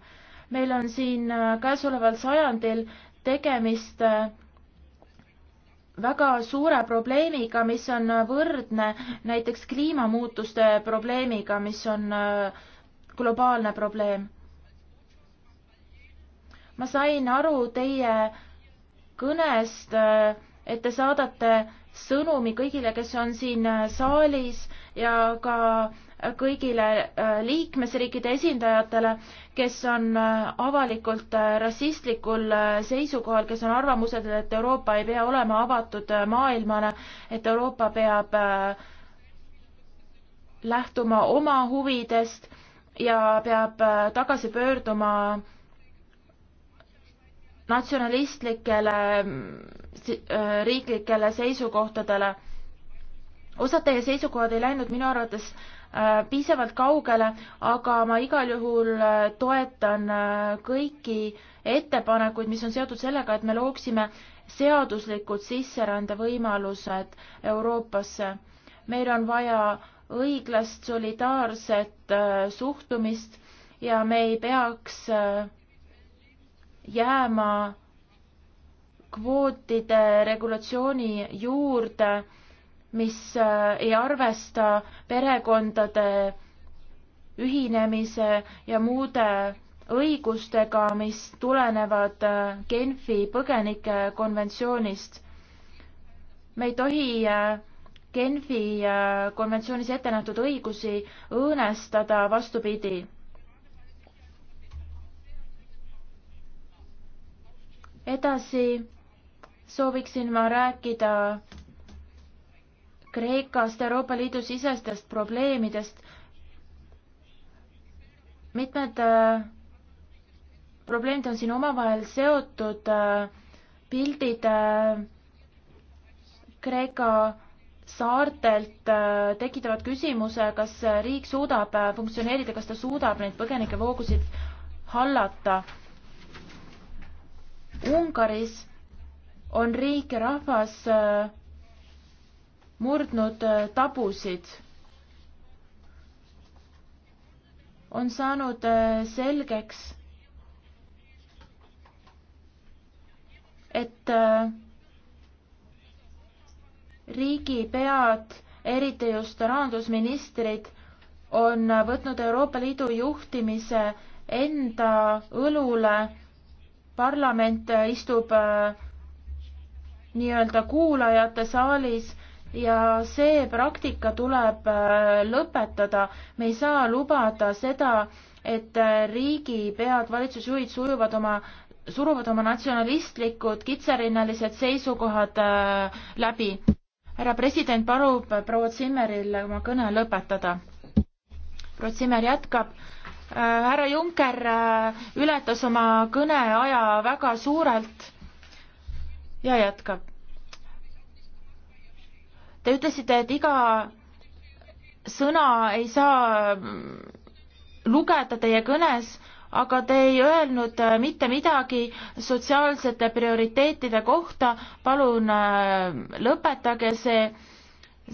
meil on siin käesoleval sajandil tegemist väga suure probleemiga, mis on võrdne näiteks kliimamuutuste probleemiga, mis on globaalne probleem ma sain aru teie kõnest, et te saadate sõnumi kõigile, kes on siin saalis ja ka kõigile äh, liikmesriikide esindajatele, kes on äh, avalikult äh, rassistlikul seisukohal, kes on arvamusel, et Euroopa ei pea olema avatud maailmale, et Euroopa peab lähtuma oma huvidest ja peab tagasi pöörduma natsionalistlikele äh, riiklikele seisukohtadele. osad teie seisukohad ei läinud minu arvates äh, piisavalt kaugele, aga ma igal juhul äh, toetan kõiki ettepanekuid, mis on seotud sellega, et me looksime seaduslikud sisserändevõimalused Euroopasse. meil on vaja õiglast solidaarset suhtumist ja me ei peaks äh, jääma kvootide regulatsiooni juurde, mis äh, ei arvesta perekondade ühinemise ja muude õigustega, mis tulenevad äh, Genfi põgenikekonventsioonist. me ei tohi äh, Genfi konventsioonis ette nähtud õigusi õõnestada, vastupidi edasi sooviksin ma rääkida Kreekast, Euroopa Liidu sisestest probleemidest. mitmed äh, probleemid on siin omavahel seotud äh,, pildid äh, Kreeka saartelt äh, tekitavad küsimuse, kas riik suudab äh, funktsioneerida, kas ta suudab neid põgenikevoogusid hallata Ungaris on riik ja rahvas äh, murdnud äh, tabusid, on saanud äh, selgeks, et riigipead, eriti just rahandusministrid, on võtnud Euroopa Liidu juhtimise enda õlule parlament äh, istub äh, nii-öelda kuulajate saalis ja see praktika tuleb äh, lõpetada. me ei saa lubada seda, et riigipead, valitsusjuhid sujuvad oma suruvad oma natsionalistlikud kitsarinnalised seisukohad äh, läbi. härra president palub proua Zimmeril oma kõne lõpetada. proua Zimmer jätkab Äh, härra Juncker äh, ületas oma kõneaja väga suurelt ja jätkab. Te ütlesite, et iga sõna ei saa mm, lugeda teie kõnes, aga te ei öelnud äh, mitte midagi sotsiaalsete prioriteetide kohta. palun lõpetage see,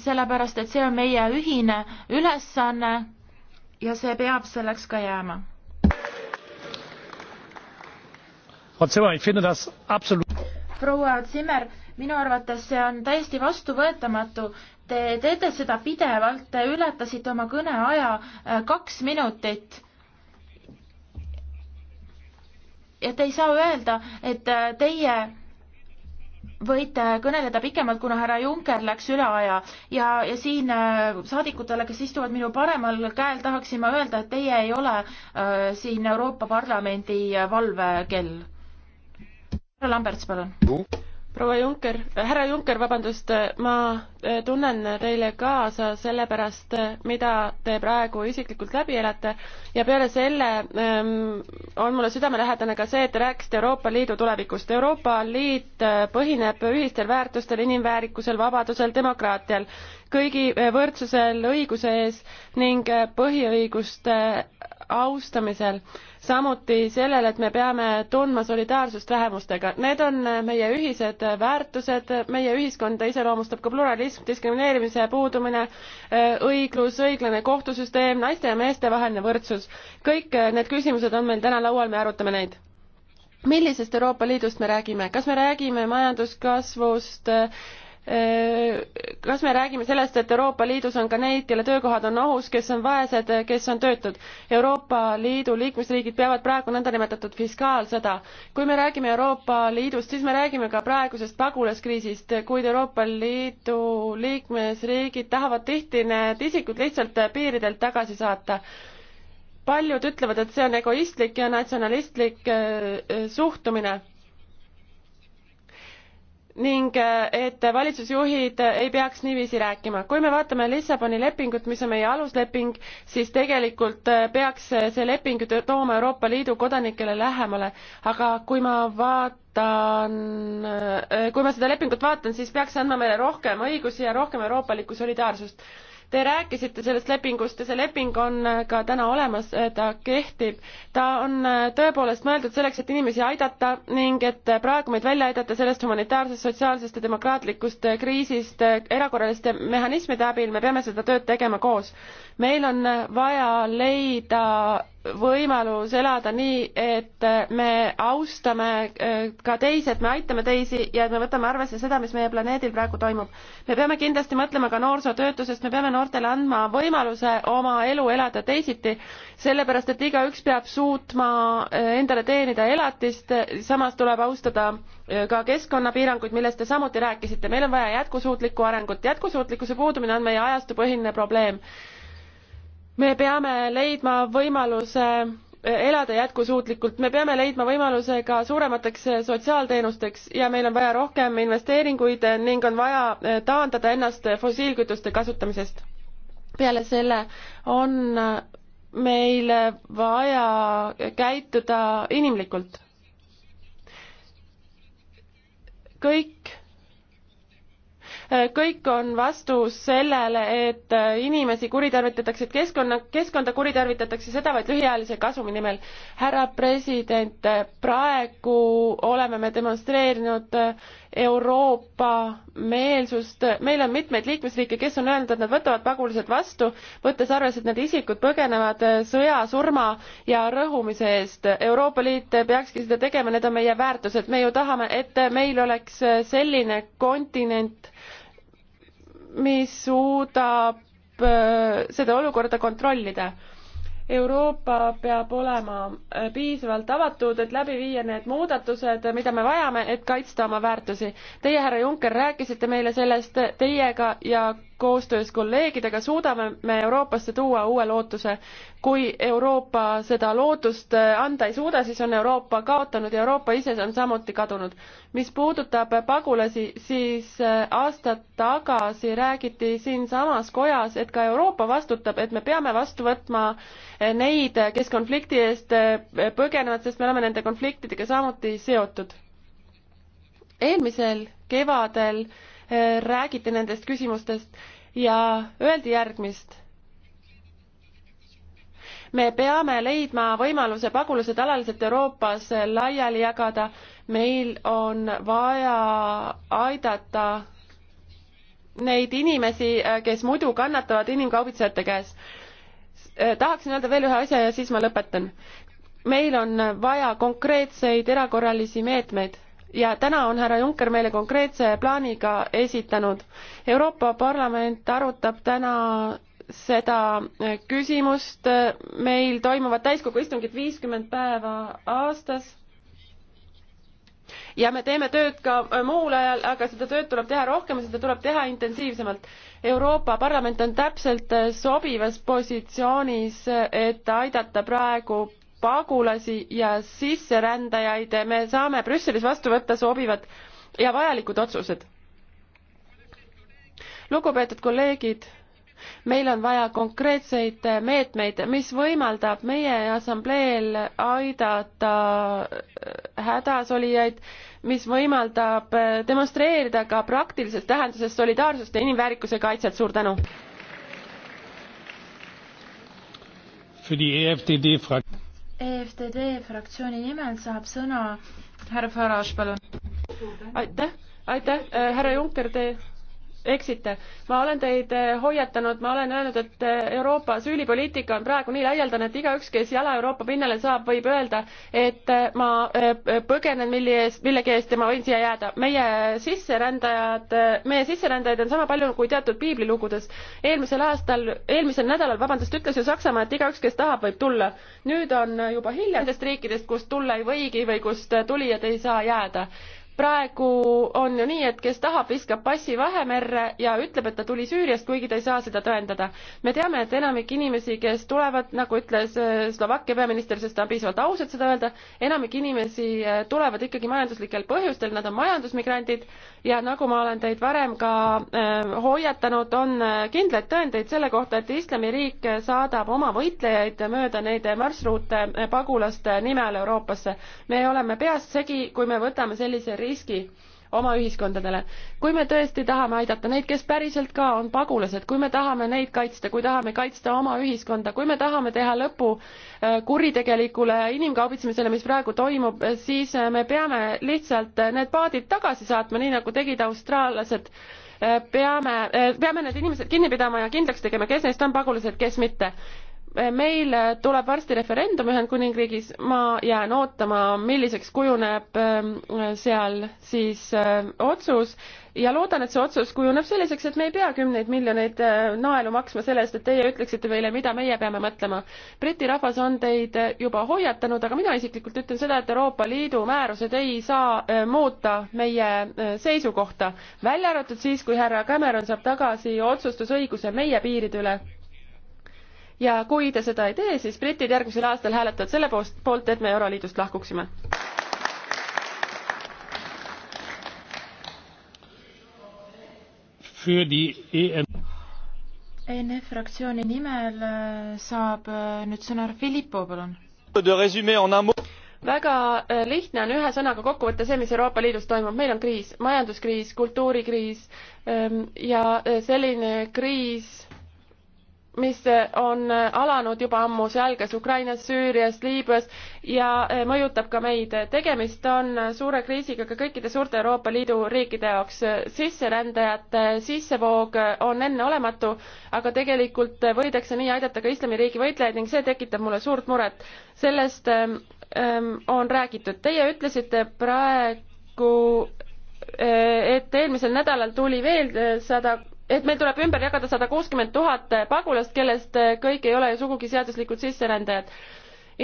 sellepärast et see on meie ühine ülesanne ja see peab selleks ka jääma. proua Zimmer, minu arvates see on täiesti vastuvõetamatu. Te teete seda pidevalt, te ületasite oma kõneaja äh, kaks minutit ja te ei saa öelda, et äh, teie võite kõneleda pikemalt, kuna härra Juncker läks üle aja ja, ja siin äh, saadikutele, kes istuvad minu paremal käel, tahaksin ma öelda, et teie ei ole äh, siin Euroopa Parlamendi valvekell. härra Lamberts, palun proua Junker, härra Junker, vabandust, ma äh, tunnen teile kaasa selle pärast, äh, mida te praegu isiklikult läbi elate ja peale selle ähm, on mulle südamelähedane ka see, et te rääkisite Euroopa Liidu tulevikust. Euroopa Liit äh, põhineb ühistel väärtustel, inimväärikusel, vabadusel, demokraatial, kõigi võrdsusel õiguse ees ning põhiõiguste austamisel samuti sellele, et me peame tundma solidaarsust vähemustega. Need on meie ühised väärtused, meie ühiskonda iseloomustab ka pluralism, diskrimineerimise puudumine, õiglus, õiglane kohtusüsteem, naiste ja meeste vaheline võrdsus. kõik need küsimused on meil täna laual, me arutame neid millisest Euroopa Liidust me räägime, kas me räägime majanduskasvust äh,, kas me räägime sellest, et Euroopa Liidus on ka neid, kelle töökohad on ohus, kes on vaesed, kes on töötud? Euroopa Liidu liikmesriigid peavad praegu nõndanimetatud fiskaalsõda. kui me räägime Euroopa Liidust, siis me räägime ka praegusest pagulaskriisist, kuid Euroopa Liidu liikmesriigid tahavad tihti need isikud lihtsalt piiridelt tagasi saata paljud ütlevad, et see on egoistlik ja natsionalistlik suhtumine ning äh, et valitsusjuhid ei peaks niiviisi rääkima. kui me vaatame Lissaboni lepingut, mis on meie alusleping, siis tegelikult äh, peaks äh, see leping ju tooma Euroopa Liidu kodanikele lähemale. aga kui ma vaatan, kui ma seda lepingut vaatan, siis peaks see andma meile rohkem õigusi ja rohkem euroopalikku solidaarsust Te rääkisite sellest lepingust ja see leping on ka täna olemas, ta kehtib. ta on äh, tõepoolest mõeldud selleks, et inimesi aidata ning et äh, praegu meid välja aidata sellest humanitaarsest, sotsiaalsest ja demokraatlikust äh, kriisist erakorraliste mehhanismide abil, me peame seda tööd tegema koos meil on vaja leida võimalus elada nii, et me austame äh, ka teisi, et me aitame teisi ja et me võtame arvesse seda, mis meie planeedil praegu toimub. me peame kindlasti mõtlema ka noorsootöötusest, me peame noortele andma võimaluse oma elu elada teisiti, sellepärast et igaüks peab suutma äh, endale teenida elatist, samas tuleb austada äh, ka keskkonnapiiranguid, millest te samuti rääkisite, meil on vaja jätkusuutlikku arengut, jätkusuutlikkuse puudumine on meie ajastu põhiline probleem me peame leidma võimaluse elada jätkusuutlikult, me peame leidma võimaluse ka suuremateks sotsiaalteenusteks ja meil on vaja rohkem investeeringuid ning on vaja taandada ennast fossiilkütuste kasutamisest. peale selle on meil vaja käituda inimlikult. kõik Äh, kõik on vastus sellele, et äh, inimesi kuritarvitatakse, et keskkonna, keskkonda kuritarvitatakse, seda vaid lühiajalise kasumi nimel. härra president, äh, praegu oleme me demonstreerinud Euroopa meelsust, meil on mitmeid liikmesriike, kes on öelnud, et nad võtavad pagulased vastu, võttes arvesse, et need isikud põgenevad sõja, surma ja rõhumise eest. Euroopa Liit peakski seda tegema, need on meie väärtused, me ju tahame, et meil oleks selline kontinent, mis suudab äh, seda olukorda kontrollida. Euroopa peab olema äh, piisavalt avatud, et läbi viia need muudatused, mida me vajame, et kaitsta oma väärtusi. Teie, härra Juncker, rääkisite meile sellest, teiega ja koostöös kolleegidega suudame me Euroopasse tuua uue lootuse. kui Euroopa seda lootust äh, anda ei suuda, siis on Euroopa kaotanud ja Euroopa ise on samuti kadunud. mis puudutab pagulasi, siis äh, aastad tagasi räägiti siinsamas kojas, et ka Euroopa vastutab, et me peame vastu võtma äh, neid, kes konflikti eest põgenevad, sest me oleme nende konfliktidega samuti seotud. eelmisel kevadel äh, räägiti nendest küsimustest ja öeldi järgmist. me peame leidma võimaluse pagulased alaliselt Euroopas laiali jagada, meil on vaja aidata neid inimesi, kes muidu kannatavad inimkaubitsejate käes. tahaksin öelda veel ühe asja ja siis ma lõpetan. meil on vaja konkreetseid erakorralisi meetmeid ja täna on härra Juncker meile konkreetse plaaniga esitanud. Euroopa Parlament arutab täna seda küsimust, meil toimuvad täiskogu istungid viiskümmend päeva aastas ja me teeme tööd ka muul ajal, aga seda tööd tuleb teha rohkem ja seda tuleb teha intensiivsemalt. Euroopa Parlament on täpselt sobivas positsioonis, et aidata praegu pagulasi ja sisserändajaid me saame Brüsselis vastu võtta sobivad ja vajalikud otsused. lugupeetud kolleegid, meil on vaja konkreetseid meetmeid, mis võimaldab meie assambleel aidata äh, hädasolijaid, mis võimaldab äh, demonstreerida ka praktilises tähenduses solidaarsust ja inimväärikuse kaitset, suur tänu! für die EFDD-Fraktion. EFTD fraktsiooni nimel saab sõna härra Farage, palun. aitäh, aitäh, äh, härra Juncker, te eksite. ma olen teid eh, hoiatanud, ma olen öelnud, et eh, Euroopa asüülipoliitika on praegu nii laialdane, et igaüks, kes jala Euroopa pinnale saab, võib öelda, et eh, ma põgenen milli eest, millegi eest ja ma võin siia jääda. meie sisserändajad, meie sisserändajaid on sama palju kui teatud piiblilugudes. eelmisel aastal, eelmisel nädalal, vabandust, ütles ju Saksamaa, et igaüks, kes tahab, võib tulla. nüüd on juba hilja nendest riikidest, kust tulla ei võigi või kust tulijad ei saa jääda praegu on ju nii, et kes tahab, viskab passi Vahemerre ja ütleb, et ta tuli Süüriast, kuigi ta ei saa seda tõendada. me teame, et enamik inimesi, kes tulevad, nagu ütles äh, Slovakkia peaminister, sest ta on piisavalt aus, et seda öelda, enamik inimesi äh, tulevad ikkagi majanduslikel põhjustel, nad on majandusmigrandid ja nagu ma olen teid varem ka äh, hoiatanud, on äh, kindlaid tõendeid selle kohta, et islamiriik saadab oma võitlejaid mööda neid marsruute äh, pagulaste nimel Euroopasse. me oleme peast segi, kui me võtame sellise riski oma ühiskondadele. kui me tõesti tahame aidata neid, kes päriselt ka on pagulased, kui me tahame neid kaitsta, kui tahame kaitsta oma ühiskonda, kui me tahame teha lõpu äh, kuritegelikule inimkaubitsemisele, mis praegu toimub, siis äh, me peame lihtsalt äh, need paadid tagasi saatma, nii nagu tegid austraallased peame, peame need inimesed kinni pidama ja kindlaks tegema, kes neist on pagulased, kes mitte meil tuleb varsti referendum Ühendkuningriigis, ma jään ootama, milliseks kujuneb ähm, seal siis äh, otsus ja loodan, et see otsus kujuneb selliseks, et me ei pea kümneid miljoneid äh, naelu maksma selle eest, et teie ütleksite meile, mida meie peame mõtlema. Briti rahvas on teid äh, juba hoiatanud, aga mina isiklikult ütlen seda, et Euroopa Liidu määrused ei saa muuta meie seisukohta, välja arvatud siis, kui härra Cameron saab tagasi otsustusõiguse meie piiride üle ja kui te seda ei tee, siis britid järgmisel aastal hääletavad selle poolt, et me Euroliidust lahkuksime. ENF e e fraktsiooni nimel äh, saab äh, nüüd sõna Filippo, palun. väga äh, lihtne on ühe sõnaga kokku võtta see, mis Euroopa Liidus toimub, meil on kriis, majanduskriis, kultuurikriis ähm, ja selline kriis mis eh, on eh, alanud juba ammu, see algas Ukrainas, Süürias, Liibüas ja eh, mõjutab ka meid. tegemist on suure kriisiga ka kõikide suurte Euroopa Liidu riikide jaoks. sisserändajate sissevoog on enneolematu, aga tegelikult võidakse nii aidata ka islamiriigi võitlejaid ning see tekitab mulle suurt muret. sellest ehm, ehm, on räägitud. Teie ütlesite praegu, et eelmisel nädalal tuli veel sada 100 et meil tuleb ümber jagada sada kuuskümmend tuhat pagulast, kellest kõik ei ole ju sugugi seaduslikud sisserändajad.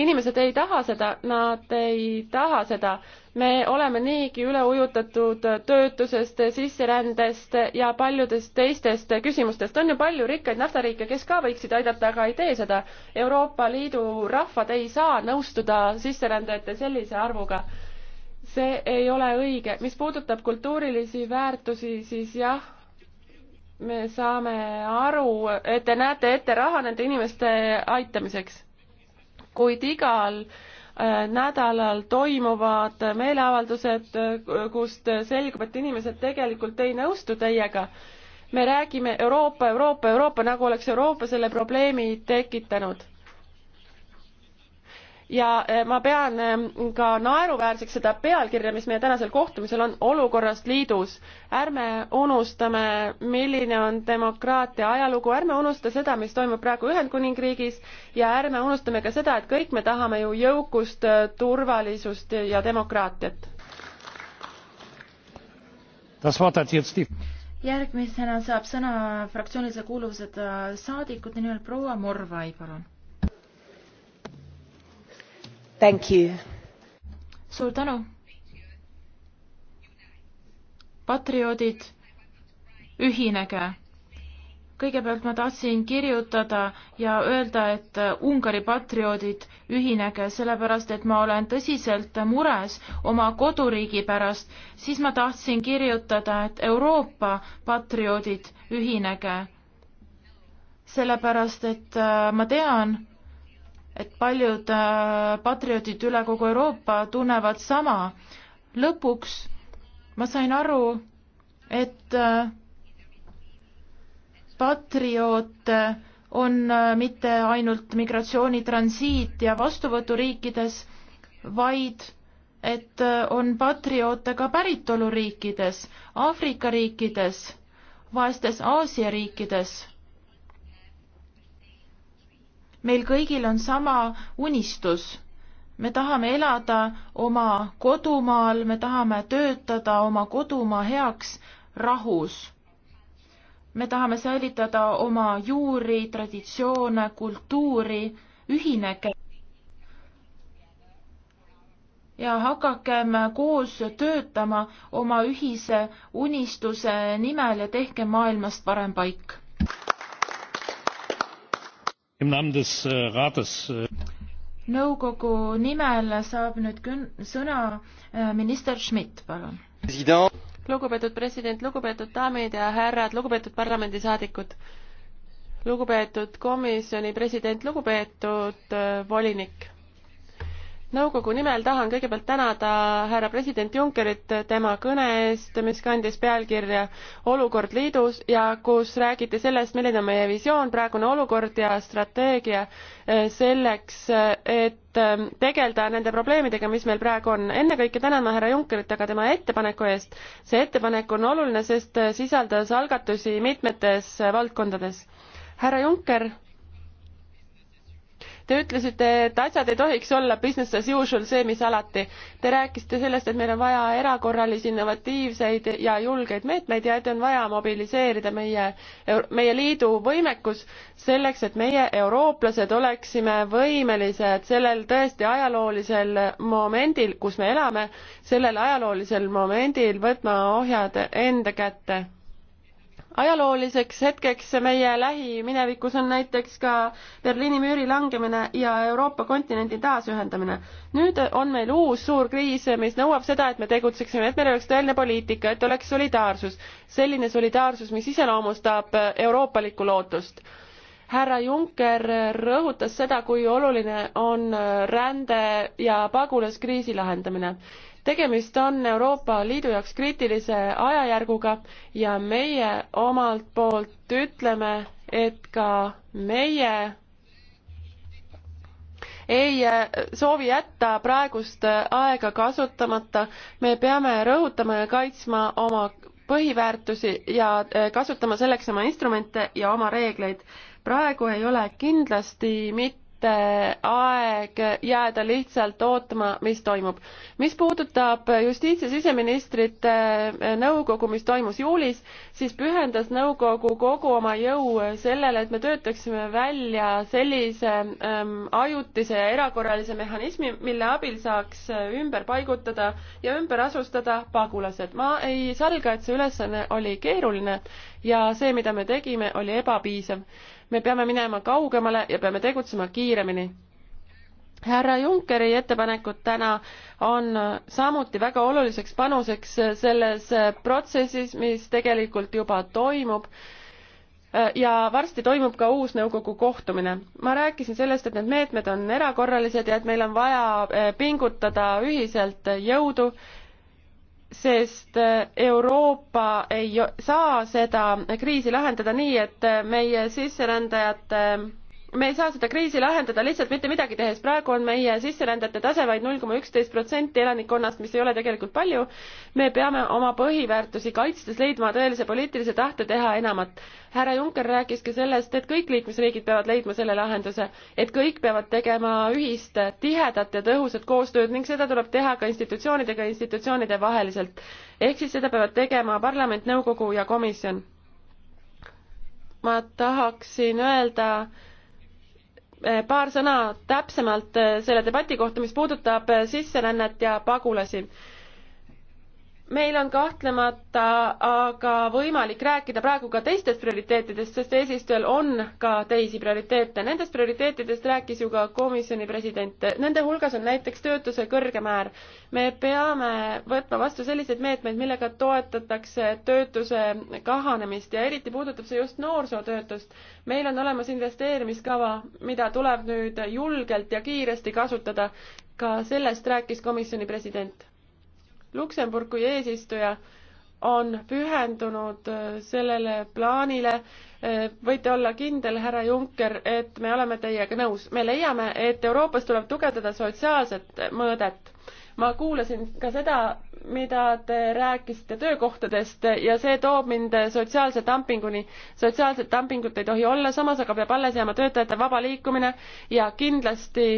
inimesed ei taha seda, nad ei taha seda. me oleme niigi üle ujutatud töötusest, sisserändest ja paljudest teistest küsimustest. on ju palju rikkaid naftariike, kes ka võiksid aidata, aga ei tee seda. Euroopa Liidu rahvad ei saa nõustuda sisserändajate sellise arvuga see ei ole õige. mis puudutab kultuurilisi väärtusi, siis jah, me saame aru, et te näete ette raha nende inimeste aitamiseks, kuid igal äh, nädalal toimuvad meeleavaldused, äh, kust selgub, et inimesed tegelikult ei nõustu teiega. me räägime Euroopa, Euroopa, Euroopa, nagu oleks Euroopa selle probleemi tekitanud ja eh, ma pean eh, ka naeruväärseks seda pealkirja, mis meie tänasel kohtumisel on olukorrast liidus. ärme unustame, milline on demokraatia ajalugu, ärme unusta seda, mis toimub praegu Ühendkuningriigis ja ärme unustame ka seda, et kõik me tahame ju jõukust, eh, turvalisust ja demokraatiat. järgmisena saab sõna fraktsioonilise kuuluvuseta saadikute nimel proua Morvai, palun suur tänu. patrioodid, ühinege. kõigepealt ma tahtsin kirjutada ja öelda, et Ungari patrioodid, ühinege, sellepärast et ma olen tõsiselt mures oma koduriigi pärast. siis ma tahtsin kirjutada, et Euroopa patrioodid, ühinege. sellepärast et ma tean, et paljud äh, patrioodid üle kogu Euroopa tunnevad sama. lõpuks ma sain aru, et äh, patrioot äh, on mitte ainult migratsioonitransiit ja vastuvõturiikides, vaid et on patrioote ka päritoluriikides, Aafrika riikides, vaestes Aasia riikides meil kõigil on sama unistus. me tahame elada oma kodumaal, me tahame töötada oma kodumaa heaks rahus. me tahame säilitada oma juuri, traditsioone, kultuuri, ühinege. ja hakakem koos töötama oma ühise unistuse nimel ja tehke maailmast parem paik im Namen des äh, Rates. Äh, nõukogu nimel saab nüüd sõna äh, minister Schmidt, palun. lugupeetud president, lugupeetud daamid ja härrad, lugupeetud parlamendisaadikud, lugupeetud komisjoni president, lugupeetud volinik nõukogu nimel tahan kõigepealt tänada härra president Junckerit tema kõne eest, mis kandis pealkirja Olukord liidus ja kus räägiti sellest, milline on meie visioon, praegune olukord ja strateegia eh, selleks, eh, et eh, tegeleda nende probleemidega, mis meil praegu on. ennekõike tänan ma härra Junckerit aga tema ettepaneku eest. see ettepanek on oluline, sest sisaldas algatusi mitmetes valdkondades. härra Juncker Te ütlesite, et asjad ei tohiks olla business as usual, see, mis alati. Te rääkisite sellest, et meil on vaja erakorralisi, innovatiivseid ja julgeid meetmeid ja et on vaja mobiliseerida meie, meie liidu võimekus selleks, et meie, eurooplased, oleksime võimelised sellel tõesti ajaloolisel momendil, kus me elame, sellel ajaloolisel momendil võtma ohjad enda kätte ajalooliseks hetkeks meie lähiminevikus on näiteks ka Berliini müüri langemine ja Euroopa kontinendi taasühendamine. nüüd on meil uus suur kriis, mis nõuab seda, et me tegutseksime, et meil oleks tõeline poliitika, et oleks solidaarsus. selline solidaarsus, mis iseloomustab euroopalikku lootust härra Juncker rõhutas seda, kui oluline on rände ja pagulaskriisi lahendamine tegemist on Euroopa Liidu jaoks kriitilise ajajärguga ja meie omalt poolt ütleme, et ka meie ei äh, soovi jätta praegust äh, aega kasutamata. me peame rõhutama ja kaitsma oma põhiväärtusi ja äh, kasutama selleks oma instrumente ja oma reegleid. praegu ei ole kindlasti mitte kätte äh, aeg jääda lihtsalt ootama, mis toimub. mis puudutab justiits- ja siseministrite äh, nõukogu, mis toimus juulis, siis pühendas nõukogu kogu oma jõu sellele, et me töötaksime välja sellise ähm, ajutise ja erakorralise mehhanismi, mille abil saaks äh, ümber paigutada ja ümber asustada pagulased. ma ei salga, et see ülesanne oli keeruline ja see, mida me tegime, oli ebapiisav me peame minema kaugemale ja peame tegutsema kiiremini. härra Junckeri ettepanekud täna on samuti väga oluliseks panuseks selles protsessis, mis tegelikult juba toimub ja varsti toimub ka uus nõukogu kohtumine. ma rääkisin sellest, et need meetmed on erakorralised ja et meil on vaja pingutada ühiselt jõudu sest äh, Euroopa ei saa seda kriisi lahendada nii, et äh, meie sisserändajate me ei saa seda kriisi lahendada lihtsalt mitte midagi tehes, praegu on meie sisserändajate tase vaid null koma üksteist protsenti elanikkonnast, mis ei ole tegelikult palju. me peame oma põhiväärtusi kaitstes leidma tõelise poliitilise tahte teha enamat. härra Juncker rääkis ka sellest, et kõik liikmesriigid peavad leidma selle lahenduse, et kõik peavad tegema ühist, tihedat ja tõhusat koostööd ning seda tuleb teha ka institutsioonidega institutsioonide vaheliselt. ehk siis seda peavad tegema parlament, nõukogu ja komisjon. ma tahaksin öelda Äh, paar sõna täpsemalt äh, selle debati kohta, mis puudutab äh, sisserännet ja pagulasi meil on kahtlemata aga võimalik rääkida praegu ka teistest prioriteetidest, sest eesistujal on ka teisi prioriteete. Nendest prioriteetidest rääkis ju ka komisjoni president. Nende hulgas on näiteks töötuse kõrge määr. me peame võtma vastu selliseid meetmeid, millega toetatakse töötuse kahanemist ja eriti puudutab see just noorsootöötust. meil on olemas investeerimiskava, mida tuleb nüüd julgelt ja kiiresti kasutada. ka sellest rääkis komisjoni president Luksemburg kui eesistuja on pühendunud äh, sellele plaanile. Äh, võite olla kindel, härra Juncker, et me oleme teiega nõus. me leiame, et Euroopas tuleb tugevdada sotsiaalset mõõdet. ma kuulasin ka seda, mida te rääkisite töökohtadest ja see toob mind sotsiaalse dumpinguni. sotsiaalset dumpingut ei tohi olla, samas aga peab alles jääma töötajate vaba liikumine ja kindlasti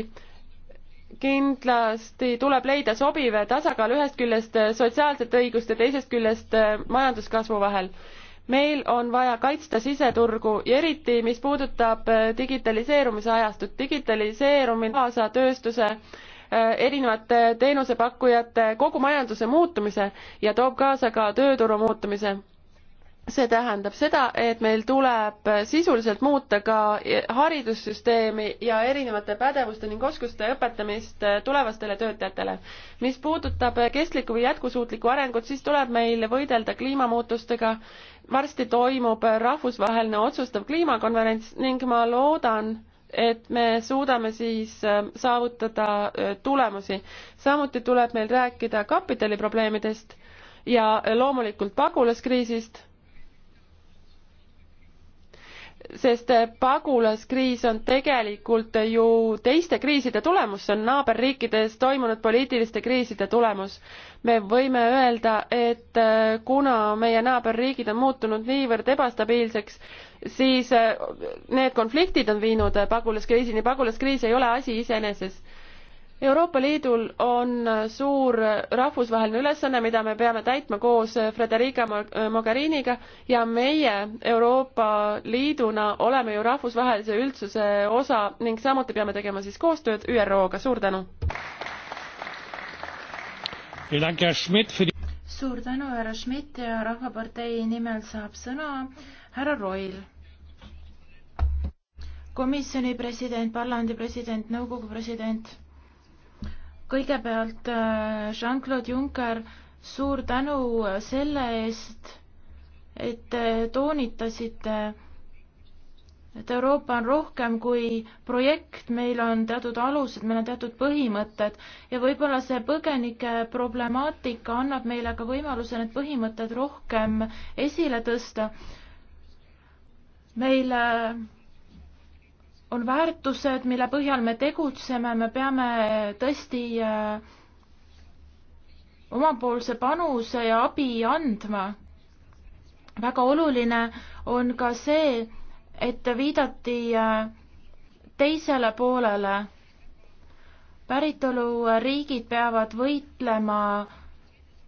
kindlasti tuleb leida sobiv tasakaal ühest küljest sotsiaalsete õiguste, teisest küljest äh, majanduskasvu vahel. meil on vaja kaitsta siseturgu ja eriti, mis puudutab äh, digitaliseerumise ajastut, digitaliseerumine kaasa tööstuse äh, erinevate teenusepakkujate kogu majanduse muutumise ja toob kaasa ka tööturu muutumise see tähendab seda, et meil tuleb sisuliselt muuta ka haridussüsteemi ja erinevate pädevuste ning oskuste õpetamist tulevastele töötajatele. mis puudutab kestlikku või jätkusuutlikku arengut, siis tuleb meil võidelda kliimamuutustega. varsti toimub rahvusvaheline otsustav kliimakonverents ning ma loodan, et me suudame siis saavutada tulemusi. samuti tuleb meil rääkida kapitaliprobleemidest ja loomulikult pagulaskriisist sest äh, pagulaskriis on tegelikult ju teiste kriiside tulemus, see on naaberriikides toimunud poliitiliste kriiside tulemus. me võime öelda, et äh, kuna meie naaberriigid on muutunud niivõrd ebastabiilseks, siis äh, need konfliktid on viinud pagulaskriisini, pagulaskriis ei ole asi iseeneses Euroopa Liidul on suur rahvusvaheline ülesanne, mida me peame täitma koos Frederica Mogheriniga ja meie Euroopa Liiduna oleme ju rahvusvahelise üldsuse osa ning samuti peame tegema siis koostööd ÜRO-ga, suur tänu! suur tänu, härra Schmidt ja Rahvapartei nimel saab sõna härra Roil komisjoni president, parlamendi president, nõukogu president kõigepealt äh, Jean-Claude Juncker, suur tänu äh, selle eest, et te toonitasite, et Euroopa on rohkem kui projekt, meil on teatud alused, meil on teatud põhimõtted ja võib-olla see põgenike problemaatika annab meile ka võimaluse need põhimõtted rohkem esile tõsta. meil äh, on väärtused, mille põhjal me tegutseme, me peame tõesti äh, omapoolse panuse ja abi andma. väga oluline on ka see, et viidati äh, teisele poolele. päritoluriigid peavad võitlema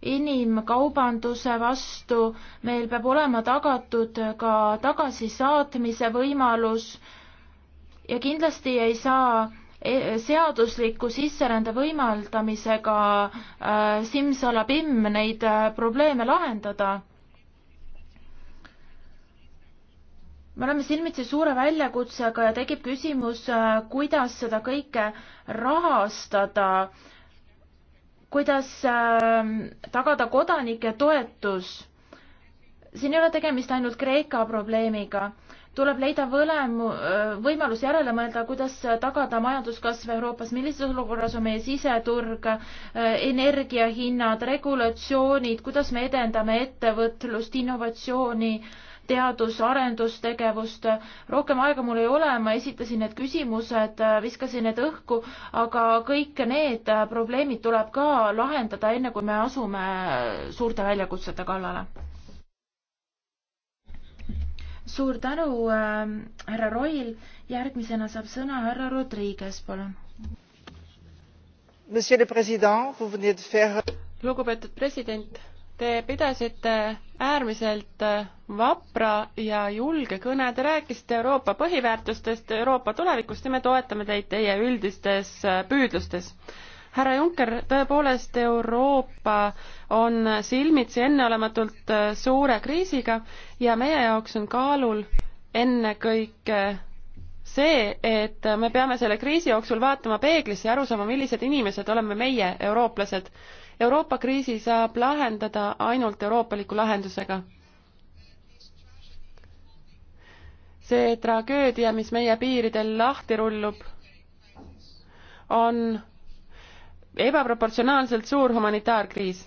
inimkaubanduse vastu, meil peab olema tagatud ka tagasisaatmise võimalus ja kindlasti ei saa e, seadusliku sisserände võimaldamisega äh, simsalabim neid äh, probleeme lahendada. me oleme silmitsi suure väljakutsega ja tekib küsimus äh,, kuidas seda kõike rahastada, kuidas ähm, tagada kodanike toetus. siin ei ole tegemist ainult Kreeka probleemiga tuleb leida võlem, võimalus järele mõelda, kuidas tagada majanduskasv Euroopas, millises olukorras on meie siseturg, energiahinnad, regulatsioonid, kuidas me edendame ettevõtlust, innovatsiooni, teadus, arendustegevust, rohkem aega mul ei ole, ma esitasin need küsimused, viskasin need õhku, aga kõik need probleemid tuleb ka lahendada, enne kui me asume suurte väljakutsete kallale suur tänu äh,, härra Roil, järgmisena saab sõna härra Rodriguez, palun. lugupeetud president, te pidasite äärmiselt äh, vapra ja julge kõne, te rääkisite Euroopa põhiväärtustest, Euroopa tulevikust ja me toetame teid teie üldistes äh, püüdlustes härra Juncker, tõepoolest Euroopa on silmitsi enneolematult äh, suure kriisiga ja meie jaoks on kaalul ennekõike see, et me peame selle kriisi jooksul vaatama peeglisse ja aru saama, millised inimesed oleme meie, eurooplased. Euroopa kriisi saab lahendada ainult euroopaliku lahendusega see tragöödia, mis meie piiridel lahti rullub, on ebaproportsionaalselt suur humanitaarkriis.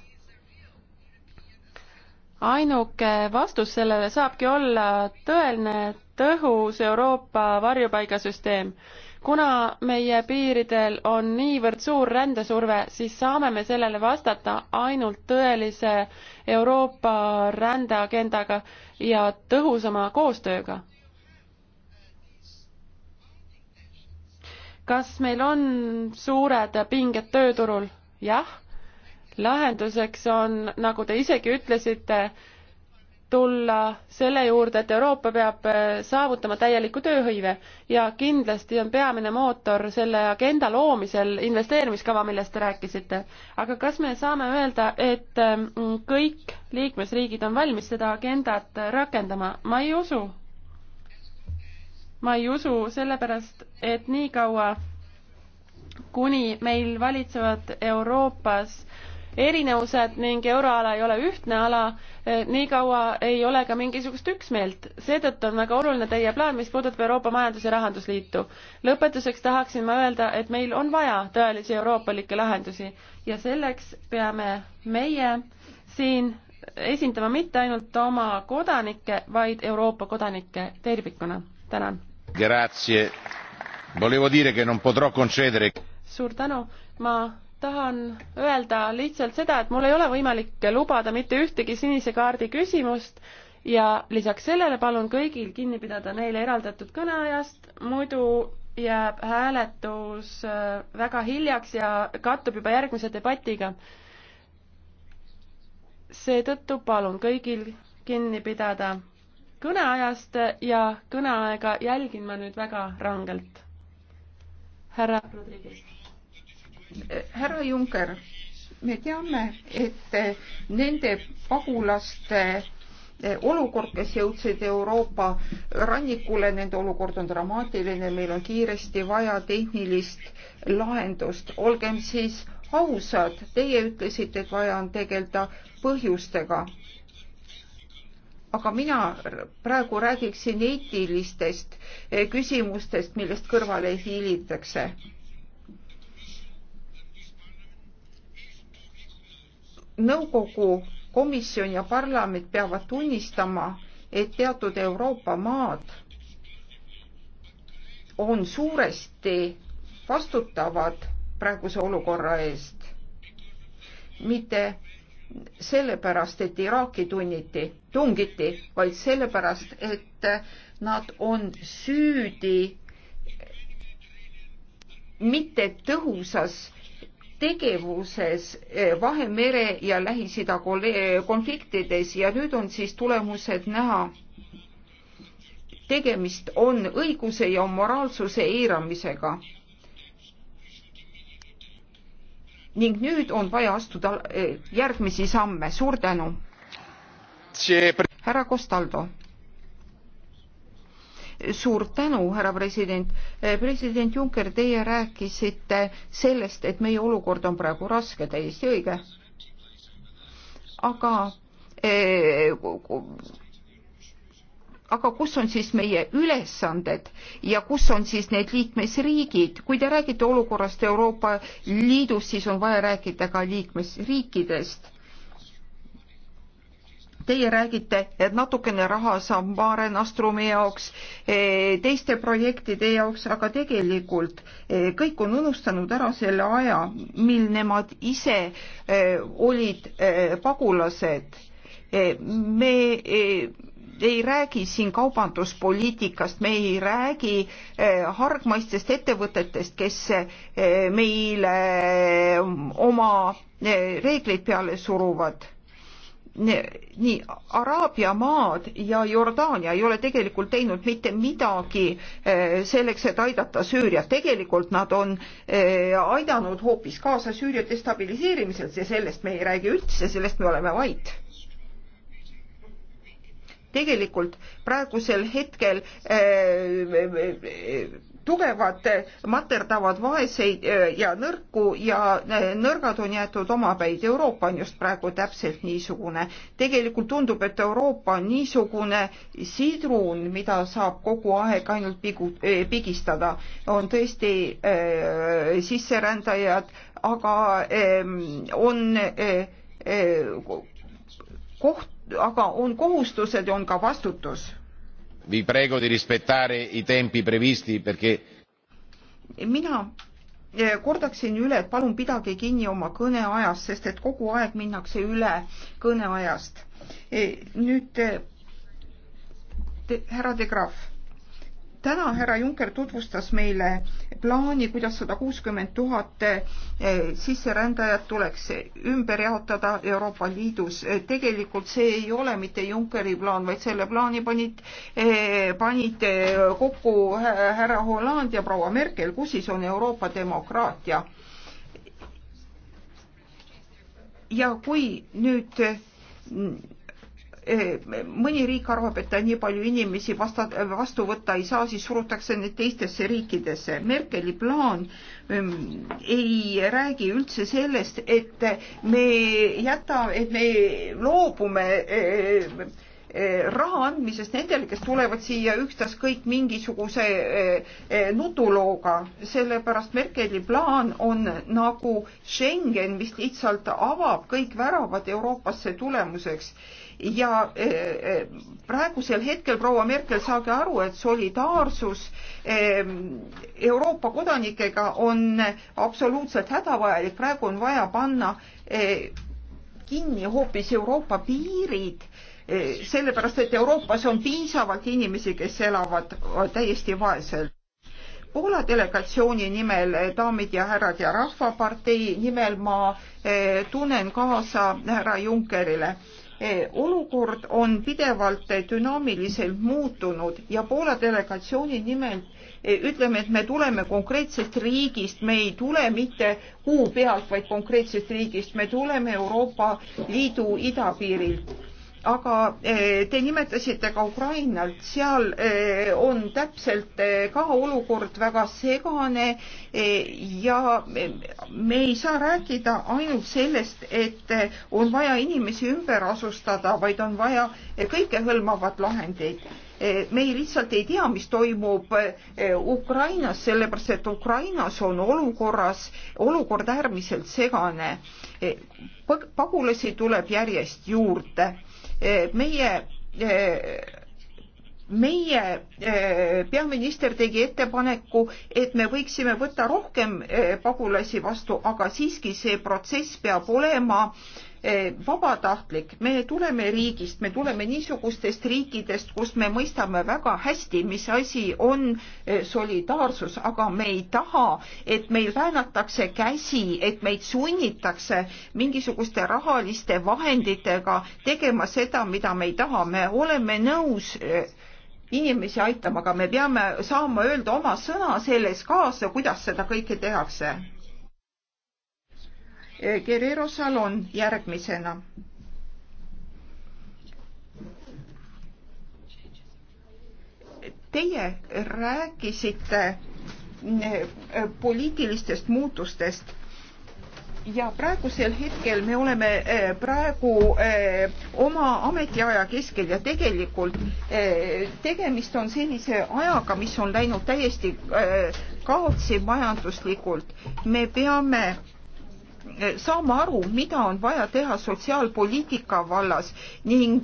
ainuke vastus sellele saabki olla tõeline tõhus Euroopa varjupaigasüsteem. kuna meie piiridel on niivõrd suur rändesurve, siis saame me sellele vastata ainult tõelise Euroopa rändeagendaga ja tõhusama koostööga kas meil on suured pinged tööturul? jah. lahenduseks on, nagu te isegi ütlesite, tulla selle juurde, et Euroopa peab äh, saavutama täieliku tööhõive ja kindlasti on peamine mootor selle agenda loomisel investeerimiskava, millest te rääkisite. aga kas me saame öelda, et ähm, kõik liikmesriigid on valmis seda agendat rakendama? ma ei usu ma ei usu, sellepärast et niikaua, kuni meil valitsevad Euroopas erinevused ning euroala ei ole ühtne ala, eh, niikaua ei ole ka mingisugust üksmeelt. seetõttu on väga oluline teie plaan, mis puudutab Euroopa Majandus- ja Rahandusliitu. lõpetuseks tahaksin ma öelda, et meil on vaja tõelisi euroopalikke lahendusi ja selleks peame meie siin esindama mitte ainult oma kodanikke, vaid Euroopa kodanikke tervikuna. tänan! suur tänu, ma tahan öelda lihtsalt seda, et mul ei ole võimalik lubada mitte ühtegi sinise kaardi küsimust ja lisaks sellele palun kõigil kinni pidada neile eraldatud kõneajast, muidu jääb hääletus äh, väga hiljaks ja kattub juba järgmise debatiga. seetõttu palun kõigil kinni pidada kõneajast ja kõneaega jälgin ma nüüd väga rangelt. härra Rodriguez. härra Juncker, me teame, et nende pagulaste olukord, kes jõudsid Euroopa rannikule, nende olukord on dramaatiline, meil on kiiresti vaja tehnilist lahendust. olgem siis ausad, teie ütlesite, et vaja on tegeleda põhjustega aga mina praegu räägiksin eetilistest eh, küsimustest, millest kõrvale hiilitakse. nõukogu, komisjon ja parlament peavad tunnistama, et teatud Euroopa maad on suuresti vastutavad praeguse olukorra eest, mitte sellepärast, et Iraaki tunniti, tungiti, vaid sellepärast, et nad on süüdi mitte tõhusas tegevuses eh, Vahemere ja Lähis-Ida eh, konfliktides ja nüüd on siis tulemused näha. tegemist on õiguse ja moraalsuse eiramisega ning nüüd on vaja astuda eh, järgmisi samme. suur tänu. härra Costaldo. suur tänu, härra president. Eh, president Juncker, teie rääkisite sellest, et meie olukord on praegu raske, täiesti õige. aga eh, aga kus on siis meie ülesanded ja kus on siis need liikmesriigid, kui te räägite olukorrast Euroopa Liidus, siis on vaja rääkida ka liikmesriikidest. Teie räägite, et natukene raha saab Mare Nostrumi jaoks, eh, teiste projektide jaoks, aga tegelikult eh, kõik on unustanud ära selle aja, mil nemad ise eh, olid pagulased. me ei räägi siin kaubanduspoliitikast, me ei räägi eh, hargmaistest ettevõtetest, kes eh, meile eh, oma reegleid peale suruvad nii Araabia maad ja Jordaania ei ole tegelikult teinud mitte midagi selleks, et aidata Süüriat. tegelikult nad on aidanud hoopis kaasa Süüria destabiliseerimisel ja sellest me ei räägi üldse, sellest me oleme vait tegelikult praegusel hetkel äh, äh, äh, tugevad materdavad vaeseid ja nõrku ja nõrgad on jäetud omapäid. Euroopa on just praegu täpselt niisugune. tegelikult tundub, et Euroopa on niisugune sidrun, mida saab kogu aeg ainult pigu, pigistada. on tõesti äh, sisserändajad, aga äh, on äh, koht, aga on kohustused ja on ka vastutus. Vi prego di rispettare i tempi previsti perché mina eh, kordaksin üle, et palun pidage kinni oma kõneajast, sest et kogu aeg minnakse üle kõneajast. Eh, nüüd eh, härra De Graaf täna härra Juncker tutvustas meile plaani, kuidas sada kuuskümmend tuhat eh, sisserändajat tuleks ümber jaotada Euroopa Liidus. Eh, tegelikult see ei ole mitte Junckeri plaan, vaid selle plaani panid, eh, panid kokku härra Holland ja proua Merkel, kus siis on Euroopa demokraatia? ja kui nüüd mõni riik arvab, et ta nii palju inimesi vasta, vastu võtta ei saa, siis surutakse need teistesse riikidesse. Merkeli plaan ähm, ei räägi üldse sellest, et me jätame, et me loobume äh, äh, raha andmisest nendele, kes tulevad siia ükstaskõik mingisuguse äh, nutulooga, sellepärast Merkeli plaan on nagu Schengen, mis lihtsalt avab kõik väravad Euroopasse tulemuseks ja eh, eh, praegusel hetkel, proua Merkel, saage aru, et solidaarsus eh, Euroopa kodanikega on absoluutselt hädavajalik, praegu on vaja panna kinni hoopis Euroopa piirid, sellepärast et Euroopas on piisavalt inimesi, kes elavad täiesti vaeselt. Poola delegatsiooni nimel, daamid ja härrad ja Rahvapartei nimel ma tunnen kaasa härra Junckerile Eh, olukord on pidevalt eh, dünaamiliselt muutunud ja Poola delegatsiooni nimel eh, ütleme, et me tuleme konkreetsest riigist, me ei tule mitte kuu pealt, vaid konkreetsest riigist, me tuleme Euroopa Liidu idapiirilt aga eh, te nimetasite ka Ukrainalt, seal eh, on täpselt eh, ka olukord väga segane ja me ei saa rääkida ainult sellest, et on vaja inimesi ümber asustada, vaid on vaja kõikehõlmavat lahendit. me ei lihtsalt ei tea, mis toimub Ukrainas, sellepärast et Ukrainas on olukorras, olukord äärmiselt segane. pagulasi tuleb järjest juurde meie meie eh, peaminister tegi ettepaneku, et me võiksime võtta rohkem eh, pagulasi vastu, aga siiski see protsess peab olema äh, Eh, vabatahtlik, me tuleme riigist, me tuleme niisugustest riikidest, kus me mõistame väga hästi, mis asi on eh, solidaarsus, aga me ei taha, et meil väänatakse käsi, et meid sunnitakse mingisuguste rahaliste vahenditega tegema seda, mida me ei taha, me oleme nõus eh, inimesi aitama, aga me peame saama öelda oma sõna selles kaasa, kuidas seda kõike tehakse Eh, Guerrero Salon järgmisena. Teie rääkisite eh, poliitilistest muutustest ja praegusel hetkel me oleme eh, praegu oma ametiaja keskel ja tegelikult tegemist on sellise ajaga, mis on läinud täiesti kaotsi majanduslikult. me peame saama aru, mida on vaja teha sotsiaalpoliitika vallas ning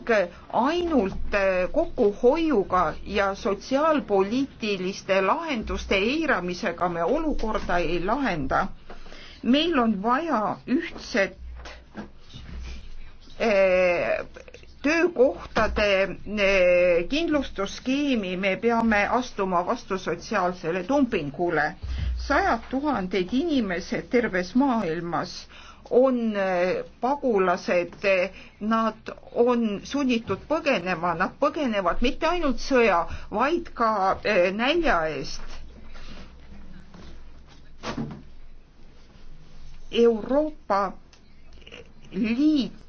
ainult kokkuhoiuga ja sotsiaalpoliitiliste lahenduste eiramisega me olukorda ei lahenda. meil on vaja ühtset eh, töökohtade eh, kindlustusskeemi me peame astuma vastu sotsiaalsele dumpingule. sajad tuhanded inimesed terves maailmas on eh, pagulased, eh, nad on sunnitud põgenema, nad põgenevad mitte ainult sõja, vaid ka nälja eest. Euroopa Liit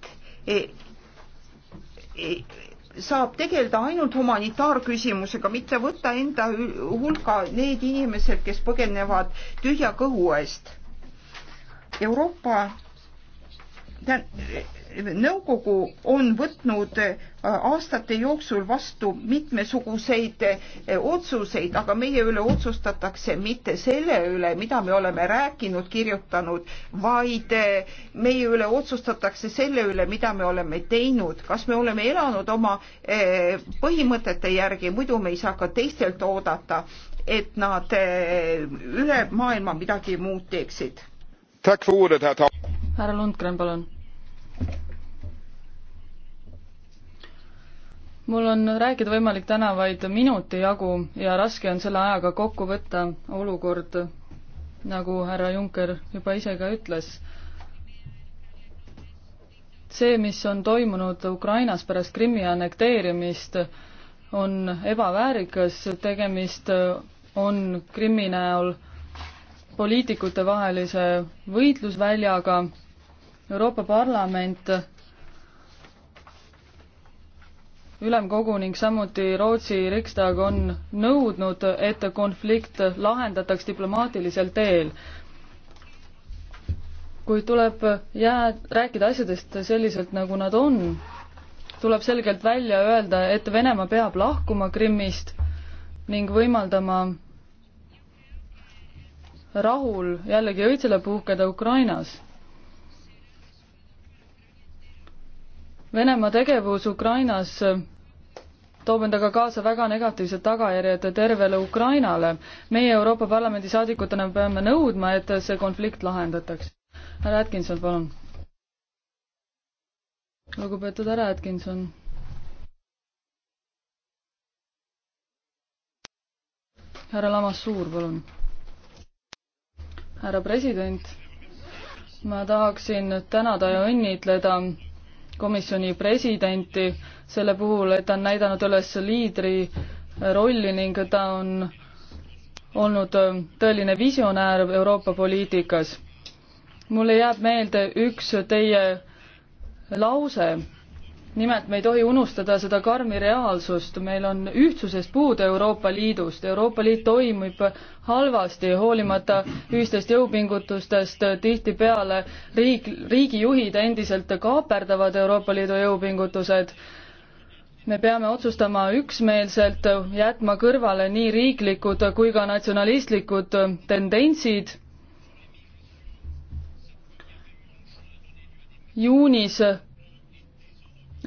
saab tegeleda ainult humanitaarküsimusega, mitte võtta enda hulka need inimesed, kes põgenevad tühja kõhu eest. Euroopa nõukogu on võtnud äh, aastate jooksul vastu mitmesuguseid äh, otsuseid, aga meie üle otsustatakse mitte selle üle, mida me oleme rääkinud, kirjutanud, vaid äh, meie üle otsustatakse selle üle, mida me oleme teinud, kas me oleme elanud oma põhimõtete järgi, muidu me ei saa ka teistelt oodata, et nad üle maailma midagi muud teeksid. härra Lundgren, palun mul on rääkida võimalik täna vaid minuti jagu ja raske on selle ajaga kokku võtta olukord, nagu härra Juncker juba ise ka ütles. see, mis on toimunud Ukrainas pärast Krimmi annekteerimist, on ebaväärikas, tegemist on Krimmi näol poliitikute vahelise võitlusväljaga, Euroopa Parlament ülemkogu ning samuti Rootsi Riksdag on nõudnud, et konflikt lahendataks diplomaatilisel teel. kuid tuleb jää-, rääkida asjadest selliselt, nagu nad on. tuleb selgelt välja öelda, et Venemaa peab lahkuma Krimmist ning võimaldama rahul jällegi õitsele puhkeda Ukrainas Venemaa tegevus Ukrainas toob endaga kaasa väga negatiivsed tagajärjed tervele Ukrainale. meie Euroopa Parlamendi saadikutena peame nõudma, et see konflikt lahendataks. härra Atkinson, palun. lugupeetud härra Atkinson. härra Lamassuur, palun. härra president, ma tahaksin tänada ja õnnitleda komisjoni presidenti selle puhul, et ta on näidanud üles liidri rolli ning ta on olnud tõeline visionäär Euroopa poliitikas. mulle jääb meelde üks teie lause nimelt me ei tohi unustada seda karmi reaalsust, meil on ühtsusest puudu Euroopa Liidust, Euroopa Liit toimib halvasti, hoolimata ühistest jõupingutustest, tihtipeale riik, riigijuhid endiselt kaaperdavad Euroopa Liidu jõupingutused me peame otsustama üksmeelselt, jätma kõrvale nii riiklikud kui ka natsionalistlikud tendentsid. juunis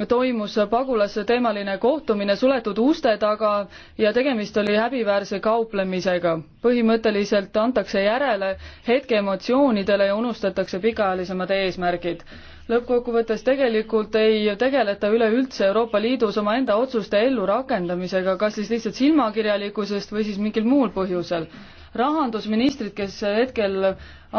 toimus pagulasteemaline kohtumine suletud uste taga ja tegemist oli häbiväärse kauplemisega. põhimõtteliselt antakse järele hetkeemotsioonidele ja unustatakse pikaajalisemad eesmärgid. lõppkokkuvõttes tegelikult ei tegeleta üleüldse Euroopa Liidus omaenda otsuste ellurakendamisega, kas siis lihtsalt silmakirjalikkusest või siis mingil muul põhjusel rahandusministrid, kes hetkel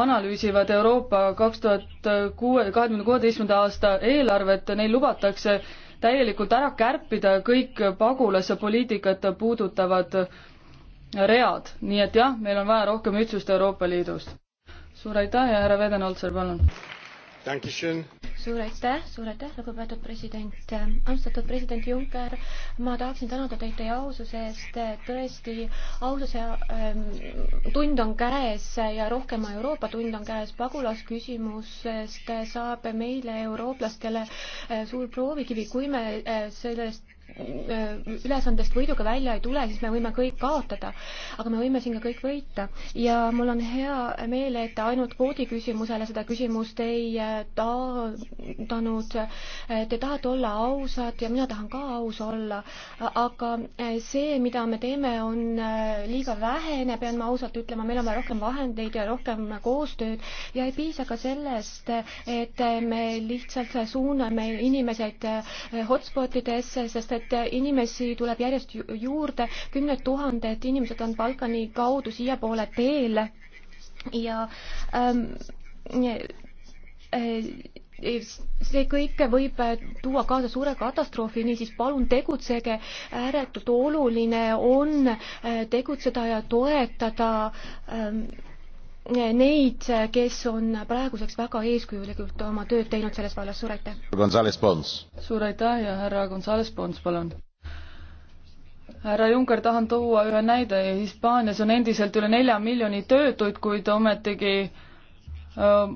analüüsivad Euroopa kaks tuhat kuue, kahekümne kuueteistkümnenda aasta eelarvet, neil lubatakse täielikult ära kärpida kõik pagulaspoliitikat puudutavad read, nii et jah, meil on vaja rohkem ühtsust Euroopa Liidus. suur aitäh ja härra Vedenholzer, palun! suur aitäh, suur aitäh, lugupeetud president, austatud president Juncker, ma tahaksin tänada teid teie aususe eest, tõesti aususe ähm, tund on käes ja rohkema Euroopa tund on käes, pagulasküsimusest saab meile, eurooplastele, äh, suur proovikivi, kui me äh, sellest ülesandest võiduga välja ei tule, siis me võime kõik kaotada, aga me võime siin ka kõik võita. ja mul on hea meel, et ainult kvoodi küsimusele seda küsimust ei äh, taandanud. Äh, te tahate olla ausad ja mina tahan ka aus olla, aga äh, see, mida me teeme, on liiga vähene, pean ma ausalt ütlema, meil on vaja rohkem vahendeid ja rohkem koostööd ja ei piisa ka sellest, et me lihtsalt suuname inimesed hotspotidesse, sest et et inimesi tuleb järjest juurde, kümned tuhanded inimesed on Balkani kaudu siiapoole teel ja ähm, äh, see kõik võib tuua kaasa suure katastroofi, niisiis palun tegutsege, ääretult oluline on äh, tegutseda ja toetada ähm, neid, kes on praeguseks väga eeskujulikult oma tööd teinud selles vallas, suur aitäh! suur aitäh ja härra Gonzales Pons, palun! härra Juncker, tahan tuua ühe näide, Hispaanias on endiselt üle nelja miljoni töötuid, kuid ometigi öö,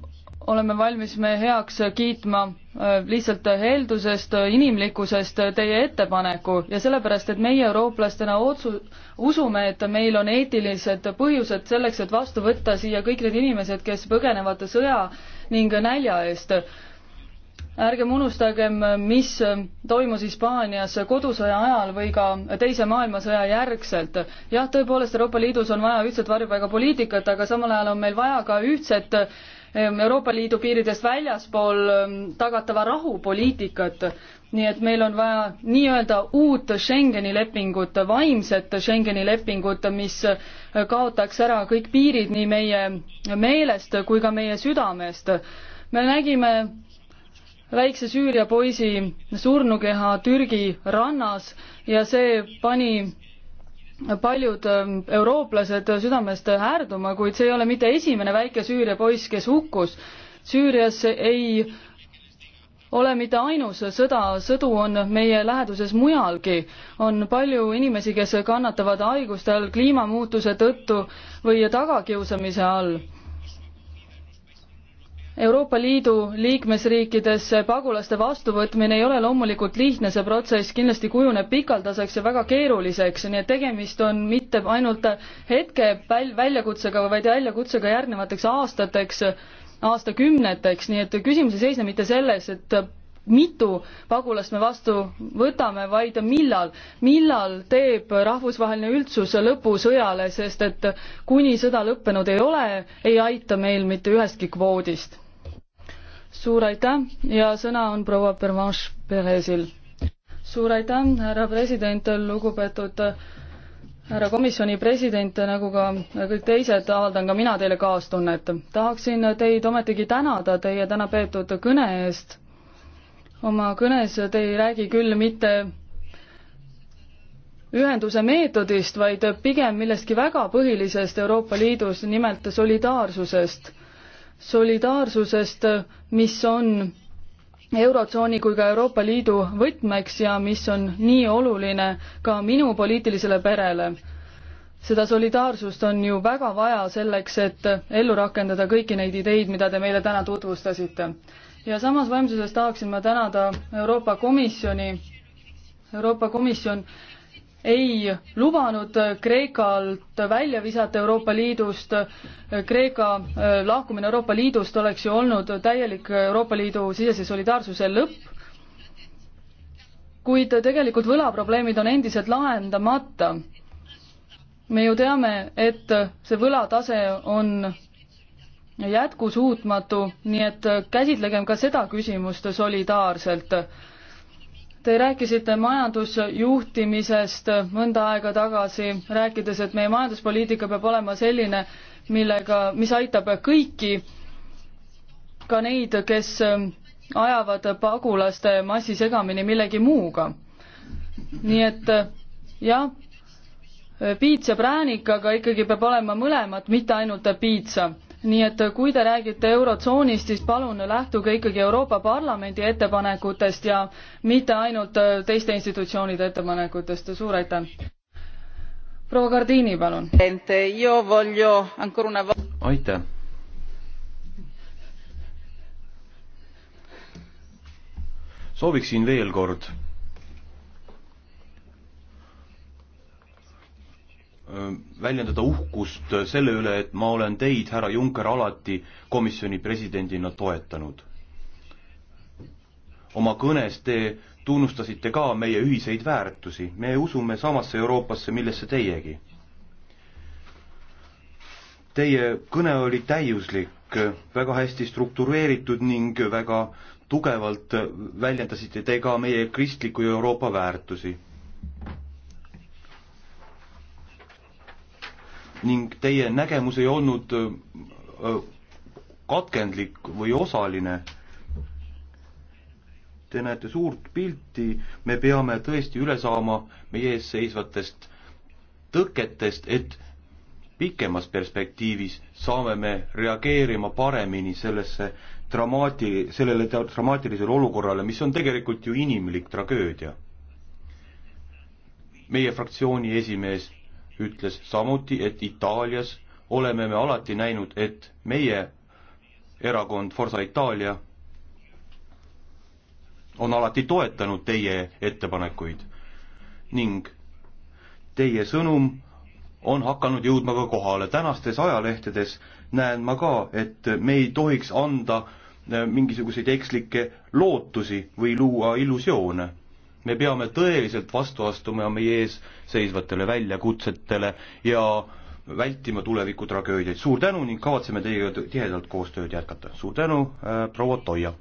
oleme valmis me heaks kiitma äh, lihtsalt heldusest, äh, inimlikkusest äh, teie ettepaneku ja sellepärast, et meie eurooplastena otsu-, usume, et meil on eetilised põhjused selleks, et vastu võtta siia kõik need inimesed, kes põgenevad sõja ning nälja eest. ärgem unustagem, mis toimus Hispaanias kodusõja ajal või ka Teise maailmasõja järgselt. jah, tõepoolest Euroopa Liidus on vaja ühtset varjupaigapoliitikat, aga samal ajal on meil vaja ka ühtset Ehm, Euroopa Liidu piiridest väljaspool ehm, tagatava rahupoliitikat. nii et meil on vaja nii-öelda uut Schengeni lepingut, vaimset Schengeni lepingut, mis eh, kaotaks ära kõik piirid nii meie meelest kui ka meie südamest. me nägime väikse Süüria poisi surnukeha Türgi rannas ja see pani paljud ähm, eurooplased südamest häärduma, kuid see ei ole mitte esimene väike Süüria poiss, kes hukkus. Süürias ei ole mitte ainus sõda, sõdu on meie läheduses mujalgi. on palju inimesi, kes kannatavad haiguste all, kliimamuutuse tõttu või tagakiusamise all Euroopa Liidu liikmesriikides pagulaste vastuvõtmine ei ole loomulikult lihtne, see protsess kindlasti kujuneb pikaldaseks ja väga keeruliseks, nii et tegemist on mitte ainult hetke väljakutsega, vaid väljakutsega järgnevateks aastateks, aastakümneteks, nii et küsimus ei seisne mitte selles, et mitu pagulast me vastu võtame, vaid millal, millal teeb rahvusvaheline üldsus lõpu sõjale, sest et kuni sõda lõppenud ei ole, ei aita meil mitte ühestki kvoodist suur aitäh ja sõna on proua Pervanche Perezil. suur aitäh, härra president, lugupeetud äh, härra komisjoni president, nagu ka kõik teised, avaldan ka mina teile kaastunnet. tahaksin teid ometigi tänada teie täna peetud kõne eest. oma kõnes te ei räägi küll mitte ühenduse meetodist, vaid pigem millestki väga põhilisest Euroopa Liidus, nimelt solidaarsusest solidaarsusest, mis on Eurotsooni kui ka Euroopa Liidu võtmeks ja mis on nii oluline ka minu poliitilisele perele. seda solidaarsust on ju väga vaja selleks, et ellu rakendada kõiki neid ideid, mida te meile täna tutvustasite. ja samas vaimsuses tahaksin ma tänada Euroopa Komisjoni, Euroopa Komisjon ei lubanud Kreekalt välja visata Euroopa Liidust. Kreeka äh, lahkumine Euroopa Liidust oleks ju olnud täielik Euroopa Liidu sisese solidaarsuse lõpp. kuid tegelikult võlaprobleemid on endiselt lahendamata. me ju teame, et see võlatase on jätkusuutmatu, nii et käsitlegem ka seda küsimust solidaarselt Te rääkisite majandusjuhtimisest mõnda aega tagasi, rääkides, et meie majanduspoliitika peab olema selline, millega, mis aitab kõiki, ka neid, kes ajavad pagulaste massi segamini millegi muuga. nii et jah, piits ja präänik, aga ikkagi peab olema mõlemat, mitte ainult piitsa nii et äh, kui te räägite Eurotsoonist, siis palun lähtuge ikkagi Euroopa Parlamendi ettepanekutest ja mitte ainult äh, teiste institutsioonide ettepanekutest, suur aitäh! proua Gardini, palun! aitäh! sooviksin veel kord väljendada uhkust selle üle, et ma olen teid, härra Juncker, alati komisjoni presidendina toetanud. oma kõnes te tunnustasite ka meie ühiseid väärtusi, me usume samasse Euroopasse, millesse teiegi. Teie kõne oli täiuslik, väga hästi struktureeritud ning väga tugevalt väljendasite te ka meie kristliku Euroopa väärtusi ning teie nägemus ei olnud äh, katkendlik või osaline. Te näete suurt pilti, me peame tõesti üle saama meie ees seisvatest tõketest, et pikemas perspektiivis saame me reageerima paremini sellesse dramaati-, sellele dramaatilisele olukorrale, mis on tegelikult ju inimlik tragöödia. meie fraktsiooni esimees ütles samuti, et Itaalias oleme me alati näinud, et meie erakond Forsa Itaalia on alati toetanud teie ettepanekuid ning teie sõnum on hakanud jõudma ka kohale. tänastes ajalehtedes näen ma ka, et me ei tohiks anda eh, mingisuguseid ekslikke lootusi või luua illusioone me peame tõeliselt vastu astuma meie ees seisvatele väljakutsetele ja vältima tuleviku tragöödiaid. suur tänu ning kavatseme teiega tihedalt koostööd jätkata. suur tänu äh,, proua Toia!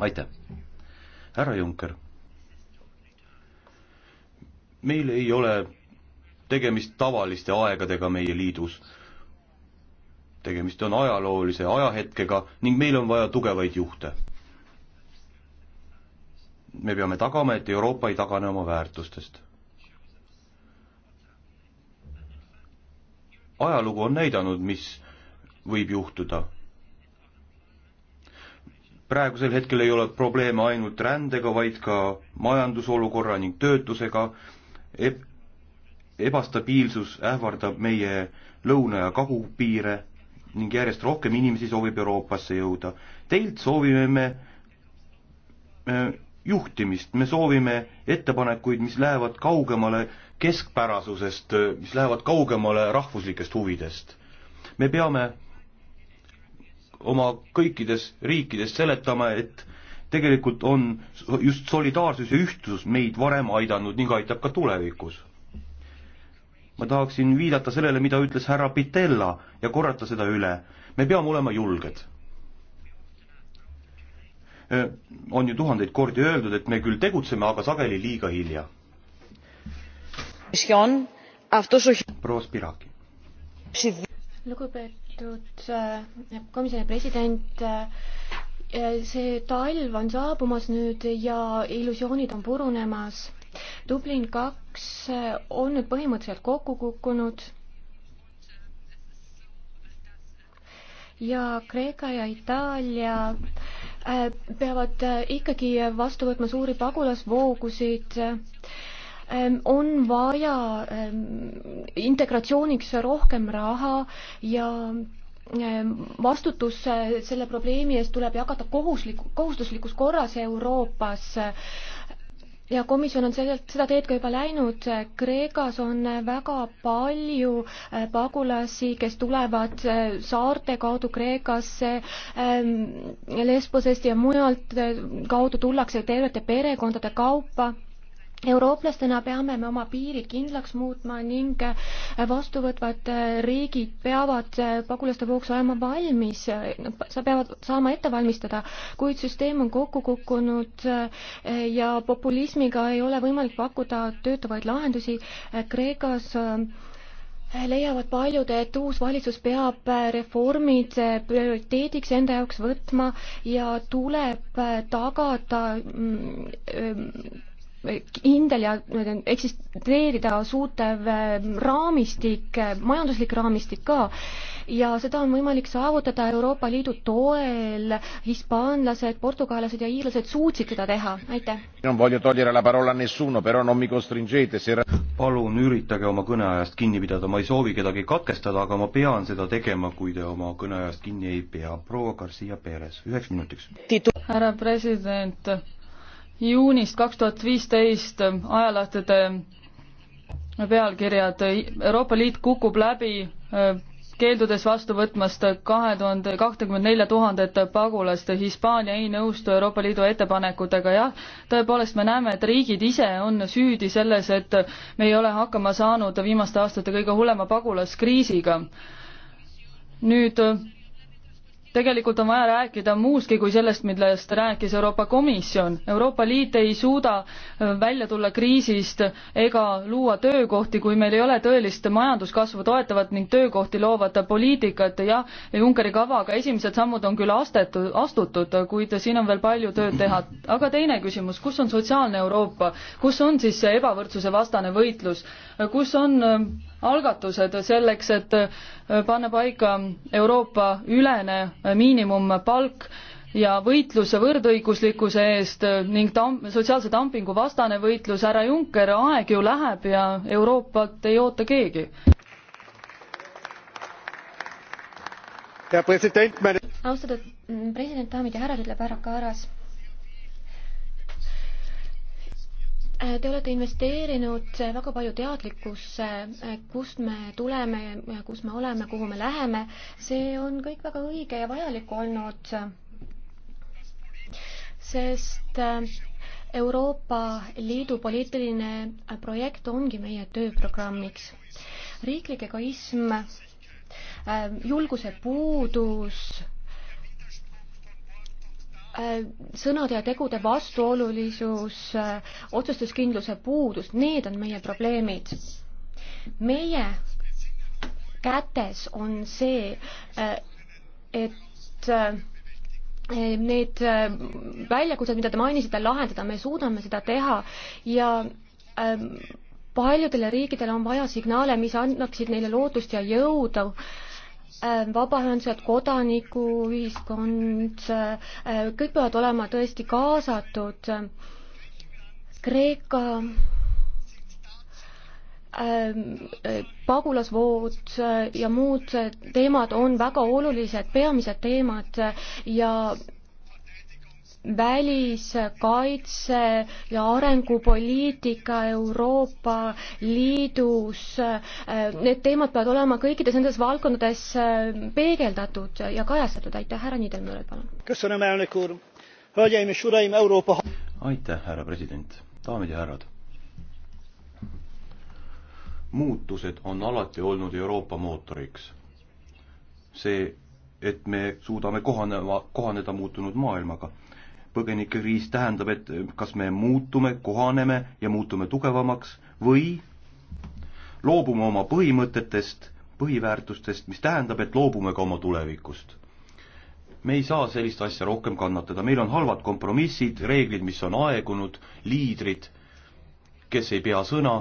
aitäh! härra Juncker, meil ei ole tegemist tavaliste aegadega meie liidus. tegemist on ajaloolise ajahetkega ning meil on vaja tugevaid juhte me peame tagama, et Euroopa ei tagane oma väärtustest. ajalugu on näidanud, mis võib juhtuda. praegusel hetkel ei ole probleeme ainult rändega, vaid ka majandusolukorra ning töötusega Eb, ebastabiilsus ähvardab meie lõuna- ja kagupiire ning järjest rohkem inimesi soovib Euroopasse jõuda. Teilt soovime me juhtimist, me soovime ettepanekuid, mis lähevad kaugemale keskpärasusest, mis lähevad kaugemale rahvuslikest huvidest. me peame oma kõikides riikides seletama, et tegelikult on just solidaarsus ja ühtsus meid varem aidanud ning aitab ka tulevikus. ma tahaksin viidata sellele, mida ütles härra Pitella ja korrata seda üle. me peame olema julged on ju tuhandeid kordi öeldud, et me küll tegutseme, aga sageli liiga hilja. proua Spiraki. lugupeetud äh, komisjoni president, äh, äh, see talv on saabumas nüüd ja illusioonid on purunemas. Dublin kaks on nüüd põhimõtteliselt kokku kukkunud ja Kreeka ja Itaalia Äh, peavad äh, ikkagi vastu võtma suuri pagulasvoogusid ähm, on vaja ähm, integratsiooniks rohkem raha ja ähm, vastutus äh, selle probleemi eest tuleb jagada kohuslik, kohustuslikus korras Euroopas ja komisjon on sellelt, seda teed ka juba läinud. Kreekas on väga palju äh, pagulasi, kes tulevad äh, saarte kaudu Kreekasse, ähm, Lesbosest ja mujalt äh, kaudu tullakse tervete perekondade kaupa eurooplastena peame me oma piirid kindlaks muutma ning vastuvõtvad riigid peavad pagulaste vooks olema valmis, sa peavad saama ette valmistada, kuid süsteem on kokku kukkunud ja populismiga ei ole võimalik pakkuda töötavaid lahendusi. Kreekas äh, leiavad paljud, et uus valitsus peab äh, reformid äh, prioriteediks enda jaoks võtma ja tuleb tagada mm, kindel ja eksisteerida suutev ehm, raamistik, ehm, majanduslik raamistik ka. ja seda on võimalik saavutada Euroopa Liidu toel, hispaanlased, portugallased ja iirlased suutsid seda teha, aitäh. palun üritage oma kõneajast kinni pidada, ma ei soovi kedagi katkestada, aga ma pean seda tegema, kui te oma kõneajast kinni ei pea. proua Garcia Perez, üheks minutiks. härra president juunist kaks tuhat viisteist ajalehtede pealkirjad Euroopa Liit kukub läbi, keeldudes vastu võtmast kahe tuhande kahtekümmend nelja tuhandet pagulast, Hispaania ei nõustu Euroopa Liidu ettepanekutega, jah, tõepoolest me näeme, et riigid ise on süüdi selles, et me ei ole hakkama saanud viimaste aastate kõige hullema pagulaskriisiga. nüüd tegelikult on vaja rääkida muustki kui sellest, millest rääkis Euroopa Komisjon. Euroopa Liit ei suuda äh, välja tulla kriisist ega luua töökohti, kui meil ei ole tõelist majanduskasvu toetavat ning töökohti loovat poliitikat. jah, Junckeri kavaga esimesed sammud on küll astetud, astutud, kuid siin on veel palju tööd teha. aga teine küsimus, kus on sotsiaalne Euroopa, kus on siis see ebavõrdsuse vastane võitlus? kus on äh, algatused selleks, et äh, panna paika Euroopa ülene äh, miinimumpalk ja võitlus võrdõiguslikkuse eest ning tam-, sotsiaalse dumpingu vastane võitlus, härra Juncker, aeg ju läheb ja Euroopat ei oota keegi. austatud mm, president, daamid ja härrad, ütleb härra Kaaras Äh, te olete investeerinud äh, väga palju teadlikkusse, äh, kust me tuleme, kus me oleme, kuhu me läheme. see on kõik väga õige ja vajalik olnud, sest Euroopa Liidu poliitiline projekt ongi meie tööprogrammiks. riiklik egoism, julguse puudus Äh, sõnade ja tegude vastuolulisus, äh, otsustuskindluse puudus, need on meie probleemid. meie kätes on see, äh, et need väljakutsed, mida te mainisite, lahendada, me suudame seda teha ja ähm, paljudele riikidele on vaja signaale, mis annaksid neile lootust ja jõudu äh, Ähm, vabaühendused, kodanikuühiskond, äh, kõik peavad olema tõesti kaasatud. Kreeka ähm, pagulasvood äh, ja muud teemad on väga olulised, peamised teemad ja välis-, kaitse- ja arengupoliitika Euroopa Liidus, need teemad peavad olema kõikides nendes valdkondades peegeldatud ja kajastatud, aitäh, härra Niedermüller, palun. aitäh, härra president, daamid ja härrad. muutused on alati olnud Euroopa mootoriks. see, et me suudame kohaneva, kohaneda muutunud maailmaga põgenikekriis tähendab, et kas me muutume, kohaneme ja muutume tugevamaks või loobume oma põhimõtetest, põhiväärtustest, mis tähendab, et loobume ka oma tulevikust. me ei saa sellist asja rohkem kannatada, meil on halvad kompromissid, reeglid, mis on aegunud, liidrid, kes ei pea sõna,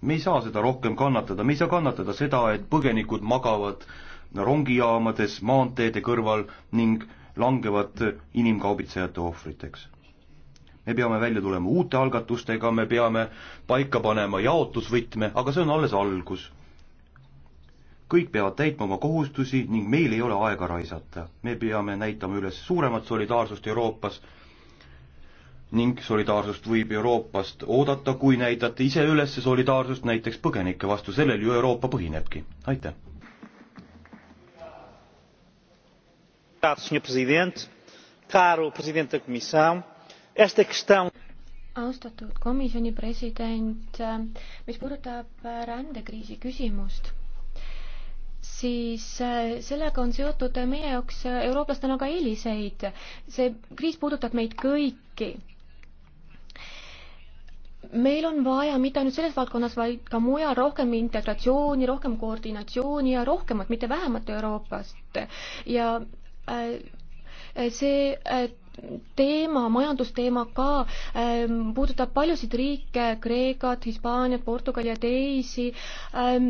me ei saa seda rohkem kannatada, me ei saa kannatada seda, et põgenikud magavad rongijaamades, maanteede kõrval ning langevad inimkaubitsejate ohvriteks. me peame välja tulema uute algatustega, me peame paika panema jaotusvõtme, aga see on alles algus. kõik peavad täitma oma kohustusi ning meil ei ole aega raisata. me peame näitama üles suuremat solidaarsust Euroopas ning solidaarsust võib Euroopast oodata, kui näidate ise üles solidaarsust näiteks põgenike vastu, sellel ju Euroopa põhinebki. aitäh! senhor president caro presidente da comissão esta questão austatud komisjoni president, mis puudutab rändekriisi küsimust, siis äh, sellega on seotud meie jaoks eurooplastena ka eeliseid. see kriis puudutab meid kõiki. meil on vaja mitte ainult selles valdkonnas, vaid ka mujal rohkem integratsiooni, rohkem koordinatsiooni ja rohkemat, mitte vähemat Euroopast ja Äh, äh, see äh, teema, majandusteema ka ähm, puudutab paljusid riike, Kreekat, Hispaaniat, Portugali ja teisi ähm,.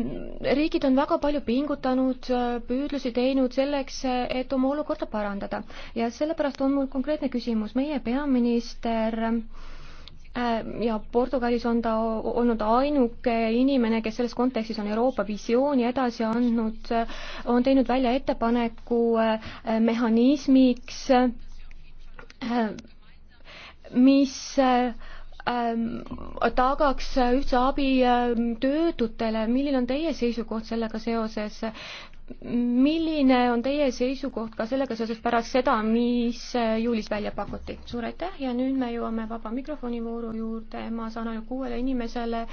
riigid on väga palju pingutanud, püüdlusi teinud selleks, et oma olukorda parandada ja sellepärast on mul konkreetne küsimus, meie peaminister äh, Äh, ja Portugalis on ta olnud ainuke inimene, kes selles kontekstis on Euroopa visiooni edasi andnud, äh, on teinud välja ettepaneku äh, mehhanismiks, mis tagaks ühtse abi töötutele, milline on teie seisukoht sellega seoses? milline on teie seisukoht ka sellega seoses pärast seda, mis äh, juulis välja pakuti? suur aitäh ja nüüd me jõuame vaba mikrofoni vooru juurde, ma saan ainult kuuele inimesele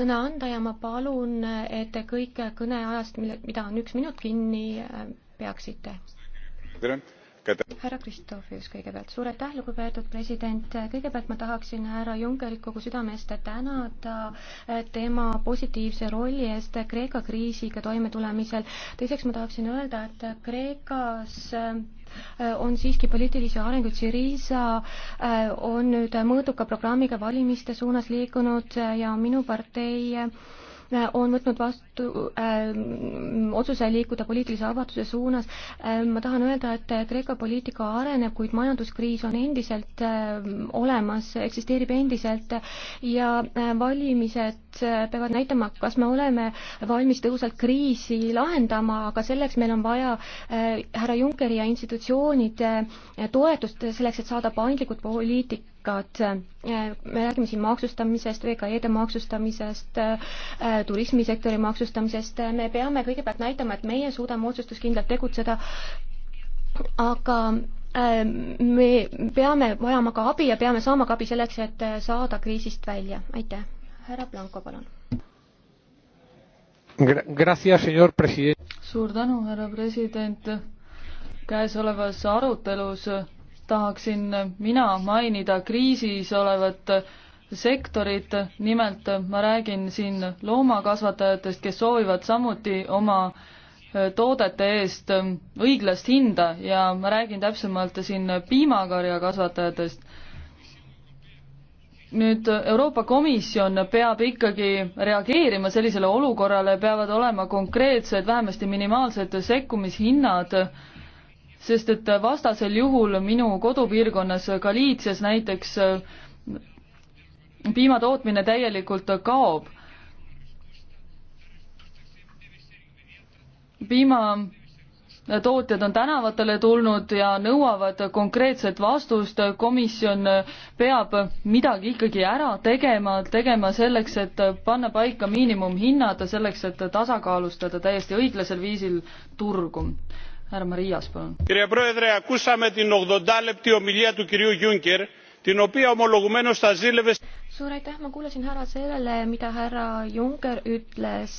sõna anda ja ma palun, et te kõik kõneajast, mille, mida on üks minut kinni, äh, peaksite. tere härra Kristofius kõigepealt, suur aitäh, lugupeetud president, kõigepealt ma tahaksin härra Junckerit kogu südamest tänada eh, tema positiivse rolli eest Kreeka kriisiga toimetulemisel. teiseks ma tahaksin öelda, et Kreekas eh, on siiski poliitilisi arenguid, Syriza eh, on nüüd mõõduka programmiga valimiste suunas liikunud ja minu partei on võtnud vastu äh, otsuse liikuda poliitilise avatuse suunas äh,. ma tahan öelda, et Kreeka poliitika areneb, kuid majanduskriis on endiselt äh, olemas, eksisteerib endiselt ja äh, valimised äh, peavad näitama, kas me oleme valmis tõhusalt kriisi lahendama, aga selleks meil on vaja äh, härra Junckeri ja institutsioonide äh, toetust selleks, et saada paindlikud poliitik-, poliitikad. me räägime siin maksustamisest, VKE-de maksustamisest, turismisektori maksustamisest, me peame kõigepealt näitama, et meie suudame otsustuskindlalt tegutseda, aga äh, me peame vajama ka abi ja peame saama ka abi selleks, et saada kriisist välja. aitäh. härra Blanco, palun. suur tänu, härra president. käesolevas arutelus tahaksin mina mainida kriisis olevat sektorit, nimelt ma räägin siin loomakasvatajatest, kes soovivad samuti oma toodete eest õiglast hinda ja ma räägin täpsemalt siin piimakarja kasvatajatest. nüüd Euroopa Komisjon peab ikkagi reageerima sellisele olukorrale, peavad olema konkreetsed, vähemasti minimaalsed sekkumishinnad äh, sest et vastasel juhul minu kodupiirkonnas Galiitsias näiteks äh, piimatootmine täielikult kaob. piimatootjad on tänavatele tulnud ja nõuavad konkreetset vastust, komisjon peab midagi ikkagi ära tegema, tegema selleks, et panna paika miinimumhinnad, selleks, et tasakaalustada täiesti õiglasel viisil turgu härra Marias, palun. suur aitäh, ma kuulasin härra sellele, mida härra Juncker ütles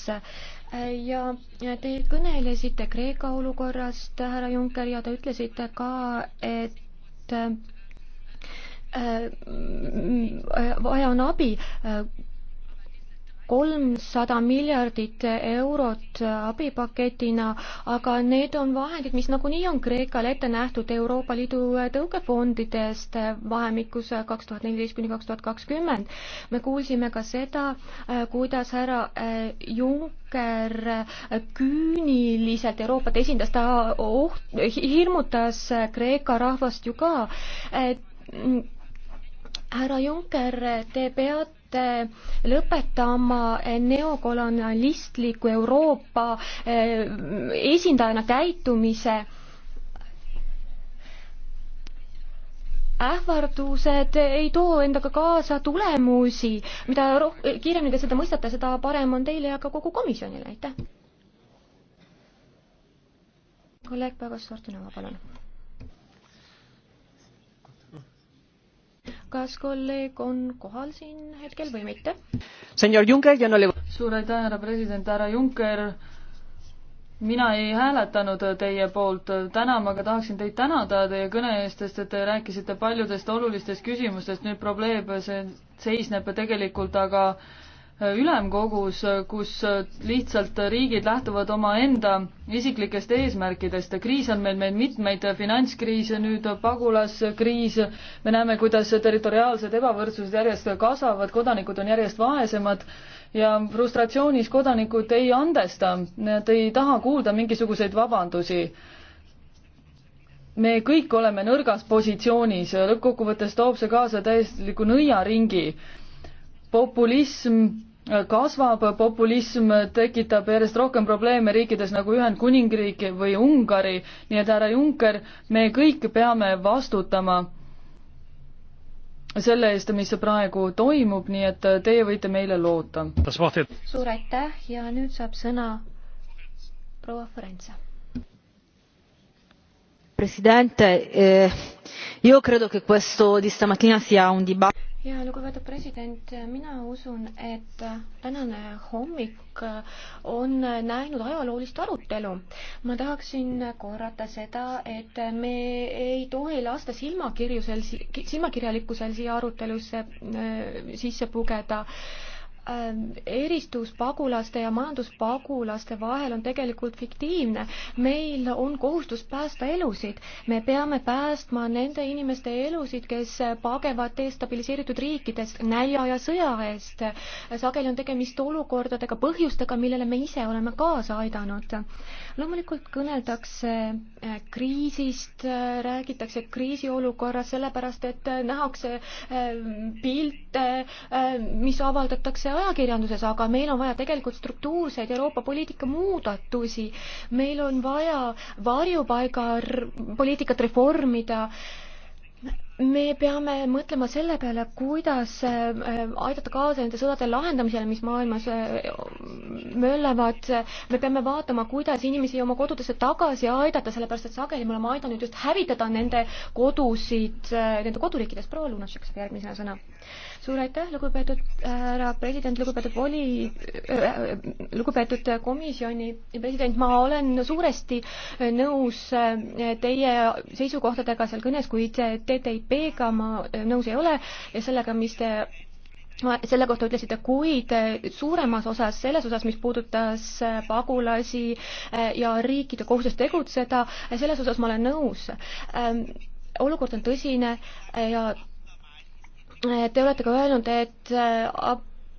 ja te kõnelesite Kreeka olukorrast, härra Juncker, ja te ütlesite ka, et äh, vaja on abi äh, kolmsada miljardit eurot abipaketina, aga need on vahendid, mis nagunii on Kreekale ette nähtud Euroopa Liidu tõukefondidest vahemikus kaks tuhat neliteist kuni kaks tuhat kakskümmend. me kuulsime ka seda, kuidas härra äh, Juncker äh, küüniliselt Euroopat esindas, ta oht-, hirmutas äh, Kreeka rahvast ju ka härra Juncker, te peate peate lõpetama neokolonialistliku Euroopa eh, esindajana käitumise ähvardused ei too endaga kaasa tulemusi, mida roh-, kiiremini te seda mõistate, seda parem on teile ja ka kogu komisjonile, aitäh! kolleeg Pagos Sortunova, palun kas kolleeg on kohal siin hetkel või mitte? Ole... suur aitäh, härra president, härra Juncker. mina ei hääletanud teie poolt täna, ma aga tahaksin teid tänada teie kõne eest, sest et te rääkisite paljudest olulistest küsimustest. nüüd probleem see seisneb tegelikult aga äh, ülemkogus, kus lihtsalt riigid lähtuvad omaenda isiklikest eesmärkidest ja kriis on meil, meil mitmeid finantskriise, nüüd pagulaskriis, me näeme, kuidas territoriaalsed ebavõrdsused järjest kasvavad, kodanikud on järjest vaesemad ja frustratsioonis kodanikud ei andesta, nad ei taha kuulda mingisuguseid vabandusi me kõik oleme nõrgas positsioonis ja lõppkokkuvõttes toob see kaasa täieliku nõiaringi populism kasvab, populism tekitab järjest rohkem probleeme riikides nagu Ühendkuningriik või Ungari, nii et härra Juncker, me kõik peame vastutama selle eest, mis praegu toimub, nii et teie võite meile loota. suur aitäh ja nüüd saab sõna proua Forenza. president eh,, io credo che questo di stamattina sia un dibattito ja lugupeetud president, mina usun, et tänane hommik on näinud ajaloolist arutelu. ma tahaksin korrata seda, et me ei tohi lasta silmakirjusel, silmakirjalikkusel siia arutelusse äh, sisse pugeda äh, Ähm, eristus pagulaste ja majanduspagulaste vahel on tegelikult fiktiivne. meil on kohustus päästa elusid. me peame päästma nende inimeste elusid, kes pagevad destabiliseeritud riikidest nälja ja sõja eest. sageli on tegemist olukordadega, põhjustega, millele me ise oleme kaasa aidanud. loomulikult kõneldakse äh, kriisist, äh, räägitakse kriisiolukorrast, sellepärast et äh, nähakse pilte, mis avaldatakse ajakirjanduses, aga meil on vaja tegelikult struktuurseid Euroopa poliitika muudatusi, meil on vaja varjupaiga poliitikat reformida me peame mõtlema selle peale, kuidas äh, aidata kaasa nende sõdade lahendamisele, mis maailmas äh, möllavad. me peame vaatama, kuidas inimesi oma kodudesse tagasi aidata, sellepärast et sageli me oleme aidanud just hävitada nende kodusid, äh, nende koduriikides. proua Lunatšik saab järgmisena sõna. suur aitäh, lugupeetud härra president, lugupeetud voli, lugupeetud komisjoni president, ma olen suuresti nõus teie seisukohtadega seal kõnes, kuid te, te ei TTIP-ga ma äh, nõus ei ole ja sellega, mis te selle kohta ütlesite, kuid äh, suuremas osas, selles osas, mis puudutas äh, pagulasi ja riikide kohustust tegutseda, selles osas ma olen nõus. Ähm, olukord on tõsine ja te olete ka öelnud, et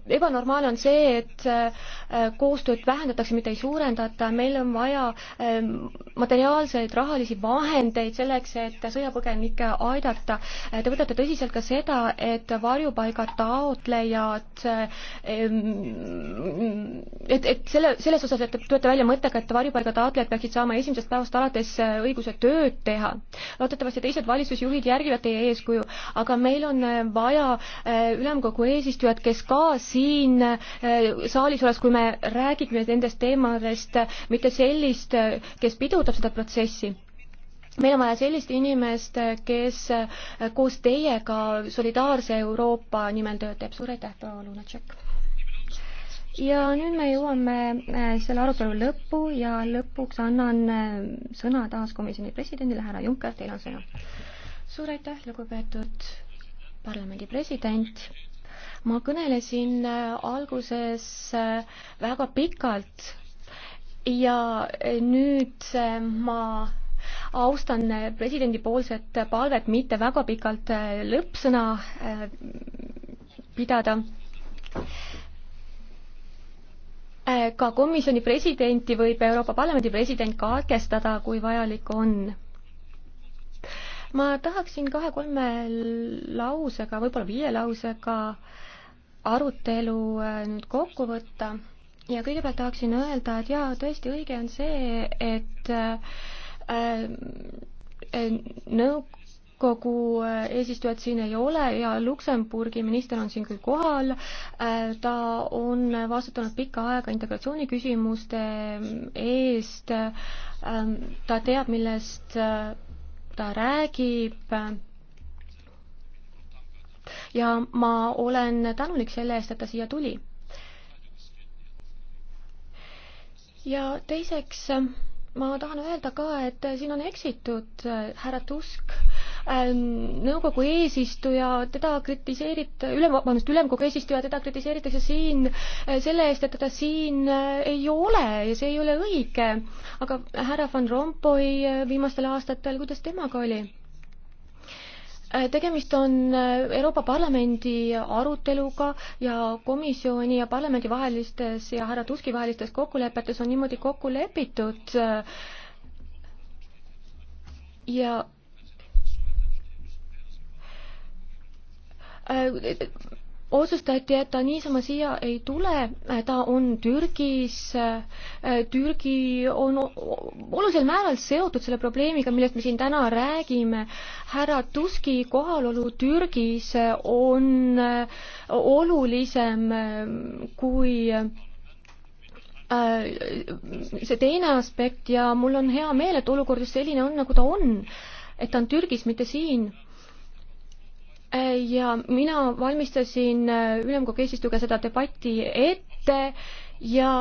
ebanormaalne on see, et äh, koostööd vähendatakse, mitte ei suurendata, meil on vaja ähm, materiaalseid rahalisi vahendeid selleks, et sõjapõgenikke aidata. Äh, te võtate tõsiselt ka seda, et varjupaiga taotlejad, äh, et, et selle, selles osas, et te tulete välja mõttega, et varjupaiga taotlejad peaksid saama esimesest päevast alates õiguse tööd teha. loodetavasti teised valitsusjuhid järgivad teie eeskuju, aga meil on vaja ülemkogu eesistujat, kes ka siin äh, saalis oleks, kui me räägime nendest teemadest, äh, mitte sellist, äh, kes pidurdab seda protsessi meil on vaja sellist inimest, kes koos teiega solidaarse Euroopa nimel tööd teeb. suur aitäh, proua Lunatšek! ja nüüd me jõuame selle arutelu lõppu ja lõpuks annan sõna taas komisjoni presidendile, härra Juncker, teil on sõna. suur aitäh, lugupeetud parlamendi president ma kõnelesin äh, alguses äh, väga pikalt ja äh, nüüd ma austan presidendi poolset palvet mitte väga pikalt lõppsõna pidada. ka komisjoni presidenti võib Euroopa Parlamendi president katkestada, kui vajalik on ma tahaksin kahe-kolme lausega, võib-olla viie lausega arutelu äh, nüüd kokku võtta ja kõigepealt tahaksin öelda, et jaa, tõesti õige on see, et äh, äh nõukogu äh, eesistujat siin ei ole ja Luksemburgi minister on siin küll kohal äh,, ta on vastutanud pikka aega integratsiooni küsimuste eest äh,, ta teab, millest ta räägib ja ma olen tänulik selle eest, et ta siia tuli. ja teiseks ma tahan öelda ka, et siin on eksitud härra Tusk, ähm, nõukogu eesistuja, teda kritiseerit-, üle, vabandust, ülemkogu eesistuja, teda kritiseeritakse siin äh, selle eest, et teda siin äh, ei ole ja see ei ole õige. aga härra Van Rompuy äh, viimastel aastatel, kuidas temaga oli? Äh, tegemist on äh, Euroopa Parlamendi aruteluga ja komisjoni ja parlamendi vahelistes ja härra Tuski vahelistes kokkulepetes on niimoodi kokku lepitud. Äh, ja otsustati, et ta niisama siia ei tule, ta on Türgis, Türgi on olulisel määral seotud selle probleemiga, millest me siin täna räägime. härra Tuski kohalolu Türgis on olulisem kui äh, see teine aspekt ja mul on hea meel, et olukord just selline on, nagu ta on, et ta on Türgis, mitte siin ja mina valmistasin äh, ülemkogu eesistujaga seda debatti ette ja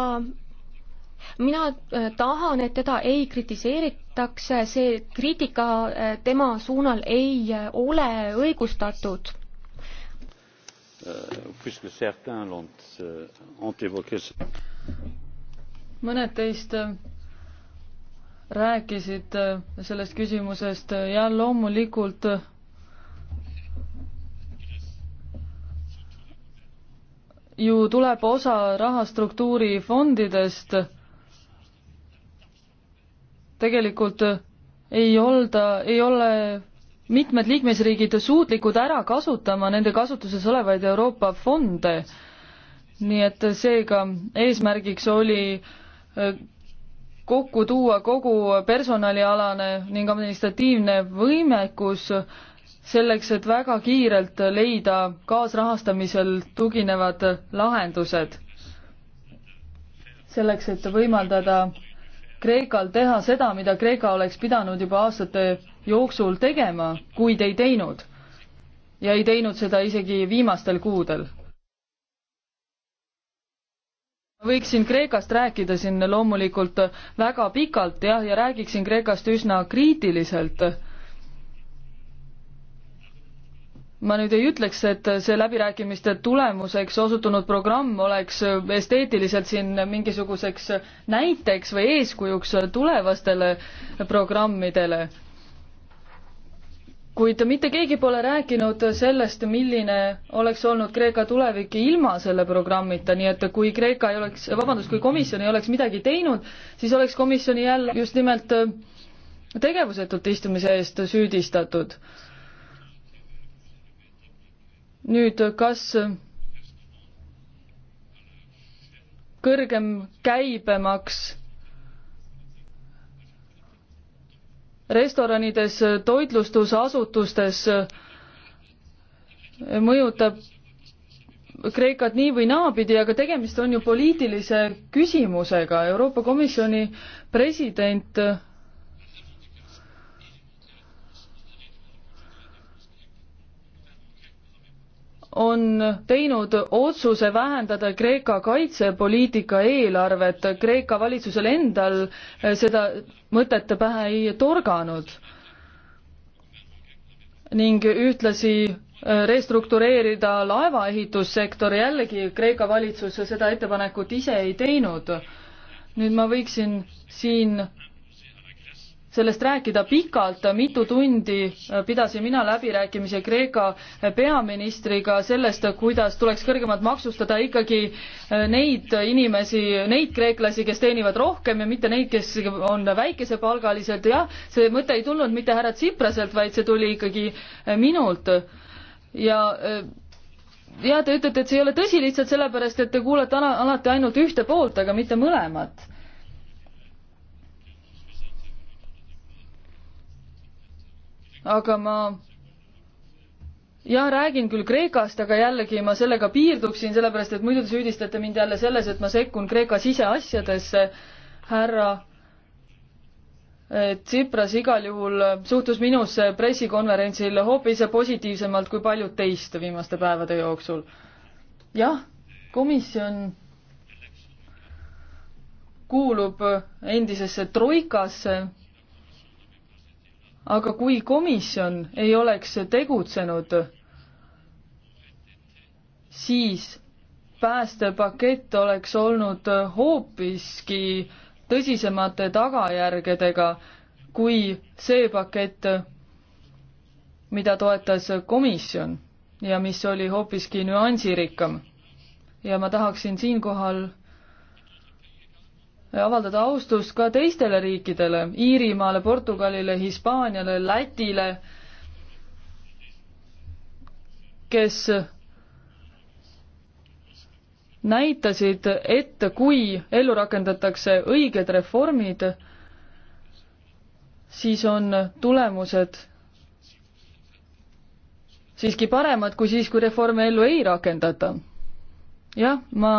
mina äh, tahan, et teda ei kritiseeritaks, see kriitika äh, tema suunal ei ole õigustatud. Euh, euh, mõned teist rääkisid sellest küsimusest ja loomulikult ju tuleb osa raha struktuurifondidest. tegelikult ei olda, ei ole mitmed liikmesriigid suutlikud ära kasutama nende kasutuses olevaid Euroopa fonde. nii et seega eesmärgiks oli äh, kokku tuua kogu personalialane ning administratiivne võimekus selleks, et väga kiirelt leida kaasrahastamisel tuginevad lahendused. selleks, et võimaldada Kreekal teha seda, mida Kreeka oleks pidanud juba aastate jooksul tegema, kuid ei teinud. ja ei teinud seda isegi viimastel kuudel. võiksin Kreekast rääkida siin loomulikult väga pikalt jah, ja räägiksin Kreekast üsna kriitiliselt ma nüüd ei ütleks, et see läbirääkimiste tulemuseks osutunud programm oleks esteetiliselt siin mingisuguseks näiteks või eeskujuks tulevastele programmidele. kuid mitte keegi pole rääkinud sellest, milline oleks olnud Kreeka tulevik ilma selle programmita, nii et kui Kreeka ei oleks, vabandust, kui komisjon ei oleks midagi teinud, siis oleks komisjoni jälle just nimelt tegevusetult istumise eest süüdistatud nüüd, kas kõrgem käibemaks restoranides, toitlustusasutustes mõjutab Kreekat nii või naapidi, aga tegemist on ju poliitilise küsimusega. Euroopa Komisjoni president on teinud otsuse vähendada Kreeka kaitsepoliitika eelarvet, Kreeka valitsusel endal eh, seda mõtet pähe ei torganud. ning ühtlasi eh, restruktureerida laevaehitussektor, jällegi Kreeka valitsus seda ettepanekut ise ei teinud. nüüd ma võiksin siin sellest rääkida pikalt, mitu tundi äh, pidasin mina läbirääkimisi Kreeka äh, peaministriga sellest, kuidas tuleks kõrgemalt maksustada ikkagi äh, neid inimesi, neid kreeklasi, kes teenivad rohkem ja mitte neid, kes on väikesepalgaliselt, jah, see mõte ei tulnud mitte härra Tsipraselt, vaid see tuli ikkagi minult. ja ja te ütlete, et see ei ole tõsi lihtsalt sellepärast, et te kuulate alati ainult ühte poolt, aga mitte mõlemat aga ma jah, räägin küll Kreekast, aga jällegi ma sellega piirduksin, sellepärast et muidu te süüdistate mind jälle selles, et ma sekkun Kreeka siseasjadesse. härra Tsipras igal juhul suhtus minusse pressikonverentsil hoopis positiivsemalt kui paljud teist viimaste päevade jooksul. jah, komisjon kuulub endisesse troikasse aga kui komisjon ei oleks tegutsenud, siis päästepakett oleks olnud hoopiski tõsisemate tagajärgedega kui see pakett, mida toetas komisjon ja mis oli hoopiski nüansirikkam. ja ma tahaksin siinkohal avaldada austust ka teistele riikidele, Iirimaale, Portugalile, Hispaaniale, Lätile, kes näitasid, et kui ellu rakendatakse õiged reformid, siis on tulemused siiski paremad kui siis, kui reforme ellu ei rakendata. jah, ma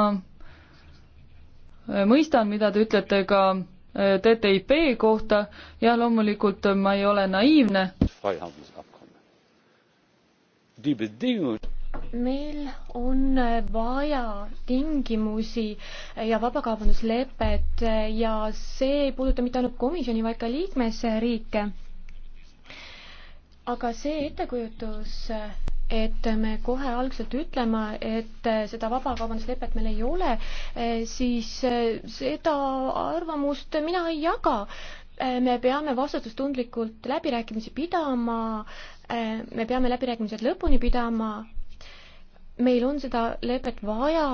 mõistan, mida te ütlete ka äh, TTIP kohta ja loomulikult ma ei ole naiivne. meil on vaja tingimusi ja vabakaubanduslepet ja see ei puuduta mitte ainult komisjoni, vaid ka liikmesriike. aga see ettekujutus et me kohe algselt ütlema, et eh, seda vabakaubanduslepet meil ei ole, eh, siis eh, seda arvamust mina ei jaga me peame vastutustundlikult läbirääkimisi pidama, me peame läbirääkimised lõpuni pidama, meil on seda lepet vaja,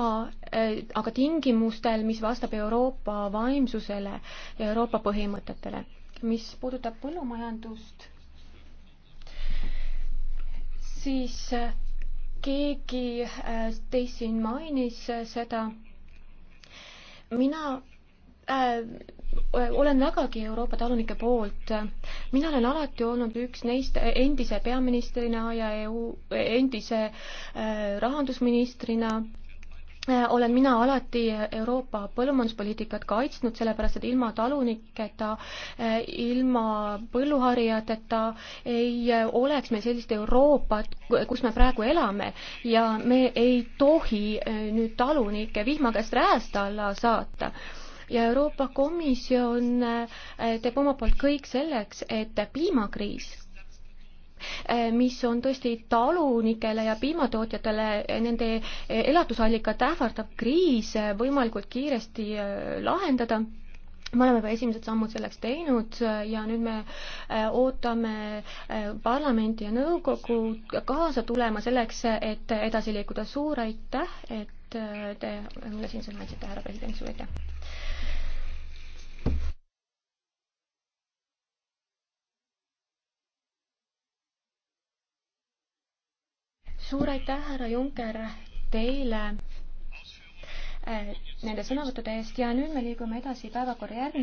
aga tingimustel, mis vastab Euroopa vaimsusele ja Euroopa põhimõtetele. mis puudutab põllumajandust, siis äh, keegi äh, teist siin mainis äh, seda. mina olen vägagi Euroopa talunike poolt. mina olen alati olnud üks neist endise peaministrina ja EU endise rahandusministrina Äh, olen mina alati Euroopa põllumajanduspoliitikat kaitsnud, sellepärast et ilma taluniketa, äh, ilma põlluharijateta ei äh, oleks meil sellist Euroopat, kus me praegu elame ja me ei tohi nüüd talunikke vihma käest räästa alla saata ja Euroopa Komisjon teeb omalt poolt kõik selleks, et piimakriis Eh, mis on tõesti talunikele ja piimatootjatele eh, nende eh, elatusallikat ähvardav kriis võimalikult kiiresti lahendada me oleme juba esimesed sammud selleks teinud ja nüüd me ootame parlamenti ja nõukogu kaasa tulema selleks, et edasi liikuda. suur aitäh, et te mulle siin sõna andsite, härra president, suur aitäh! suur aitäh, härra Junker, teile äh, nende sõnavõttude eest ja nüüd me liigume edasi päevakorra järgmise